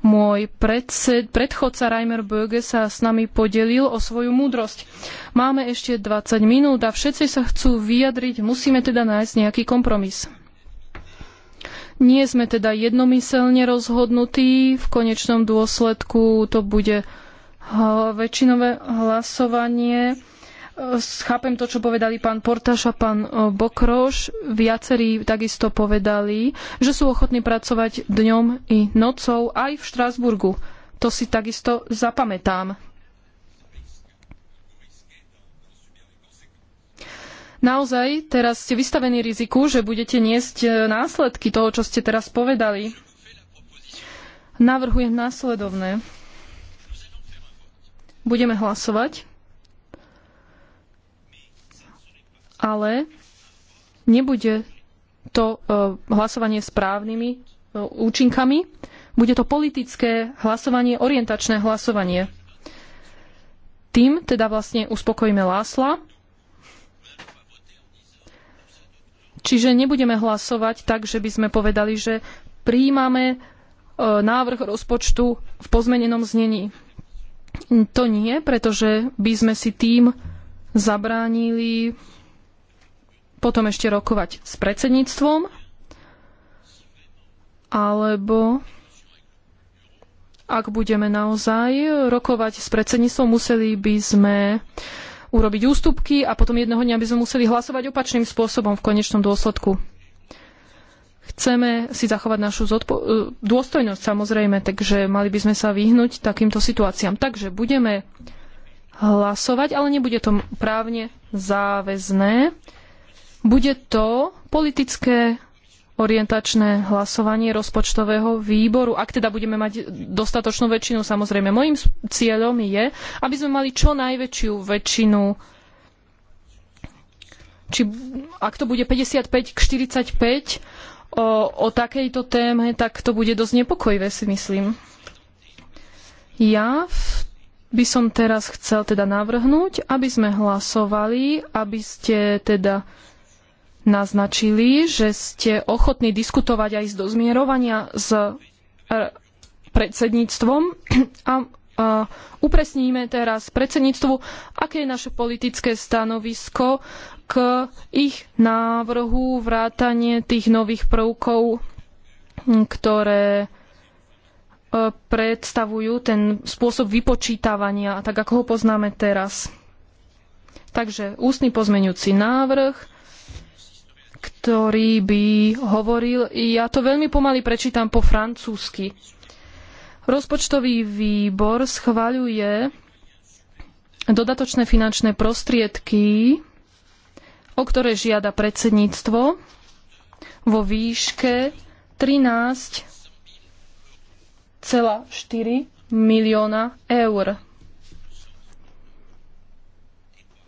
môj predsed, predchodca Reimer Böge sa s nami podelil o svoju múdrosť. Máme ešte 20 minút a všetci sa chcú vyjadriť, musíme teda nájsť nejaký kompromis. Nie sme teda jednomyselne rozhodnutí, v konečnom dôsledku to bude väčšinové hlasovanie Chápem to, čo povedali pán Portaš a pán e, Bokroš. Viacerí takisto povedali, že sú ochotní pracovať dňom i nocou aj v Štrásburgu. To si takisto zapamätám. Naozaj, teraz ste vystavení riziku, že budete niesť e, následky toho, čo ste teraz povedali. Navrhujem následovné. Budeme hlasovať. ale nebude to e, hlasovanie správnymi e, účinkami. Bude to politické hlasovanie, orientačné hlasovanie. Tým teda vlastne uspokojíme Lásla. Čiže nebudeme hlasovať tak, že by sme povedali, že príjmame e, návrh rozpočtu v pozmenenom znení. To nie, pretože by sme si tým zabránili potom ešte rokovať s predsedníctvom, alebo ak budeme naozaj rokovať s predsedníctvom, museli by sme urobiť ústupky a potom jednoho dňa by sme museli hlasovať opačným spôsobom v konečnom dôsledku. Chceme si zachovať našu e, dôstojnosť samozrejme, takže mali by sme sa vyhnúť takýmto situáciám. Takže budeme hlasovať, ale nebude to právne záväzné. Bude to politické orientačné hlasovanie rozpočtového výboru, ak teda budeme mať dostatočnú väčšinu, samozrejme. Mojím cieľom je, aby sme mali čo najväčšiu väčšinu či ak to bude 55 k 45 o, o takejto téme, tak to bude dosť nepokojivé, si myslím. Ja by som teraz chcel teda navrhnúť, aby sme hlasovali, aby ste teda naznačili, že ste ochotní diskutovať aj do zmierovania s e, predsedníctvom a e, upresníme teraz predsedníctvu, aké je naše politické stanovisko k ich návrhu vrátanie tých nových prvkov, ktoré e, predstavujú ten spôsob vypočítavania, tak ako ho poznáme teraz. Takže ústny pozmeňujúci návrh, ktorý by hovoril, ja to veľmi pomaly prečítam po francúzsky. Rozpočtový výbor schvaľuje dodatočné finančné prostriedky, o ktoré žiada predsedníctvo vo výške 13,4 milióna eur.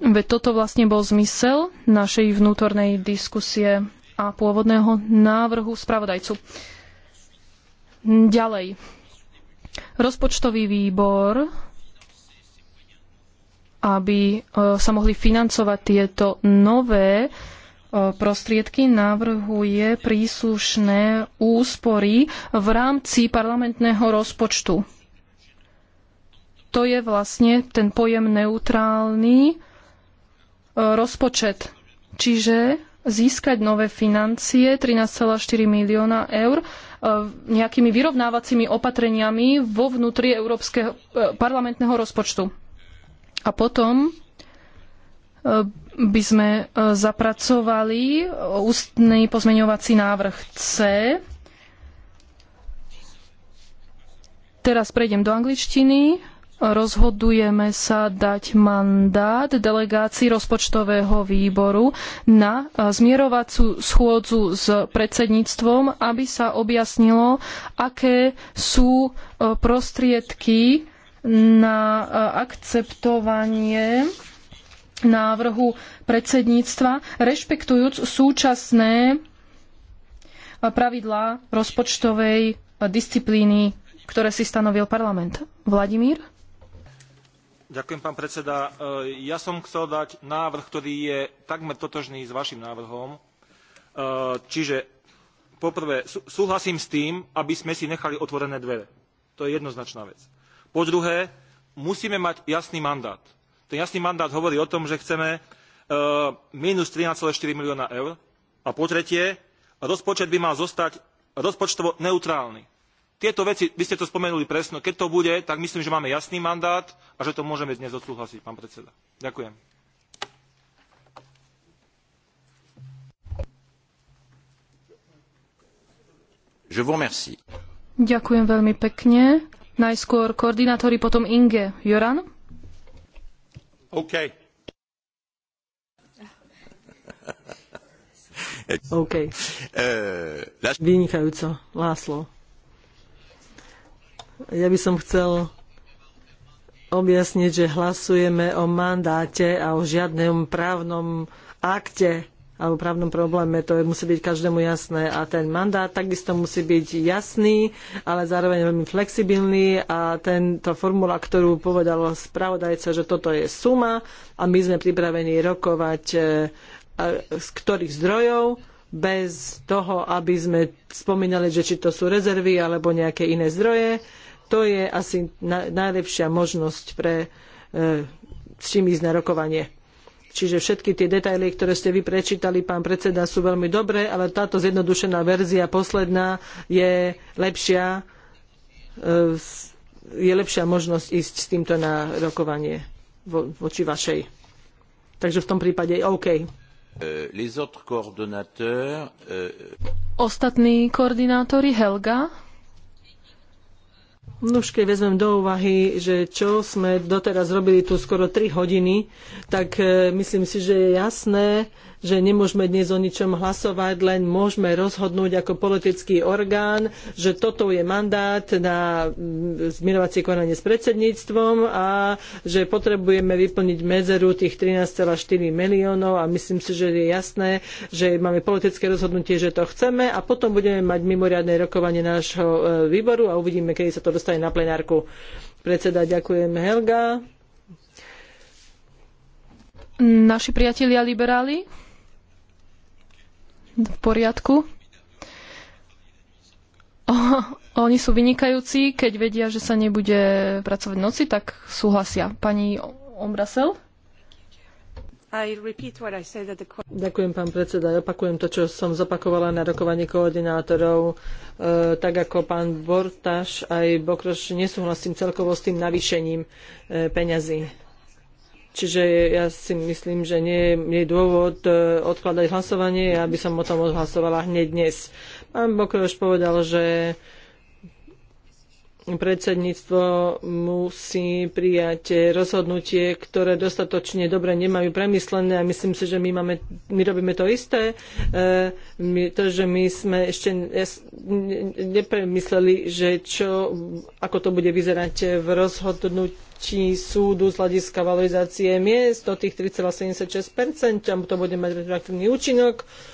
Veď toto vlastne bol zmysel našej vnútornej diskusie a pôvodného návrhu spravodajcu. Ďalej. Rozpočtový výbor, aby e, sa mohli financovať tieto nové e, prostriedky navrhuje príslušné úspory v rámci parlamentného rozpočtu. To je vlastne ten pojem neutrálny, rozpočet. Čiže získať nové financie 13,4 milióna eur e, nejakými vyrovnávacími opatreniami vo vnútri európskeho e, parlamentného rozpočtu. A potom e, by sme zapracovali ústny pozmeňovací návrh C. Teraz prejdem do angličtiny rozhodujeme sa dať mandát delegácii rozpočtového výboru na zmierovacú schôdzu s predsedníctvom, aby sa objasnilo, aké sú e, prostriedky na e, akceptovanie návrhu predsedníctva, rešpektujúc súčasné pravidlá rozpočtovej disciplíny, ktoré si stanovil parlament. Vladimír? Ďakujem, pán predseda. E, ja som chcel dať návrh, ktorý je takmer totožný s vašim návrhom. E, čiže poprvé, súhlasím s tým, aby sme si nechali otvorené dvere. To je jednoznačná vec. Po druhé, musíme mať jasný mandát. Ten jasný mandát hovorí o tom, že chceme e, minus 13,4 milióna eur. A po tretie, rozpočet by mal zostať rozpočtovo neutrálny tieto veci, vy ste to spomenuli presno, keď to bude, tak myslím, že máme jasný mandát a že to môžeme dnes odsúhlasiť, pán predseda. Ďakujem. Ďakujem veľmi pekne. Najskôr koordinátori, potom Inge. Joran? OK. OK. Eh, Vynikajúco. Láslo. Ja by som chcel objasniť, že hlasujeme o mandáte a o žiadnom právnom akte alebo právnom probléme, to musí byť každému jasné. A ten mandát takisto musí byť jasný, ale zároveň veľmi flexibilný a tento formula, ktorú povedal spravodajca, že toto je suma a my sme pripravení rokovať e, z ktorých zdrojov, bez toho, aby sme spomínali, že či to sú rezervy alebo nejaké iné zdroje to je asi najlepšia možnosť pre e, s čím ísť na rokovanie. Čiže všetky tie detaily, ktoré ste vy prečítali, pán predseda, sú veľmi dobré, ale táto zjednodušená verzia posledná je lepšia, e, je lepšia možnosť ísť s týmto na rokovanie vo, voči vašej. Takže v tom prípade OK. E, Ostatní koordinátori Helga. Už keď vezmem do úvahy, že čo sme doteraz robili tu skoro 3 hodiny, tak e, myslím si, že je jasné, že nemôžeme dnes o ničom hlasovať, len môžeme rozhodnúť ako politický orgán, že toto je mandát na mm, zmierovacie konanie s predsedníctvom a že potrebujeme vyplniť medzeru tých 13,4 miliónov a myslím si, že je jasné, že máme politické rozhodnutie, že to chceme a potom budeme mať mimoriadne rokovanie nášho e, výboru a uvidíme, kedy sa to dostane na plenárku. Predseda, ďakujem Helga. Naši priatelia liberáli v poriadku. O, oni sú vynikajúci, keď vedia, že sa nebude pracovať noci, tak súhlasia. Pani Ombrasel? Ďakujem, pán predseda. Opakujem to, čo som zopakovala na rokovanie koordinátorov. E, tak ako pán Bortáš, aj Bokroš nesúhlasím celkovo s tým navýšením e, peňazí Čiže ja si myslím, že nie, nie je dôvod e, odkladať hlasovanie, aby som o tom odhlasovala hneď dnes. Pán Bokroš povedal, že predsedníctvo musí prijať rozhodnutie, ktoré dostatočne dobre nemajú premyslené a myslím si, že my, máme, my robíme to isté. E, to, že my sme ešte nepremysleli, že čo, ako to bude vyzerať v rozhodnutí súdu z hľadiska valorizácie miest do tých 3,76%, tam to bude mať retroaktívny účinok. E,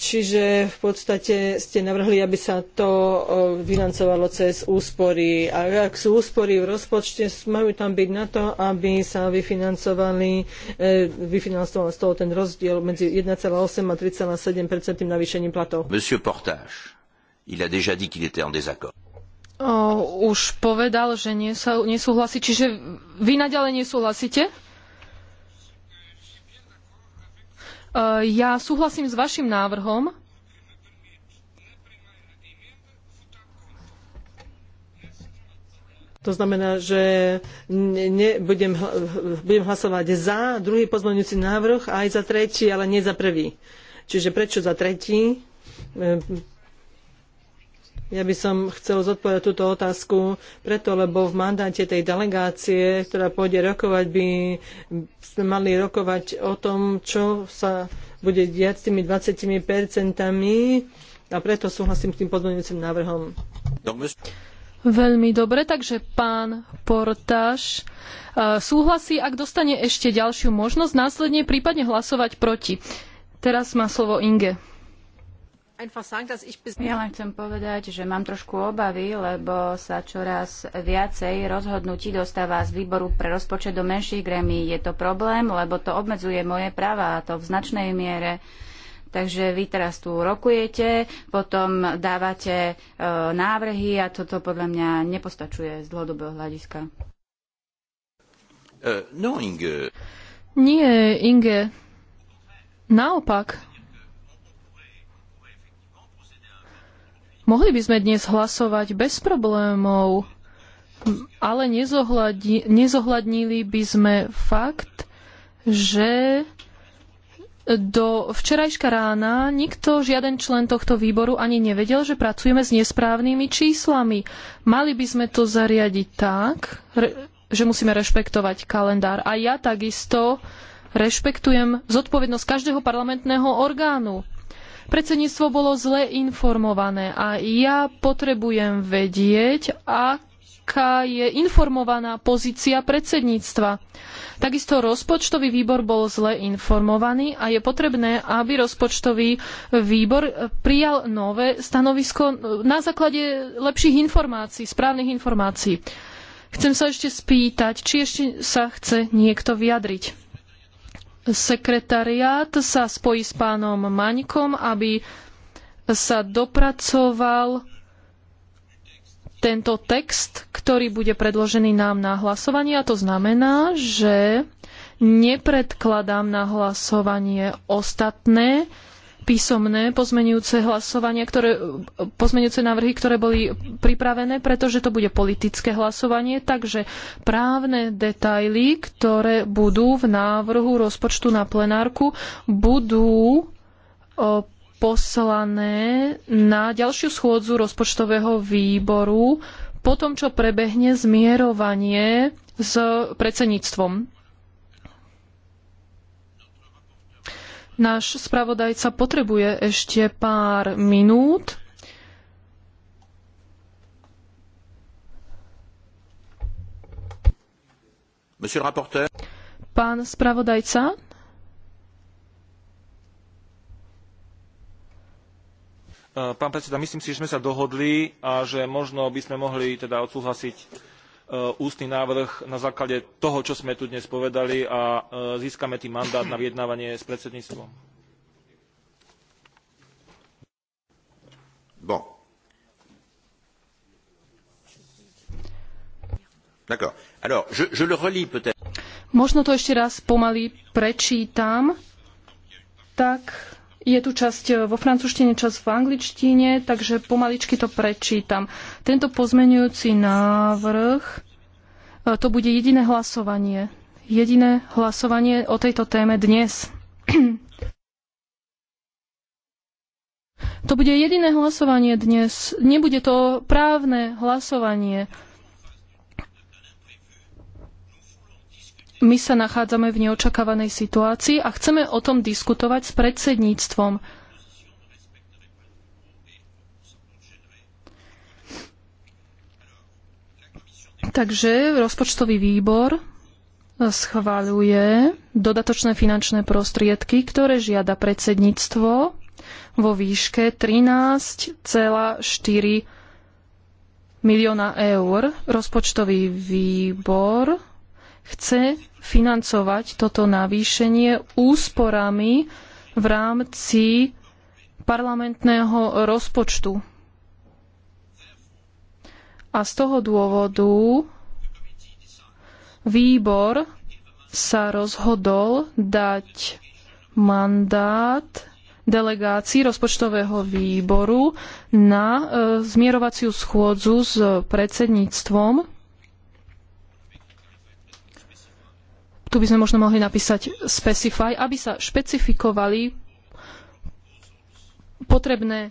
Čiže v podstate ste navrhli, aby sa to financovalo cez úspory. A ak sú úspory v rozpočte, majú tam byť na to, aby sa vyfinancovali, e, vyfinancoval z toho ten rozdiel medzi 1,8 a 3,7 navýšením platov. Monsieur Portage, il a déjà dit qu'il était en désaccord. O, už povedal, že nesúhlasí. Čiže vy naďalej nesúhlasíte? Eh, ja súhlasím s vašim návrhom. To znamená, že ne, budem, budem hlasovať za druhý pozmeňujúci návrh aj za tretí, ale nie za prvý. Čiže prečo za tretí? Eh, ja by som chcel zodpovedať túto otázku preto, lebo v mandáte tej delegácie, ktorá pôjde rokovať, by sme mali rokovať o tom, čo sa bude diať s tými 20 percentami a preto súhlasím s tým pozmeňujúcim návrhom. Veľmi dobre, takže pán Portáš súhlasí, ak dostane ešte ďalšiu možnosť, následne prípadne hlasovať proti. Teraz má slovo Inge. Ja len chcem povedať, že mám trošku obavy, lebo sa čoraz viacej rozhodnutí dostáva z výboru pre rozpočet do menších gremí. Je to problém, lebo to obmedzuje moje práva a to v značnej miere. Takže vy teraz tu rokujete, potom dávate e, návrhy a toto podľa mňa nepostačuje z dlhodobého hľadiska. Uh, no, Inge. Nie, Inge. Naopak, Mohli by sme dnes hlasovať bez problémov, ale nezohľadni, nezohľadnili by sme fakt, že do včerajška rána nikto, žiaden člen tohto výboru ani nevedel, že pracujeme s nesprávnymi číslami. Mali by sme to zariadiť tak, že musíme rešpektovať kalendár. A ja takisto rešpektujem zodpovednosť každého parlamentného orgánu. Predsedníctvo bolo zle informované a ja potrebujem vedieť, aká je informovaná pozícia predsedníctva. Takisto rozpočtový výbor bol zle informovaný a je potrebné, aby rozpočtový výbor prijal nové stanovisko na základe lepších informácií, správnych informácií. Chcem sa ešte spýtať, či ešte sa chce niekto vyjadriť sekretariát sa spojí s pánom Maňkom, aby sa dopracoval tento text, ktorý bude predložený nám na hlasovanie. A to znamená, že nepredkladám na hlasovanie ostatné písomné pozmenujúce hlasovania, ktoré, pozmenujúce návrhy, ktoré boli pripravené, pretože to bude politické hlasovanie, takže právne detaily, ktoré budú v návrhu rozpočtu na plenárku, budú o, poslané na ďalšiu schôdzu rozpočtového výboru po tom, čo prebehne zmierovanie s predsedníctvom Náš spravodajca potrebuje ešte pár minút. Pán spravodajca? Pán predseda, myslím si, že sme sa dohodli a že možno by sme mohli teda odsúhlasiť E, ústny návrh na základe toho, čo sme tu dnes povedali a e, získame tým mandát na vyjednávanie s predsedníctvom. Bon. Alors, je, je Možno to ešte raz pomaly prečítam, tak je tu časť e, vo francúzštine, časť v angličtine, takže pomaličky to prečítam. Tento pozmenujúci návrh, e, to bude jediné hlasovanie. Jediné hlasovanie o tejto téme dnes. To bude jediné hlasovanie dnes. Nebude to právne hlasovanie. my sa nachádzame v neočakávanej situácii a chceme o tom diskutovať s predsedníctvom. Takže rozpočtový výbor schváľuje dodatočné finančné prostriedky, ktoré žiada predsedníctvo vo výške 13,4 milióna eur. Rozpočtový výbor chce financovať toto navýšenie úsporami v rámci parlamentného rozpočtu. A z toho dôvodu výbor sa rozhodol dať mandát delegácii rozpočtového výboru na e, zmierovaciu schôdzu s predsedníctvom tu by sme možno mohli napísať specify, aby sa špecifikovali potrebné e,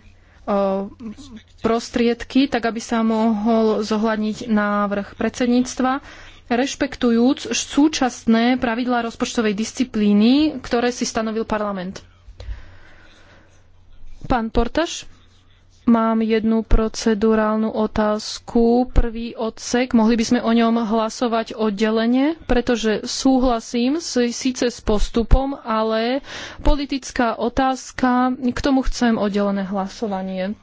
prostriedky, tak aby sa mohol zohľadniť návrh predsedníctva, rešpektujúc súčasné pravidlá rozpočtovej disciplíny, ktoré si stanovil parlament. Pán Portaš? Mám jednu procedurálnu otázku. Prvý odsek, mohli by sme o ňom hlasovať oddelenie, pretože súhlasím síce s postupom, ale politická otázka, k tomu chcem oddelené hlasovanie.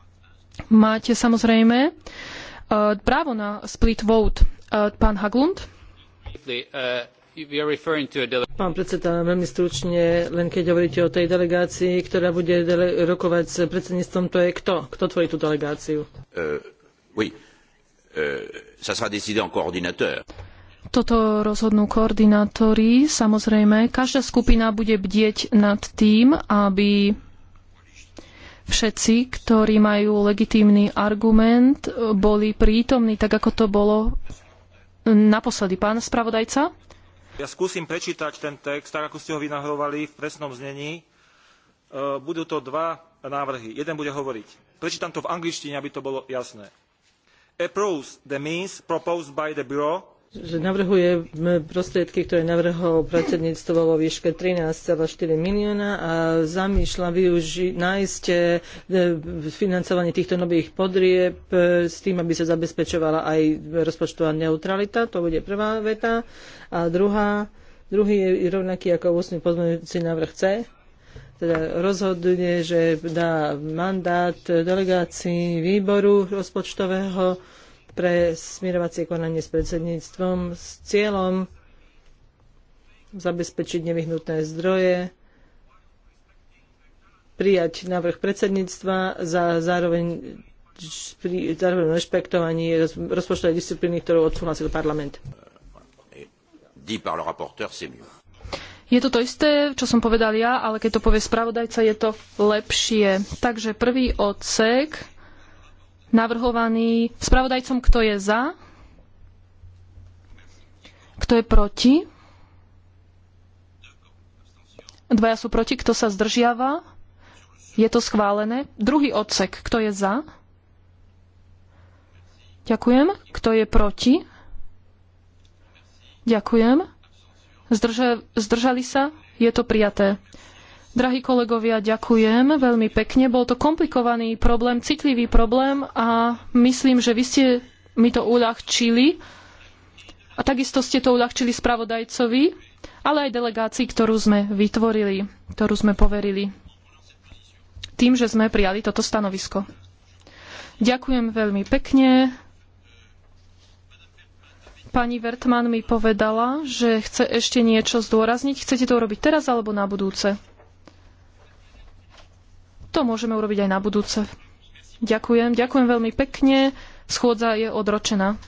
Máte samozrejme e, právo na split vote. E, pán Haglund? Uh, Pán predseda, veľmi stručne, len keď hovoríte o tej delegácii, ktorá bude dele rokovať s predsedníctvom, to je kto? Kto tvorí tú delegáciu? Uh, oui. uh, Toto rozhodnú koordinátori, samozrejme. Každá skupina bude bdieť nad tým, aby všetci, ktorí majú legitímny argument, boli prítomní, tak ako to bolo naposledy. Pán spravodajca? Ja skúsim prečítať ten text, tak ako ste ho vynahrovali v presnom znení. E, budú to dva návrhy. Jeden bude hovoriť. Prečítam to v angličtine, aby to bolo jasné. Approves the means proposed by the Bureau že navrhuje prostriedky, ktoré navrhol predsedníctvo vo výške 13,4 milióna a zamýšľa využi- nájsť e, financovanie týchto nových podrieb e, s tým, aby sa zabezpečovala aj rozpočtová neutralita. To bude prvá veta. A druhá, druhý je rovnaký ako 8. pozmeňujúci návrh C. Teda rozhodne, že dá mandát delegácii výboru rozpočtového pre smierovacie konanie s predsedníctvom s cieľom zabezpečiť nevyhnutné zdroje, prijať návrh predsedníctva za zároveň pri zároveň rešpektovaní rozpočtovej disciplíny, ktorú odsúhlasil parlament. Je to to isté, čo som povedal ja, ale keď to povie spravodajca, je to lepšie. Takže prvý odsek navrhovaný spravodajcom, kto je za, kto je proti. Dvaja sú proti, kto sa zdržiava. Je to schválené. Druhý odsek, kto je za? Ďakujem. Kto je proti? Ďakujem. Zdrža- zdržali sa? Je to prijaté. Drahí kolegovia, ďakujem veľmi pekne. Bol to komplikovaný problém, citlivý problém a myslím, že vy ste mi to uľahčili a takisto ste to uľahčili spravodajcovi, ale aj delegácii, ktorú sme vytvorili, ktorú sme poverili tým, že sme prijali toto stanovisko. Ďakujem veľmi pekne. Pani Vertman mi povedala, že chce ešte niečo zdôrazniť. Chcete to urobiť teraz alebo na budúce? To môžeme urobiť aj na budúce. Ďakujem, ďakujem veľmi pekne. Schôdza je odročená.